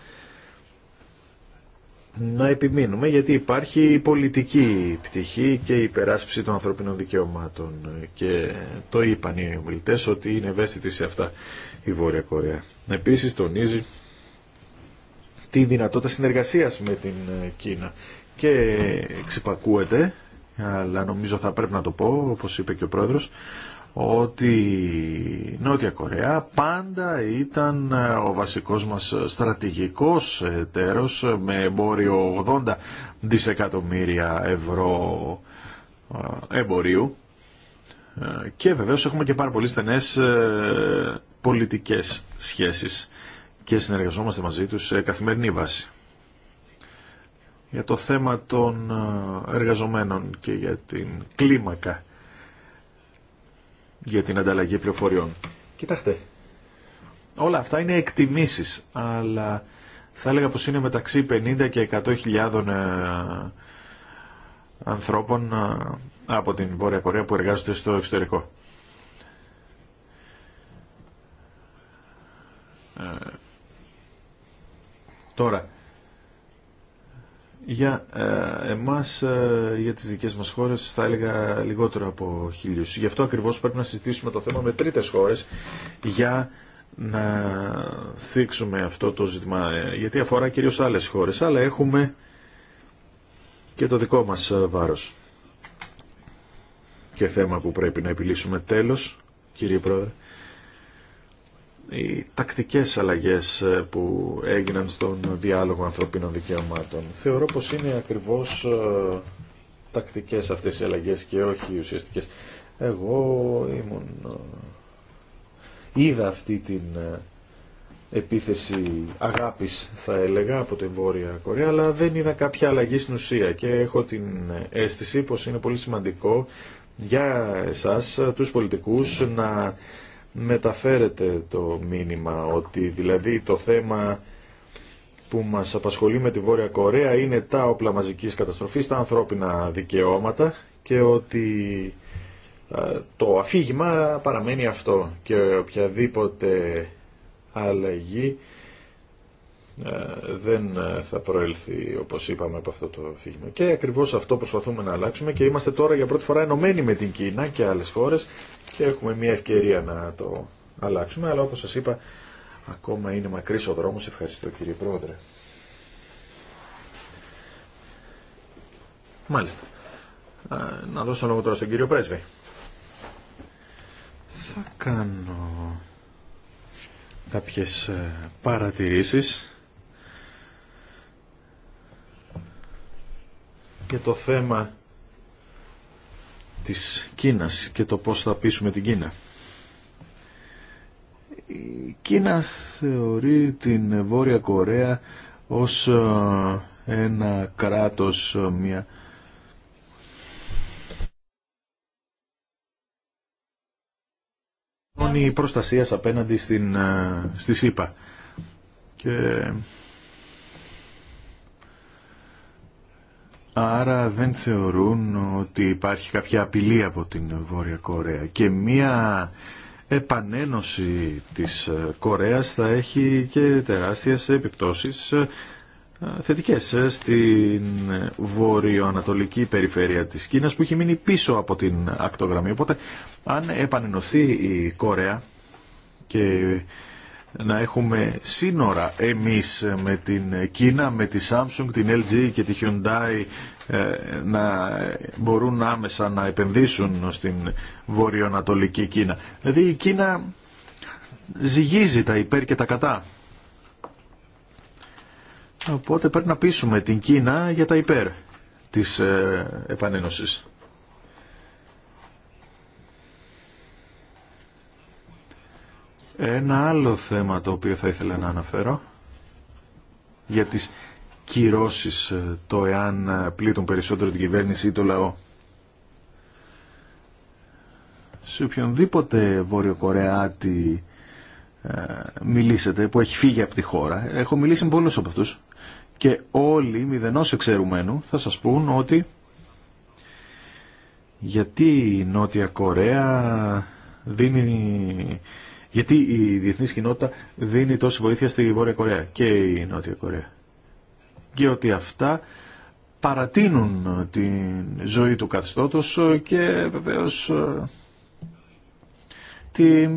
να επιμείνουμε γιατί υπάρχει η πολιτική πτυχή και η υπεράσπιση των ανθρωπίνων δικαιωμάτων και το είπαν οι ομιλητές ότι είναι ευαίσθητη σε αυτά η Βόρεια Κορέα. Επίσης τονίζει τη δυνατότητα συνεργασίας με την Κίνα και ξυπακούεται αλλά νομίζω θα πρέπει να το πω όπως είπε και ο πρόεδρος ότι η Νότια Κορέα πάντα ήταν ε, ο βασικός μας στρατηγικός τέρος με εμπόριο 80 δισεκατομμύρια ευρώ ε, εμπορίου ε, και βεβαίως έχουμε και πάρα πολύ στενές πολιτικές σχέσεις και συνεργαζόμαστε μαζί τους σε καθημερινή βάση. Για το θέμα των εργαζομένων και για την κλίμακα για την ανταλλαγή πληροφοριών. Κοιτάξτε, όλα αυτά είναι εκτιμήσεις, αλλά θα έλεγα πως είναι μεταξύ 50 και 100 χιλιάδων ε, ανθρώπων ε, από την Βόρεια Κορέα που εργάζονται στο εξωτερικό. Ε, τώρα, για ε, εμάς, ε, για τις δικές μας χώρες, θα έλεγα λιγότερο από χίλιους. Γι' αυτό ακριβώς πρέπει να συζητήσουμε το θέμα με τρίτες χώρες για να θίξουμε αυτό το ζήτημα, ε, γιατί αφορά κυρίως άλλες χώρες, αλλά έχουμε και το δικό μας βάρος και θέμα που πρέπει να επιλύσουμε τέλος, κύριε Πρόεδρε οι τακτικές αλλαγές ε, που έγιναν στον διάλογο ανθρωπίνων δικαιωμάτων. Θεωρώ πως είναι ακριβώς ε, τακτικές αυτές οι αλλαγές και όχι ουσιαστικές. Εγώ ήμουν... Ε, είδα αυτή την επίθεση αγάπης θα έλεγα από την Βόρεια Κορέα αλλά δεν είδα κάποια αλλαγή στην ουσία και έχω την αίσθηση πως είναι πολύ σημαντικό για εσάς τους πολιτικούς να μεταφέρεται το μήνυμα ότι δηλαδή το θέμα που μας απασχολεί με τη Βόρεια Κορέα είναι τα όπλα μαζικής καταστροφής, τα ανθρώπινα δικαιώματα και ότι το αφήγημα παραμένει αυτό και οποιαδήποτε αλλαγή ε, δεν ε, θα προέλθει όπως είπαμε από αυτό το φύγημα. Και ακριβώς αυτό προσπαθούμε να αλλάξουμε και είμαστε τώρα για πρώτη φορά ενωμένοι με την Κίνα και άλλες χώρες και έχουμε μια ευκαιρία να το αλλάξουμε αλλά όπως σας είπα ακόμα είναι μακρύς ο δρόμος. Ευχαριστώ κύριε Πρόεδρε. Μάλιστα. Ε, να δώσω λόγο τώρα στον κύριο Πρέσβη. Θα κάνω κάποιες παρατηρήσεις και το θέμα της Κίνας και το πώς θα πείσουμε την Κίνα. Η Κίνα θεωρεί την Βόρεια Κορέα ως ε, ένα κράτος, ε, μια προστασίας απέναντι στην, ε, στη ΣΥΠΑ. Και Άρα δεν θεωρούν ότι υπάρχει κάποια απειλή από την Βόρεια Κορέα και μία επανένωση της Κορέας θα έχει και τεράστιες επιπτώσεις ε, θετικές ε, στην βορειοανατολική περιφέρεια της Κίνας που έχει μείνει πίσω από την ακτογραμμή. Οπότε αν επανενωθεί η Κορέα και να έχουμε σύνορα εμείς με την Κίνα, με τη Samsung, την LG και τη Hyundai ε, να μπορούν άμεσα να επενδύσουν στην βορειοανατολική Κίνα. Δηλαδή η Κίνα ζυγίζει τα υπέρ και τα κατά. Οπότε πρέπει να πείσουμε την Κίνα για τα υπέρ της ε, επανένωσης. Ένα άλλο θέμα το οποίο θα ήθελα να αναφέρω για τις κυρώσεις ε, το εάν ε, πλήττουν περισσότερο την κυβέρνηση ή το λαό. Σε οποιονδήποτε Βόρειο-Κορεάτη ε, μιλήσετε που έχει φύγει από τη χώρα, έχω μιλήσει με πολλούς από αυτούς και όλοι μηδενός εξαιρουμένου θα σας πούν ότι γιατί η Νότια Κορέα δίνει γιατί η διεθνή κοινότητα δίνει τόση βοήθεια στη Βόρεια Κορέα και η Νότια Κορέα. Και ότι αυτά παρατείνουν την ζωή του καθεστώτος και βεβαίως ε, τη,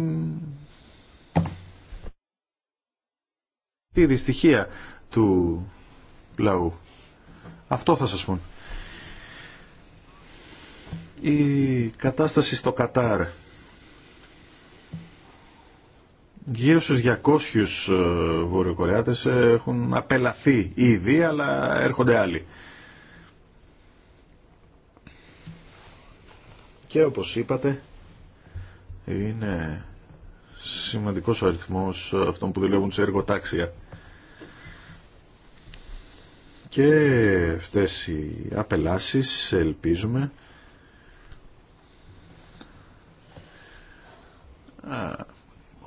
τη δυστυχία του λαού. Αυτό θα σας πούν. Η κατάσταση στο Κατάρ Γύρω στους 200 ε, Βορειοκορεάτες έχουν απελαθεί ήδη, αλλά έρχονται άλλοι. Και όπως είπατε, είναι σημαντικός ο αριθμός αυτών που δουλεύουν σε εργοτάξια. Και αυτές οι απελάσεις, ελπίζουμε,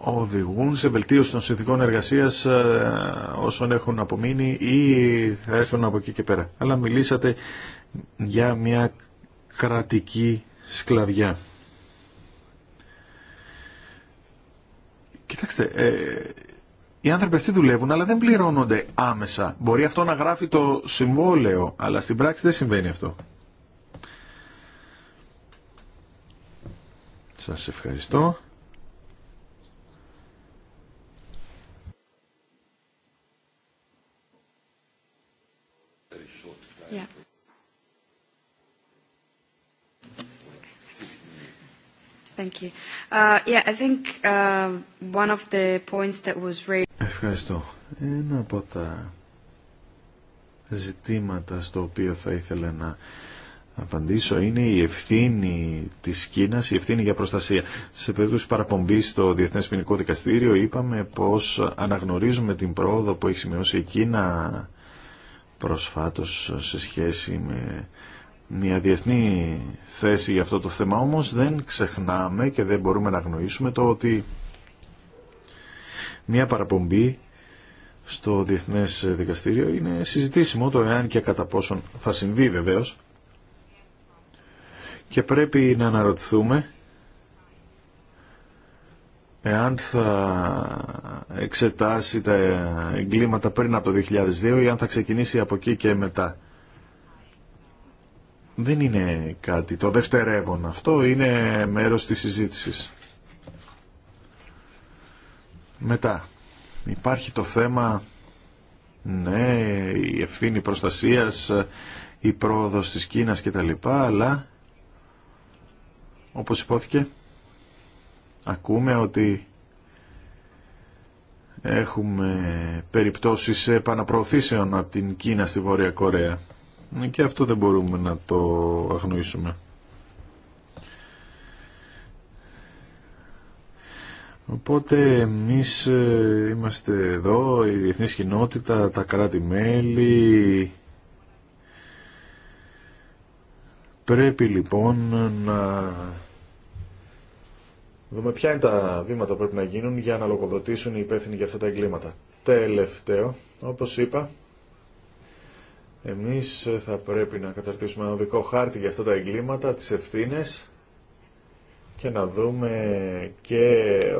οδηγούν σε βελτίωση των συνθηκών εργασίας ε, όσων έχουν απομείνει ή θα έρθουν από εκεί και πέρα. Αλλά μιλήσατε για μια κρατική σκλαβιά. Κοιτάξτε, ε, οι άνθρωποι αυτοί δουλεύουν αλλά δεν πληρώνονται άμεσα. Μπορεί αυτό να γράφει το συμβόλαιο, αλλά στην πράξη δεν συμβαίνει αυτό. Σας ευχαριστώ. Thank you. Uh, yeah, I think uh, one of the points that was raised. Ευχαριστώ. Ένα από τα ζητήματα στο οποίο θα ήθελα να απαντήσω είναι η ευθύνη της Κίνας, η ευθύνη για προστασία. Σε περίπτωση παραπομπής στο Διεθνές Ποινικό Δικαστήριο είπαμε πως αναγνωρίζουμε την πρόοδο που έχει σημειώσει η Κίνα προσφάτως σε σχέση με μια διεθνή θέση για αυτό το θέμα όμως δεν ξεχνάμε και δεν μπορούμε να γνωρίσουμε το ότι μια παραπομπή στο Διεθνές Δικαστήριο είναι συζητήσιμο το εάν και κατά πόσον θα συμβεί βεβαίως και πρέπει να αναρωτηθούμε εάν θα εξετάσει τα εγκλήματα πριν από το 2002 ή αν θα ξεκινήσει από εκεί και μετά. Δεν είναι κάτι το δευτερεύον αυτό, είναι μέρος της συζήτησης. Μετά, υπάρχει το θέμα, ναι, η ευθύνη προστασίας, η πρόοδος της Κίνας κτλ, αλλά, όπως υπόθηκε, ακούμε ότι έχουμε περιπτώσεις επαναπροωθήσεων από την Κίνα στη Βόρεια Κορέα και αυτό δεν μπορούμε να το αγνοήσουμε. Οπότε εμείς ε, είμαστε εδώ, η διεθνή κοινότητα, τα κράτη-μέλη. Πρέπει λοιπόν να δούμε ποια είναι τα βήματα που πρέπει να γίνουν για να λογοδοτήσουν οι υπεύθυνοι για αυτά τα εγκλήματα. Τελευταίο, όπως είπα, εμείς θα πρέπει να καταρτήσουμε ένα οδικό χάρτη για αυτά τα εγκλήματα, τις ευθύνε και να δούμε και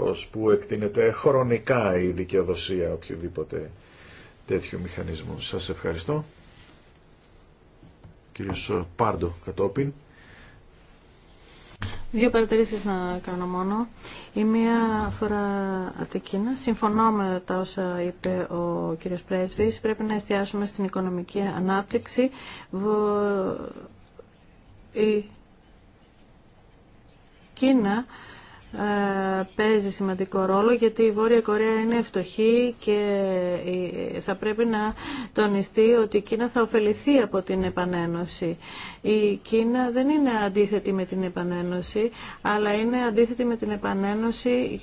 ως που εκτείνεται χρονικά η δικαιοδοσία οποιοδήποτε τέτοιου μηχανισμού. Σας ευχαριστώ. Κύριος Πάρντο κατόπιν. Δύο παρατηρήσεις να κάνω μόνο. Η μία αφορά την Κίνα. Συμφωνώ με τα όσα είπε ο κύριος Πρέσβης. Πρέπει να εστιάσουμε στην οικονομική ανάπτυξη. Η Κίνα ε, παίζει σημαντικό ρόλο γιατί η Βόρεια Κορέα είναι φτωχή και θα πρέπει να τονιστεί ότι η Κίνα θα ωφεληθεί από την επανένωση. Η Κίνα δεν είναι αντίθετη με την επανένωση, αλλά είναι αντίθετη με την επανένωση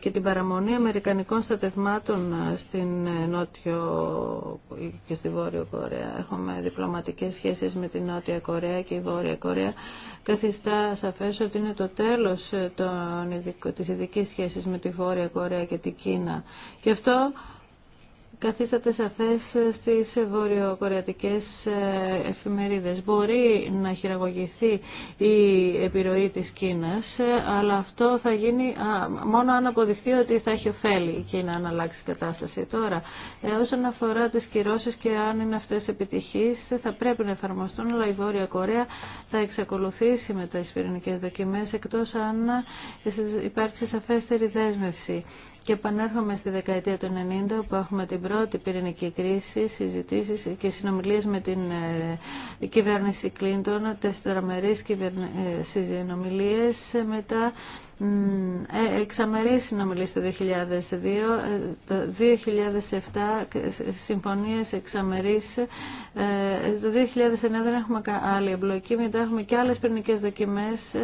και την παραμονή αμερικανικών στατευμάτων ε, στην ε, Νότιο και στη Βόρεια Κορέα. Έχουμε διπλωματικές σχέσεις με την Νότια Κορέα και η Βόρεια Κορέα καθιστά σαφές ότι είναι το τέλος των τις της ειδικής με τη Βόρεια Κορέα και την Κίνα. Και αυτό καθίσταται σαφές στις βορειοκορεατικές ε, εφημερίδες. Μπορεί να χειραγωγηθεί η επιρροή της Κίνας, ε, αλλά αυτό θα γίνει μόνο αν αποδειχθεί ότι θα έχει ωφέλη η Κίνα αν αλλάξει η κατάσταση. Τώρα, ε, όσον αφορά τις κυρώσεις και αν είναι αυτές επιτυχείς, θα πρέπει να εφαρμοστούν, αλλά η Βόρεια Κορέα θα εξακολουθήσει με τις πυρηνικές δοκιμές, εκτός αν υπάρξει σαφέστερη δέσμευση. Και επανέρχομαι στη δεκαετία του 90 που έχουμε την πρώτη πυρηνική κρίση, συζητήσεις και συνομιλίες με την ε, κυβέρνηση Κλίντον, τεσσεραμερείς κυβερνη... Ε, συνομιλίες ε, μετά εξαμερείς συνομιλίες το 2002, το 2007 συμφωνίες εξαμερείς, το 2009 δεν έχουμε άλλη εμπλοκή, μετά έχουμε και άλλες πυρηνικές δοκιμές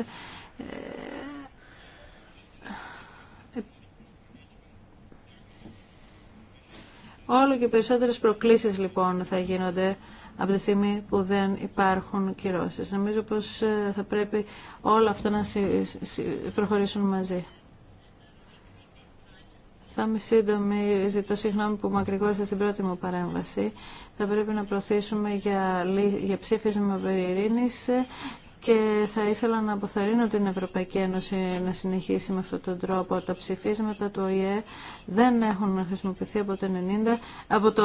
Όλο και περισσότερες προκλήσεις λοιπόν θα γίνονται από τη στιγμή που δεν υπάρχουν κυρώσεις. Νομίζω πως ε, θα πρέπει όλα αυτά να προχωρήσουν μαζί. Θα είμαι σύντομη, ζητώ συγγνώμη που μακρηγόρησα στην πρώτη μου παρέμβαση. Θα πρέπει να προωθήσουμε για, για ψήφισμα περί και θα ήθελα να αποθαρρύνω την Ευρωπαϊκή Ένωση να συνεχίσει με αυτόν τον τρόπο. Τα ψηφίσματα του ΟΗΕ δεν έχουν χρησιμοποιηθεί από το, 90, από το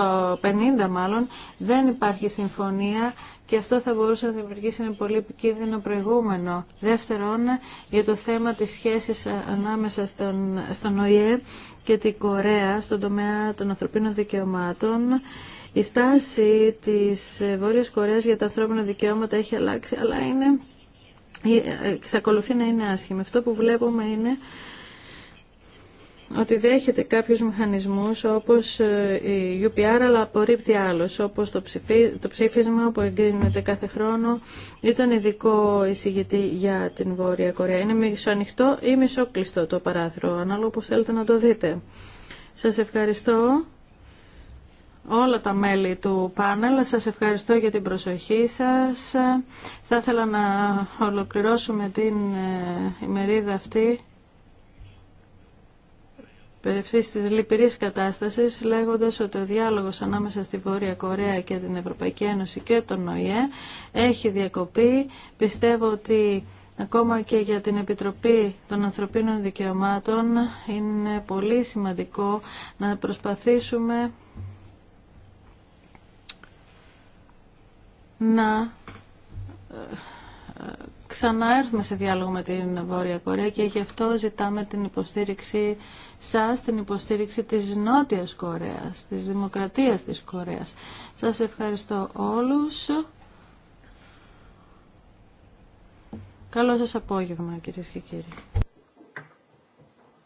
50 μάλλον, δεν υπάρχει συμφωνία και αυτό θα μπορούσε να δημιουργήσει ένα πολύ επικίνδυνο προηγούμενο. Δεύτερον, για το θέμα της σχέσης ανάμεσα στον, στον ΟΗΕ και την Κορέα στον τομέα των ανθρωπίνων δικαιωμάτων η στάση της Βόρειας Κορέας για τα ανθρώπινα δικαιώματα έχει αλλάξει, αλλά είναι, ε, εξακολουθεί να είναι άσχημη. Αυτό που βλέπουμε είναι ότι δέχεται κάποιους μηχανισμούς όπως ε, η UPR αλλά απορρίπτει άλλο, όπως το, ψηφί, το ψήφισμα που εγκρίνεται κάθε χρόνο ή τον ειδικό εισηγητή για την Βόρεια Κορέα. Είναι μισοανοιχτό ή μισόκλειστο το παράθυρο ανάλογα όπως θέλετε να το δείτε. Σας ευχαριστώ όλα τα μέλη του πάνελ. Σας ευχαριστώ για την προσοχή σας. Θα ήθελα να ολοκληρώσουμε την ε, ημερίδα αυτή περί της λυπηρής κατάστασης λέγοντας ότι ο διάλογος ανάμεσα στη Βόρεια Κορέα και την Ευρωπαϊκή Ένωση και τον ΟΗΕ έχει διακοπεί. Πιστεύω ότι ακόμα και για την Επιτροπή των Ανθρωπίνων Δικαιωμάτων είναι πολύ σημαντικό να προσπαθήσουμε να ε, ε, ξαναέρθουμε σε διάλογο με την Βόρεια Κορέα και γι' αυτό ζητάμε την υποστήριξη σας, την υποστήριξη της Νότιας Κορέας, της Δημοκρατίας της Κορέας. Σας ευχαριστώ όλους. Καλό σας απόγευμα κυρίες και κύριοι.